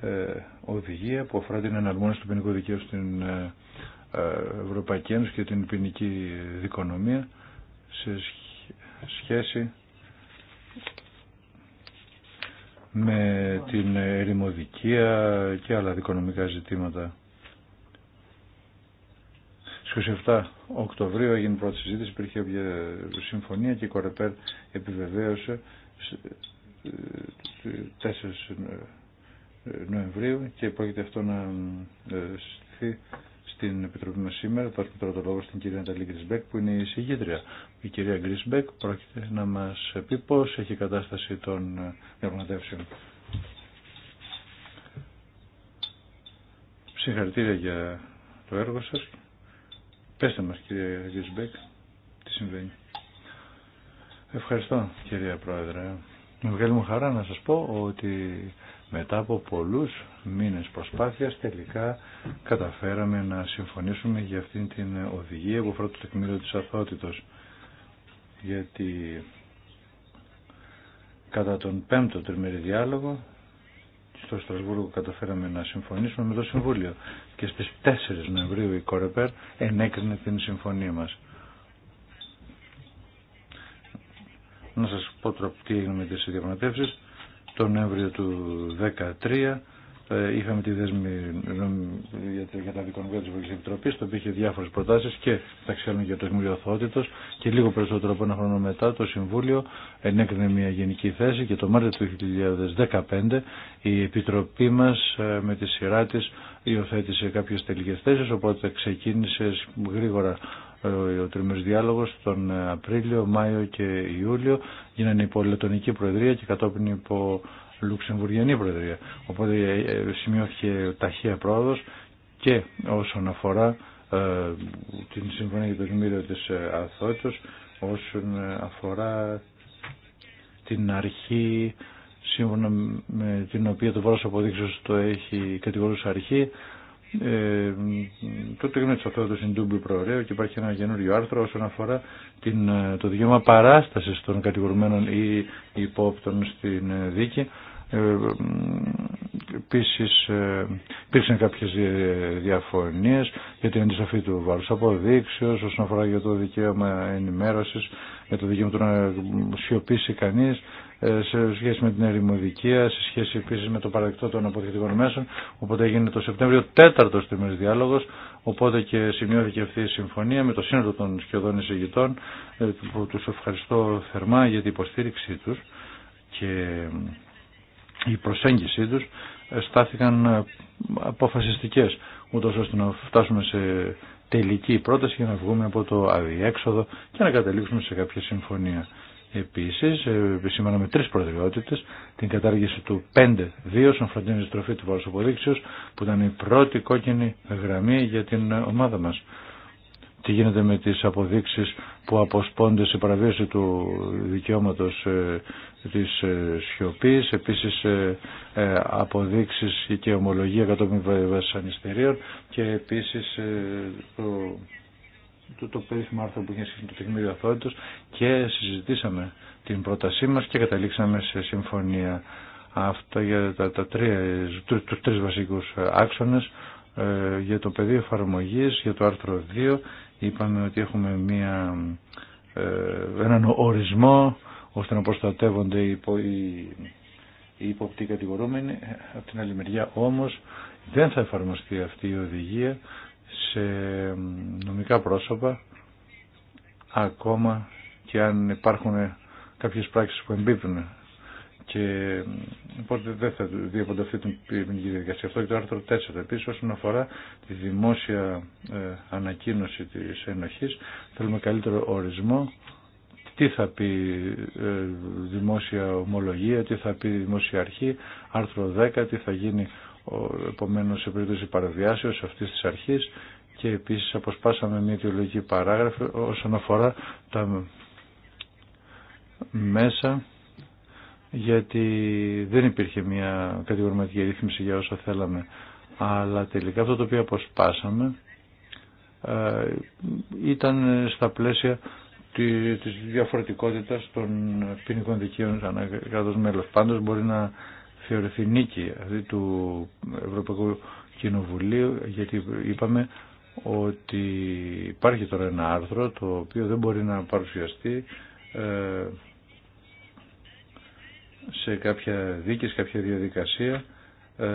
[SPEAKER 3] ε, οδηγία που αφορά την εναρμόνιση του ποινικού δικαίου στην ε, ε, Ευρωπαϊκή Ένωση και την ποινική δικονομία σε σχέση με την ερημοδικία και άλλα δικονομικά ζητήματα. Στις 27 Οκτωβρίου έγινε πρώτη συζήτηση, υπήρχε συμφωνία και η Κορεπέρ επιβεβαίωσε 4 Νοεμβρίου και πρόκειται αυτό να ε, συστηθεί στην Επιτροπή μας σήμερα. Θα τώρα το λόγο στην κυρία Ανταλή Γκρισμπέκ που είναι η συγγήτρια. Η κυρία Γκρισμπέκ πρόκειται να μας πει πώς έχει η κατάσταση των ε, διαπραγματεύσεων. Συγχαρητήρια για το έργο σας. Πέστε μας κυρία Γκρισμπέκ τι συμβαίνει. Ευχαριστώ κυρία Πρόεδρε. Με μεγάλη μου χαρά να σας πω ότι μετά από πολλούς μήνες προσπάθειας τελικά καταφέραμε να συμφωνήσουμε για αυτήν την οδηγία που αφορά το τεκμήριο της αθότητος. Γιατί κατά τον πέμπτο τριμερή διάλογο στο Στρασβούργο καταφέραμε να συμφωνήσουμε με το Συμβούλιο και στις 4 Νοεμβρίου η Κορεπέρ ενέκρινε την συμφωνία μας. Να σας πω τώρα τι έγινε με τις διαπραγματεύσεις. Τον Νοέμβριο του 2013 ε, είχαμε τη δέσμη ε, για τα δικονομικά της Βουλής Επιτροπής, το οποίο είχε διάφορες προτάσεις και τα ξέρουμε για το Συμβούλιο Αθωότητος και λίγο περισσότερο από ένα χρόνο μετά το Συμβούλιο ενέκρινε μια γενική θέση και το Μάρτιο του 2015 η Επιτροπή μας ε, με τη σειρά της υιοθέτησε κάποιες τελικές θέσεις, οπότε ξεκίνησε γρήγορα ε, ο τριμερής διάλογος τον ε, Απρίλιο, Μάιο και Ιούλιο γίνανε υπό Λετωνική Προεδρία και κατόπιν υπό Λουξεμβουργιανή Προεδρία. Οπότε ε, σημειώθηκε ταχεία πρόοδος και όσον αφορά την Συμφωνία για το Δημήριο της αθότητας, όσον αφορά την αρχή σύμφωνα με την οποία το πρόσωπο δείξεως το έχει κατηγορούσε αρχή ε, τότε γίνεται αυτό το Συντούμπι προωρέο και υπάρχει ένα καινούριο άρθρο όσον αφορά την, ε, το δικαίωμα παράστασης των κατηγορουμένων ή υπόπτων στην ε, δίκη. Ε, Επίση, υπήρξαν κάποιε διαφωνίε για την αντιστροφή του βάρου αποδείξεω όσον αφορά για το δικαίωμα ενημέρωση, για το δικαίωμα του να σιωπήσει κανεί. Ε, σε σχέση με την ερημοδικία, σε σχέση επίσης με το παραδεκτό των αποθετικών μέσων, οπότε έγινε το Σεπτέμβριο τέταρτος τιμής διάλογος, οπότε και σημειώθηκε αυτή η συμφωνία με το σύνολο των σχεδόν εισηγητών, ε, που του ευχαριστώ θερμά για την υποστήριξή τους και η προσέγγιση τους ε, στάθηκαν αποφασιστικές, ούτως ώστε να φτάσουμε σε τελική πρόταση για να βγούμε από το αδιέξοδο και να καταλήξουμε σε κάποια συμφωνία. Επίσης, ε, με τρεις προτεραιότητες, την κατάργηση του 5-2 στον φροντίνη τροφή του Βαρσοποδίξεως, που ήταν η πρώτη κόκκινη γραμμή για την ομάδα μας. Τι γίνεται με τις αποδείξεις που αποσπώνται σε παραβίαση του δικαιώματος ε, της ε, σιωπής, επίσης αποδείξεις και ομολογία κατόπιν βασανιστήριων και επίσης το το, το περίφημο άρθρο που είχε σχέση με το και συζητήσαμε την πρότασή μα και καταλήξαμε σε συμφωνία. Αυτά για τα, τα τρία, τους τρεις βασικούς άξονες ε, για το πεδίο εφαρμογή, για το άρθρο 2 είπαμε ότι έχουμε μια, ε, έναν ορισμό ώστε να προστατεύονται οι, οι υποπτοί κατηγορούμενοι. Ε, Από την άλλη μεριά όμως δεν θα εφαρμοστεί αυτή η οδηγία σε νομικά πρόσωπα ακόμα και αν υπάρχουν κάποιες πράξεις που εμπίπτουν και οπότε δεν θα διέποντα αυτή την ποινική διαδικασία. Αυτό και το άρθρο 4. Επίσης όσον αφορά τη δημόσια ε, ανακοίνωση της ενοχής θέλουμε καλύτερο ορισμό τι θα πει ε, δημόσια ομολογία, τι θα πει δημόσια αρχή, άρθρο 10, τι θα γίνει επομένως σε περίπτωση παραβιάσεως αυτής της αρχής και επίσης αποσπάσαμε μια αιτιολογική παράγραφη όσον αφορά τα μέσα γιατί δεν υπήρχε μια κατηγορηματική ρύθμιση για όσα θέλαμε αλλά τελικά αυτό το οποίο αποσπάσαμε ε, ήταν στα πλαίσια της διαφορετικότητας των ποινικών δικαίων σαν μέλος. Πάντως μπορεί να θεωρηθεί νίκη του Ευρωπαϊκού Κοινοβουλίου γιατί είπαμε ότι υπάρχει τώρα ένα άρθρο το οποίο δεν μπορεί να παρουσιαστεί ε, σε κάποια δίκη, σε κάποια διαδικασία ε,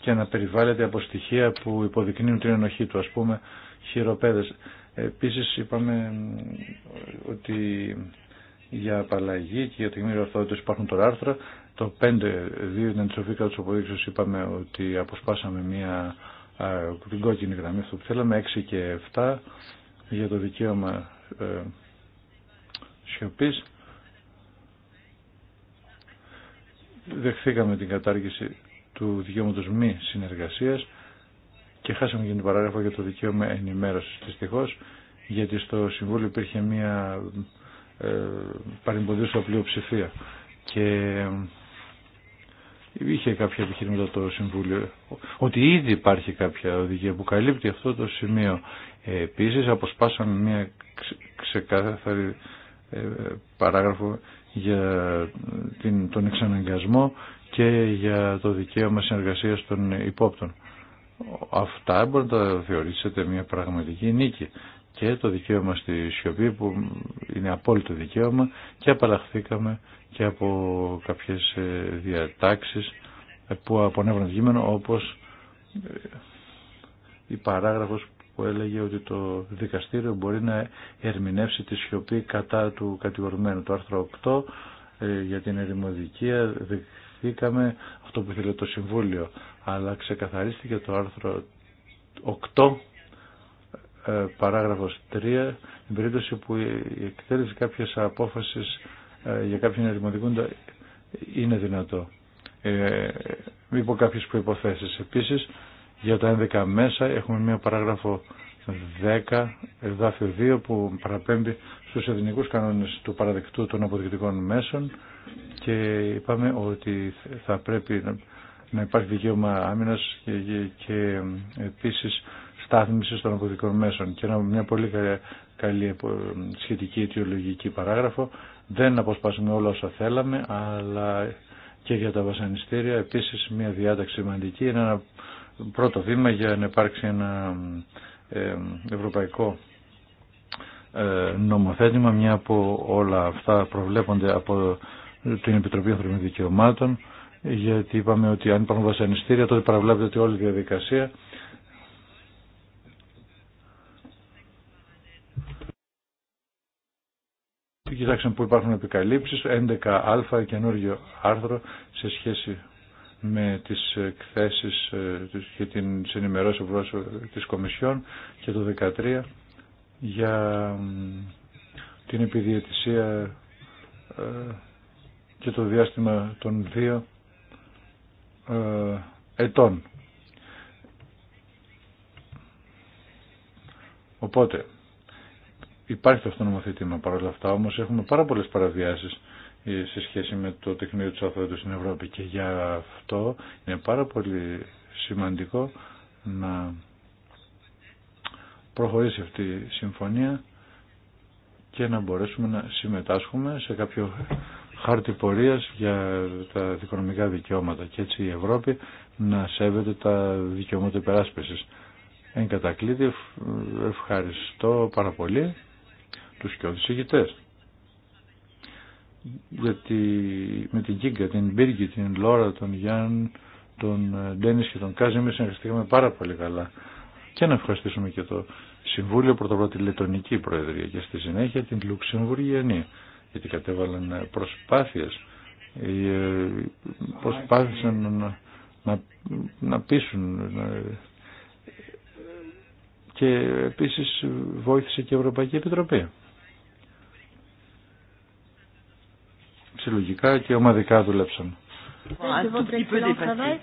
[SPEAKER 3] και να περιβάλλεται από στοιχεία που υποδεικνύουν την ενοχή του, ας πούμε χειροπέδες. Επίσης είπαμε ε, ότι για απαλλαγή και για τεκμήριο αυτοδότητας υπάρχουν τώρα άρθρα το 5-2 ήταν τη σοφή κάτω είπαμε ότι αποσπάσαμε μια, την κόκκινη γραμμή αυτό που θέλαμε, 6 και 7 για το δικαίωμα ε, σιωπής. Δεχθήκαμε την κατάργηση του δικαίωματος μη συνεργασία και χάσαμε και την παράγραφο για το δικαίωμα ενημέρωση δυστυχώς γιατί στο Συμβούλιο υπήρχε μια ε, παρεμποδίουσα πλειοψηφία και είχε κάποια επιχειρήματα το Συμβούλιο ότι ήδη υπάρχει κάποια οδηγία που καλύπτει αυτό το σημείο. Ε, επίσης αποσπάσαμε μια ξεκάθαρη ε, παράγραφο για τον εξαναγκασμό και για το δικαίωμα συνεργασίας των υπόπτων. Αυτά μπορείτε να τα θεωρήσετε μια πραγματική νίκη και το δικαίωμα στη σιωπή που είναι απόλυτο δικαίωμα και απαλλαχθήκαμε και από κάποιες ε, διατάξεις ε, που απονεύουν το όπως ε, η παράγραφος που έλεγε ότι το δικαστήριο μπορεί να ερμηνεύσει τη σιωπή κατά του κατηγορουμένου. Το άρθρο 8 για την ερημοδικία δεχθήκαμε αυτό που ήθελε το Συμβούλιο αλλά ξεκαθαρίστηκε το άρθρο 8 ε, παράγραφος 3, την περίπτωση που η εκτέλεση κάποιες απόφασεις ε, για κάποιον ερημοδικούντα είναι δυνατό. Ε, υπό κάποιες προϋποθέσεις. Επίσης, για τα 11 μέσα έχουμε μια παράγραφο 10, εδάφιο 2, που παραπέμπει στους εθνικούς κανόνες του παραδεκτού των αποδεικτικών μέσων και είπαμε ότι θα πρέπει να υπάρχει δικαίωμα άμυνας και, και, και ε, επίσης στάθμισης των αποδικών μέσων και ένα, μια πολύ καλή σχετική αιτιολογική παράγραφο. Δεν αποσπάσουμε όλα όσα θέλαμε, αλλά και για τα βασανιστήρια επίσης μια διάταξη σημαντική είναι ένα πρώτο βήμα για να υπάρξει ένα ε, ευρωπαϊκό ε, νομοθέτημα μια από όλα αυτά προβλέπονται από την Επιτροπή Ανθρωπίνων Δικαιωμάτων γιατί είπαμε ότι αν υπάρχουν βασανιστήρια τότε παραβλέπεται όλη η διαδικασία κοιτάξτε που υπάρχουν επικαλύψεις, 11α καινούργιο άρθρο σε σχέση με τις εκθέσεις ε, και την ενημερώσει ε, της Κομισιόν και το 13 για την επιδιαιτησία ε, και το διάστημα των δύο ετών. Οπότε, Υπάρχει αυτό το νομοθετήμα παρόλα αυτά, όμως έχουμε πάρα πολλές παραβιάσεις ε, σε σχέση με το τεχνείο του αθλητού στην Ευρώπη και για αυτό είναι πάρα πολύ σημαντικό να προχωρήσει αυτή η συμφωνία και να μπορέσουμε να συμμετάσχουμε σε κάποιο χάρτη πορείας για τα δικονομικά δικαιώματα και έτσι η Ευρώπη να σέβεται τα δικαιώματα υπεράσπισης. Εν κατακλείδη ευχαριστώ πάρα πολύ τους και όλους Γιατί με την Κίγκα, την Μπίργκη, την Λόρα, τον Γιάνν, τον ε, Ντένις και τον Κάζι εμείς συνεργαστήκαμε πάρα πολύ καλά. Και να ευχαριστήσουμε και το Συμβούλιο Πρωτοβουλία τη Λετωνική Προεδρία και στη συνέχεια την Λουξεμβουργιανή γιατί κατέβαλαν ε, προσπάθειες ε, προσπάθησαν να, να, να πείσουν να, και επίσης βοήθησε και η Ευρωπαϊκή Επιτροπή. συλλογικά και ομαδικά δούλεψαν.
[SPEAKER 2] Euh,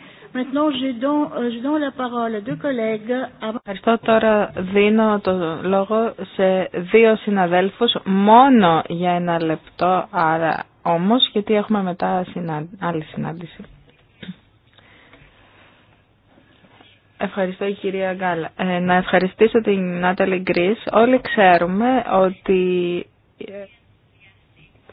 [SPEAKER 2] Ευχαριστώ τώρα δίνω το λόγο σε δύο συναδέλφους μόνο για ένα λεπτό άρα όμως γιατί έχουμε μετά άλλη συνάντηση. Ευχαριστώ η κυρία Γκάλα. Ε, να ευχαριστήσω την Νάταλη Γκρίς. Όλοι ξέρουμε ότι ε,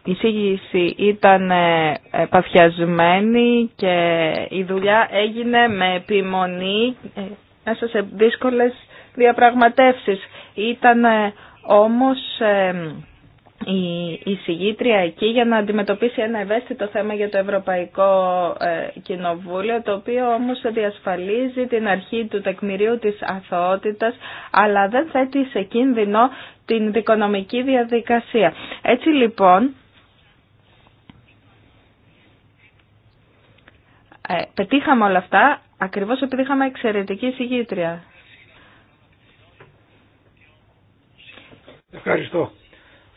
[SPEAKER 2] η εισήγηση ήταν ε, ε, παθιασμένη και η δουλειά έγινε με επιμονή ε, μέσα σε δύσκολες διαπραγματεύσεις. Ήταν όμως η εισηγήτρια εκεί για να αντιμετωπίσει ένα ευαίσθητο θέμα για το Ευρωπαϊκό Κοινοβούλιο, το οποίο όμως διασφαλίζει την αρχή του τεκμηρίου της αθωότητας, αλλά δεν θέτει σε κίνδυνο την δικονομική διαδικασία. Έτσι λοιπόν, Ε, πετύχαμε όλα αυτά ακριβώς επειδή είχαμε εξαιρετική εισηγήτρια.
[SPEAKER 4] Ευχαριστώ.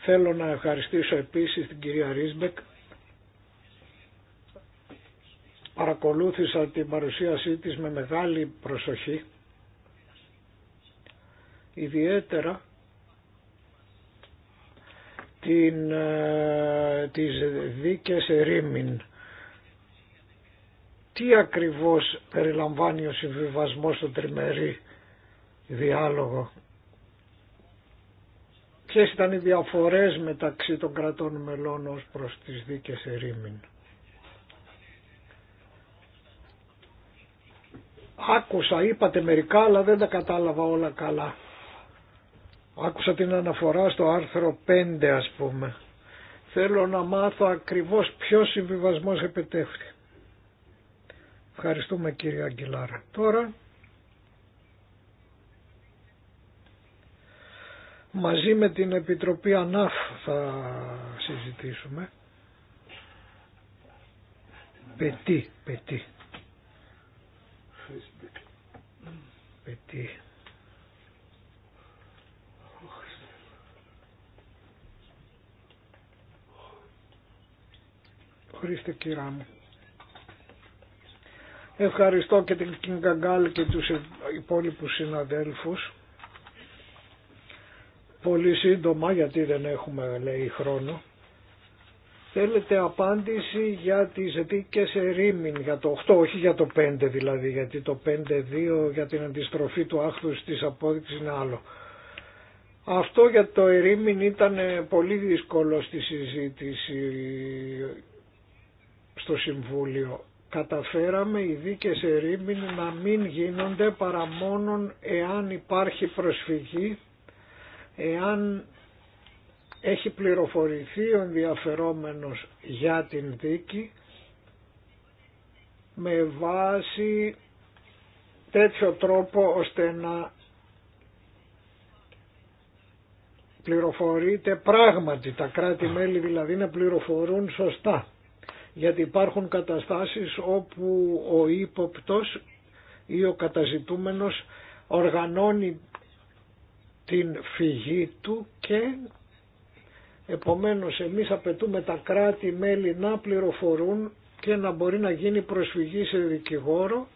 [SPEAKER 4] Θέλω να ευχαριστήσω επίσης την κυρία Ρίσμπεκ. Παρακολούθησα την παρουσίασή της με μεγάλη προσοχή. Ιδιαίτερα την, ε, τις δίκες ερήμην τι ακριβώς περιλαμβάνει ο συμβιβασμός στον τριμερή διάλογο. Ποιες ήταν οι διαφορές μεταξύ των κρατών μελών ως προς τις δίκες ερήμην. Άκουσα, είπατε μερικά, αλλά δεν τα κατάλαβα όλα καλά. Άκουσα την αναφορά στο άρθρο 5 ας πούμε. Θέλω να μάθω ακριβώς ποιος συμβιβασμός επιτεύχθη. Ευχαριστούμε κύριε Αγγελάρα. Τώρα μαζί με την Επιτροπή ΑΝΑΦ θα συζητήσουμε. Πετί, πετή. Πετή. Χρήστε κυρά μου. Ευχαριστώ και την Κινγκαγκάλ και τους υπόλοιπους συναδέλφους. Πολύ σύντομα γιατί δεν έχουμε λέει χρόνο. Θέλετε απάντηση για τις δίκες ερήμην για το 8, όχι για το 5 δηλαδή, γιατί το 5-2 για την αντιστροφή του άχθους της απόδειξης είναι άλλο. Αυτό για το ερήμην ήταν πολύ δύσκολο στη συζήτηση στο Συμβούλιο καταφέραμε οι δίκες ερήμην να μην γίνονται παρά μόνον εάν υπάρχει προσφυγή, εάν έχει πληροφορηθεί ο ενδιαφερόμενος για την δίκη με βάση τέτοιο τρόπο ώστε να πληροφορείται πράγματι, τα κράτη-μέλη δηλαδή να πληροφορούν σωστά γιατί υπάρχουν καταστάσεις όπου ο ύποπτος ή ο καταζητούμενος οργανώνει την φυγή του και επομένως εμείς απαιτούμε τα κράτη-μέλη να πληροφορούν και να μπορεί να γίνει προσφυγή σε δικηγόρο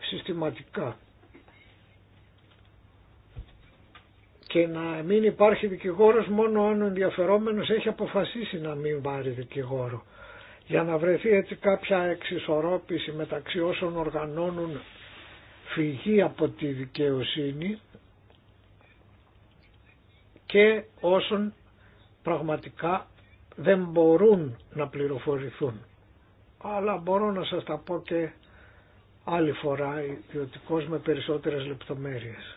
[SPEAKER 4] συστηματικά. και να μην υπάρχει δικηγόρος μόνο αν ο ενδιαφερόμενος έχει αποφασίσει να μην πάρει δικηγόρο. Για να βρεθεί έτσι κάποια εξισορρόπηση μεταξύ όσων οργανώνουν φυγή από τη δικαιοσύνη και όσων πραγματικά δεν μπορούν να πληροφορηθούν. Αλλά μπορώ να σας τα πω και άλλη φορά ιδιωτικώς με περισσότερες λεπτομέρειες.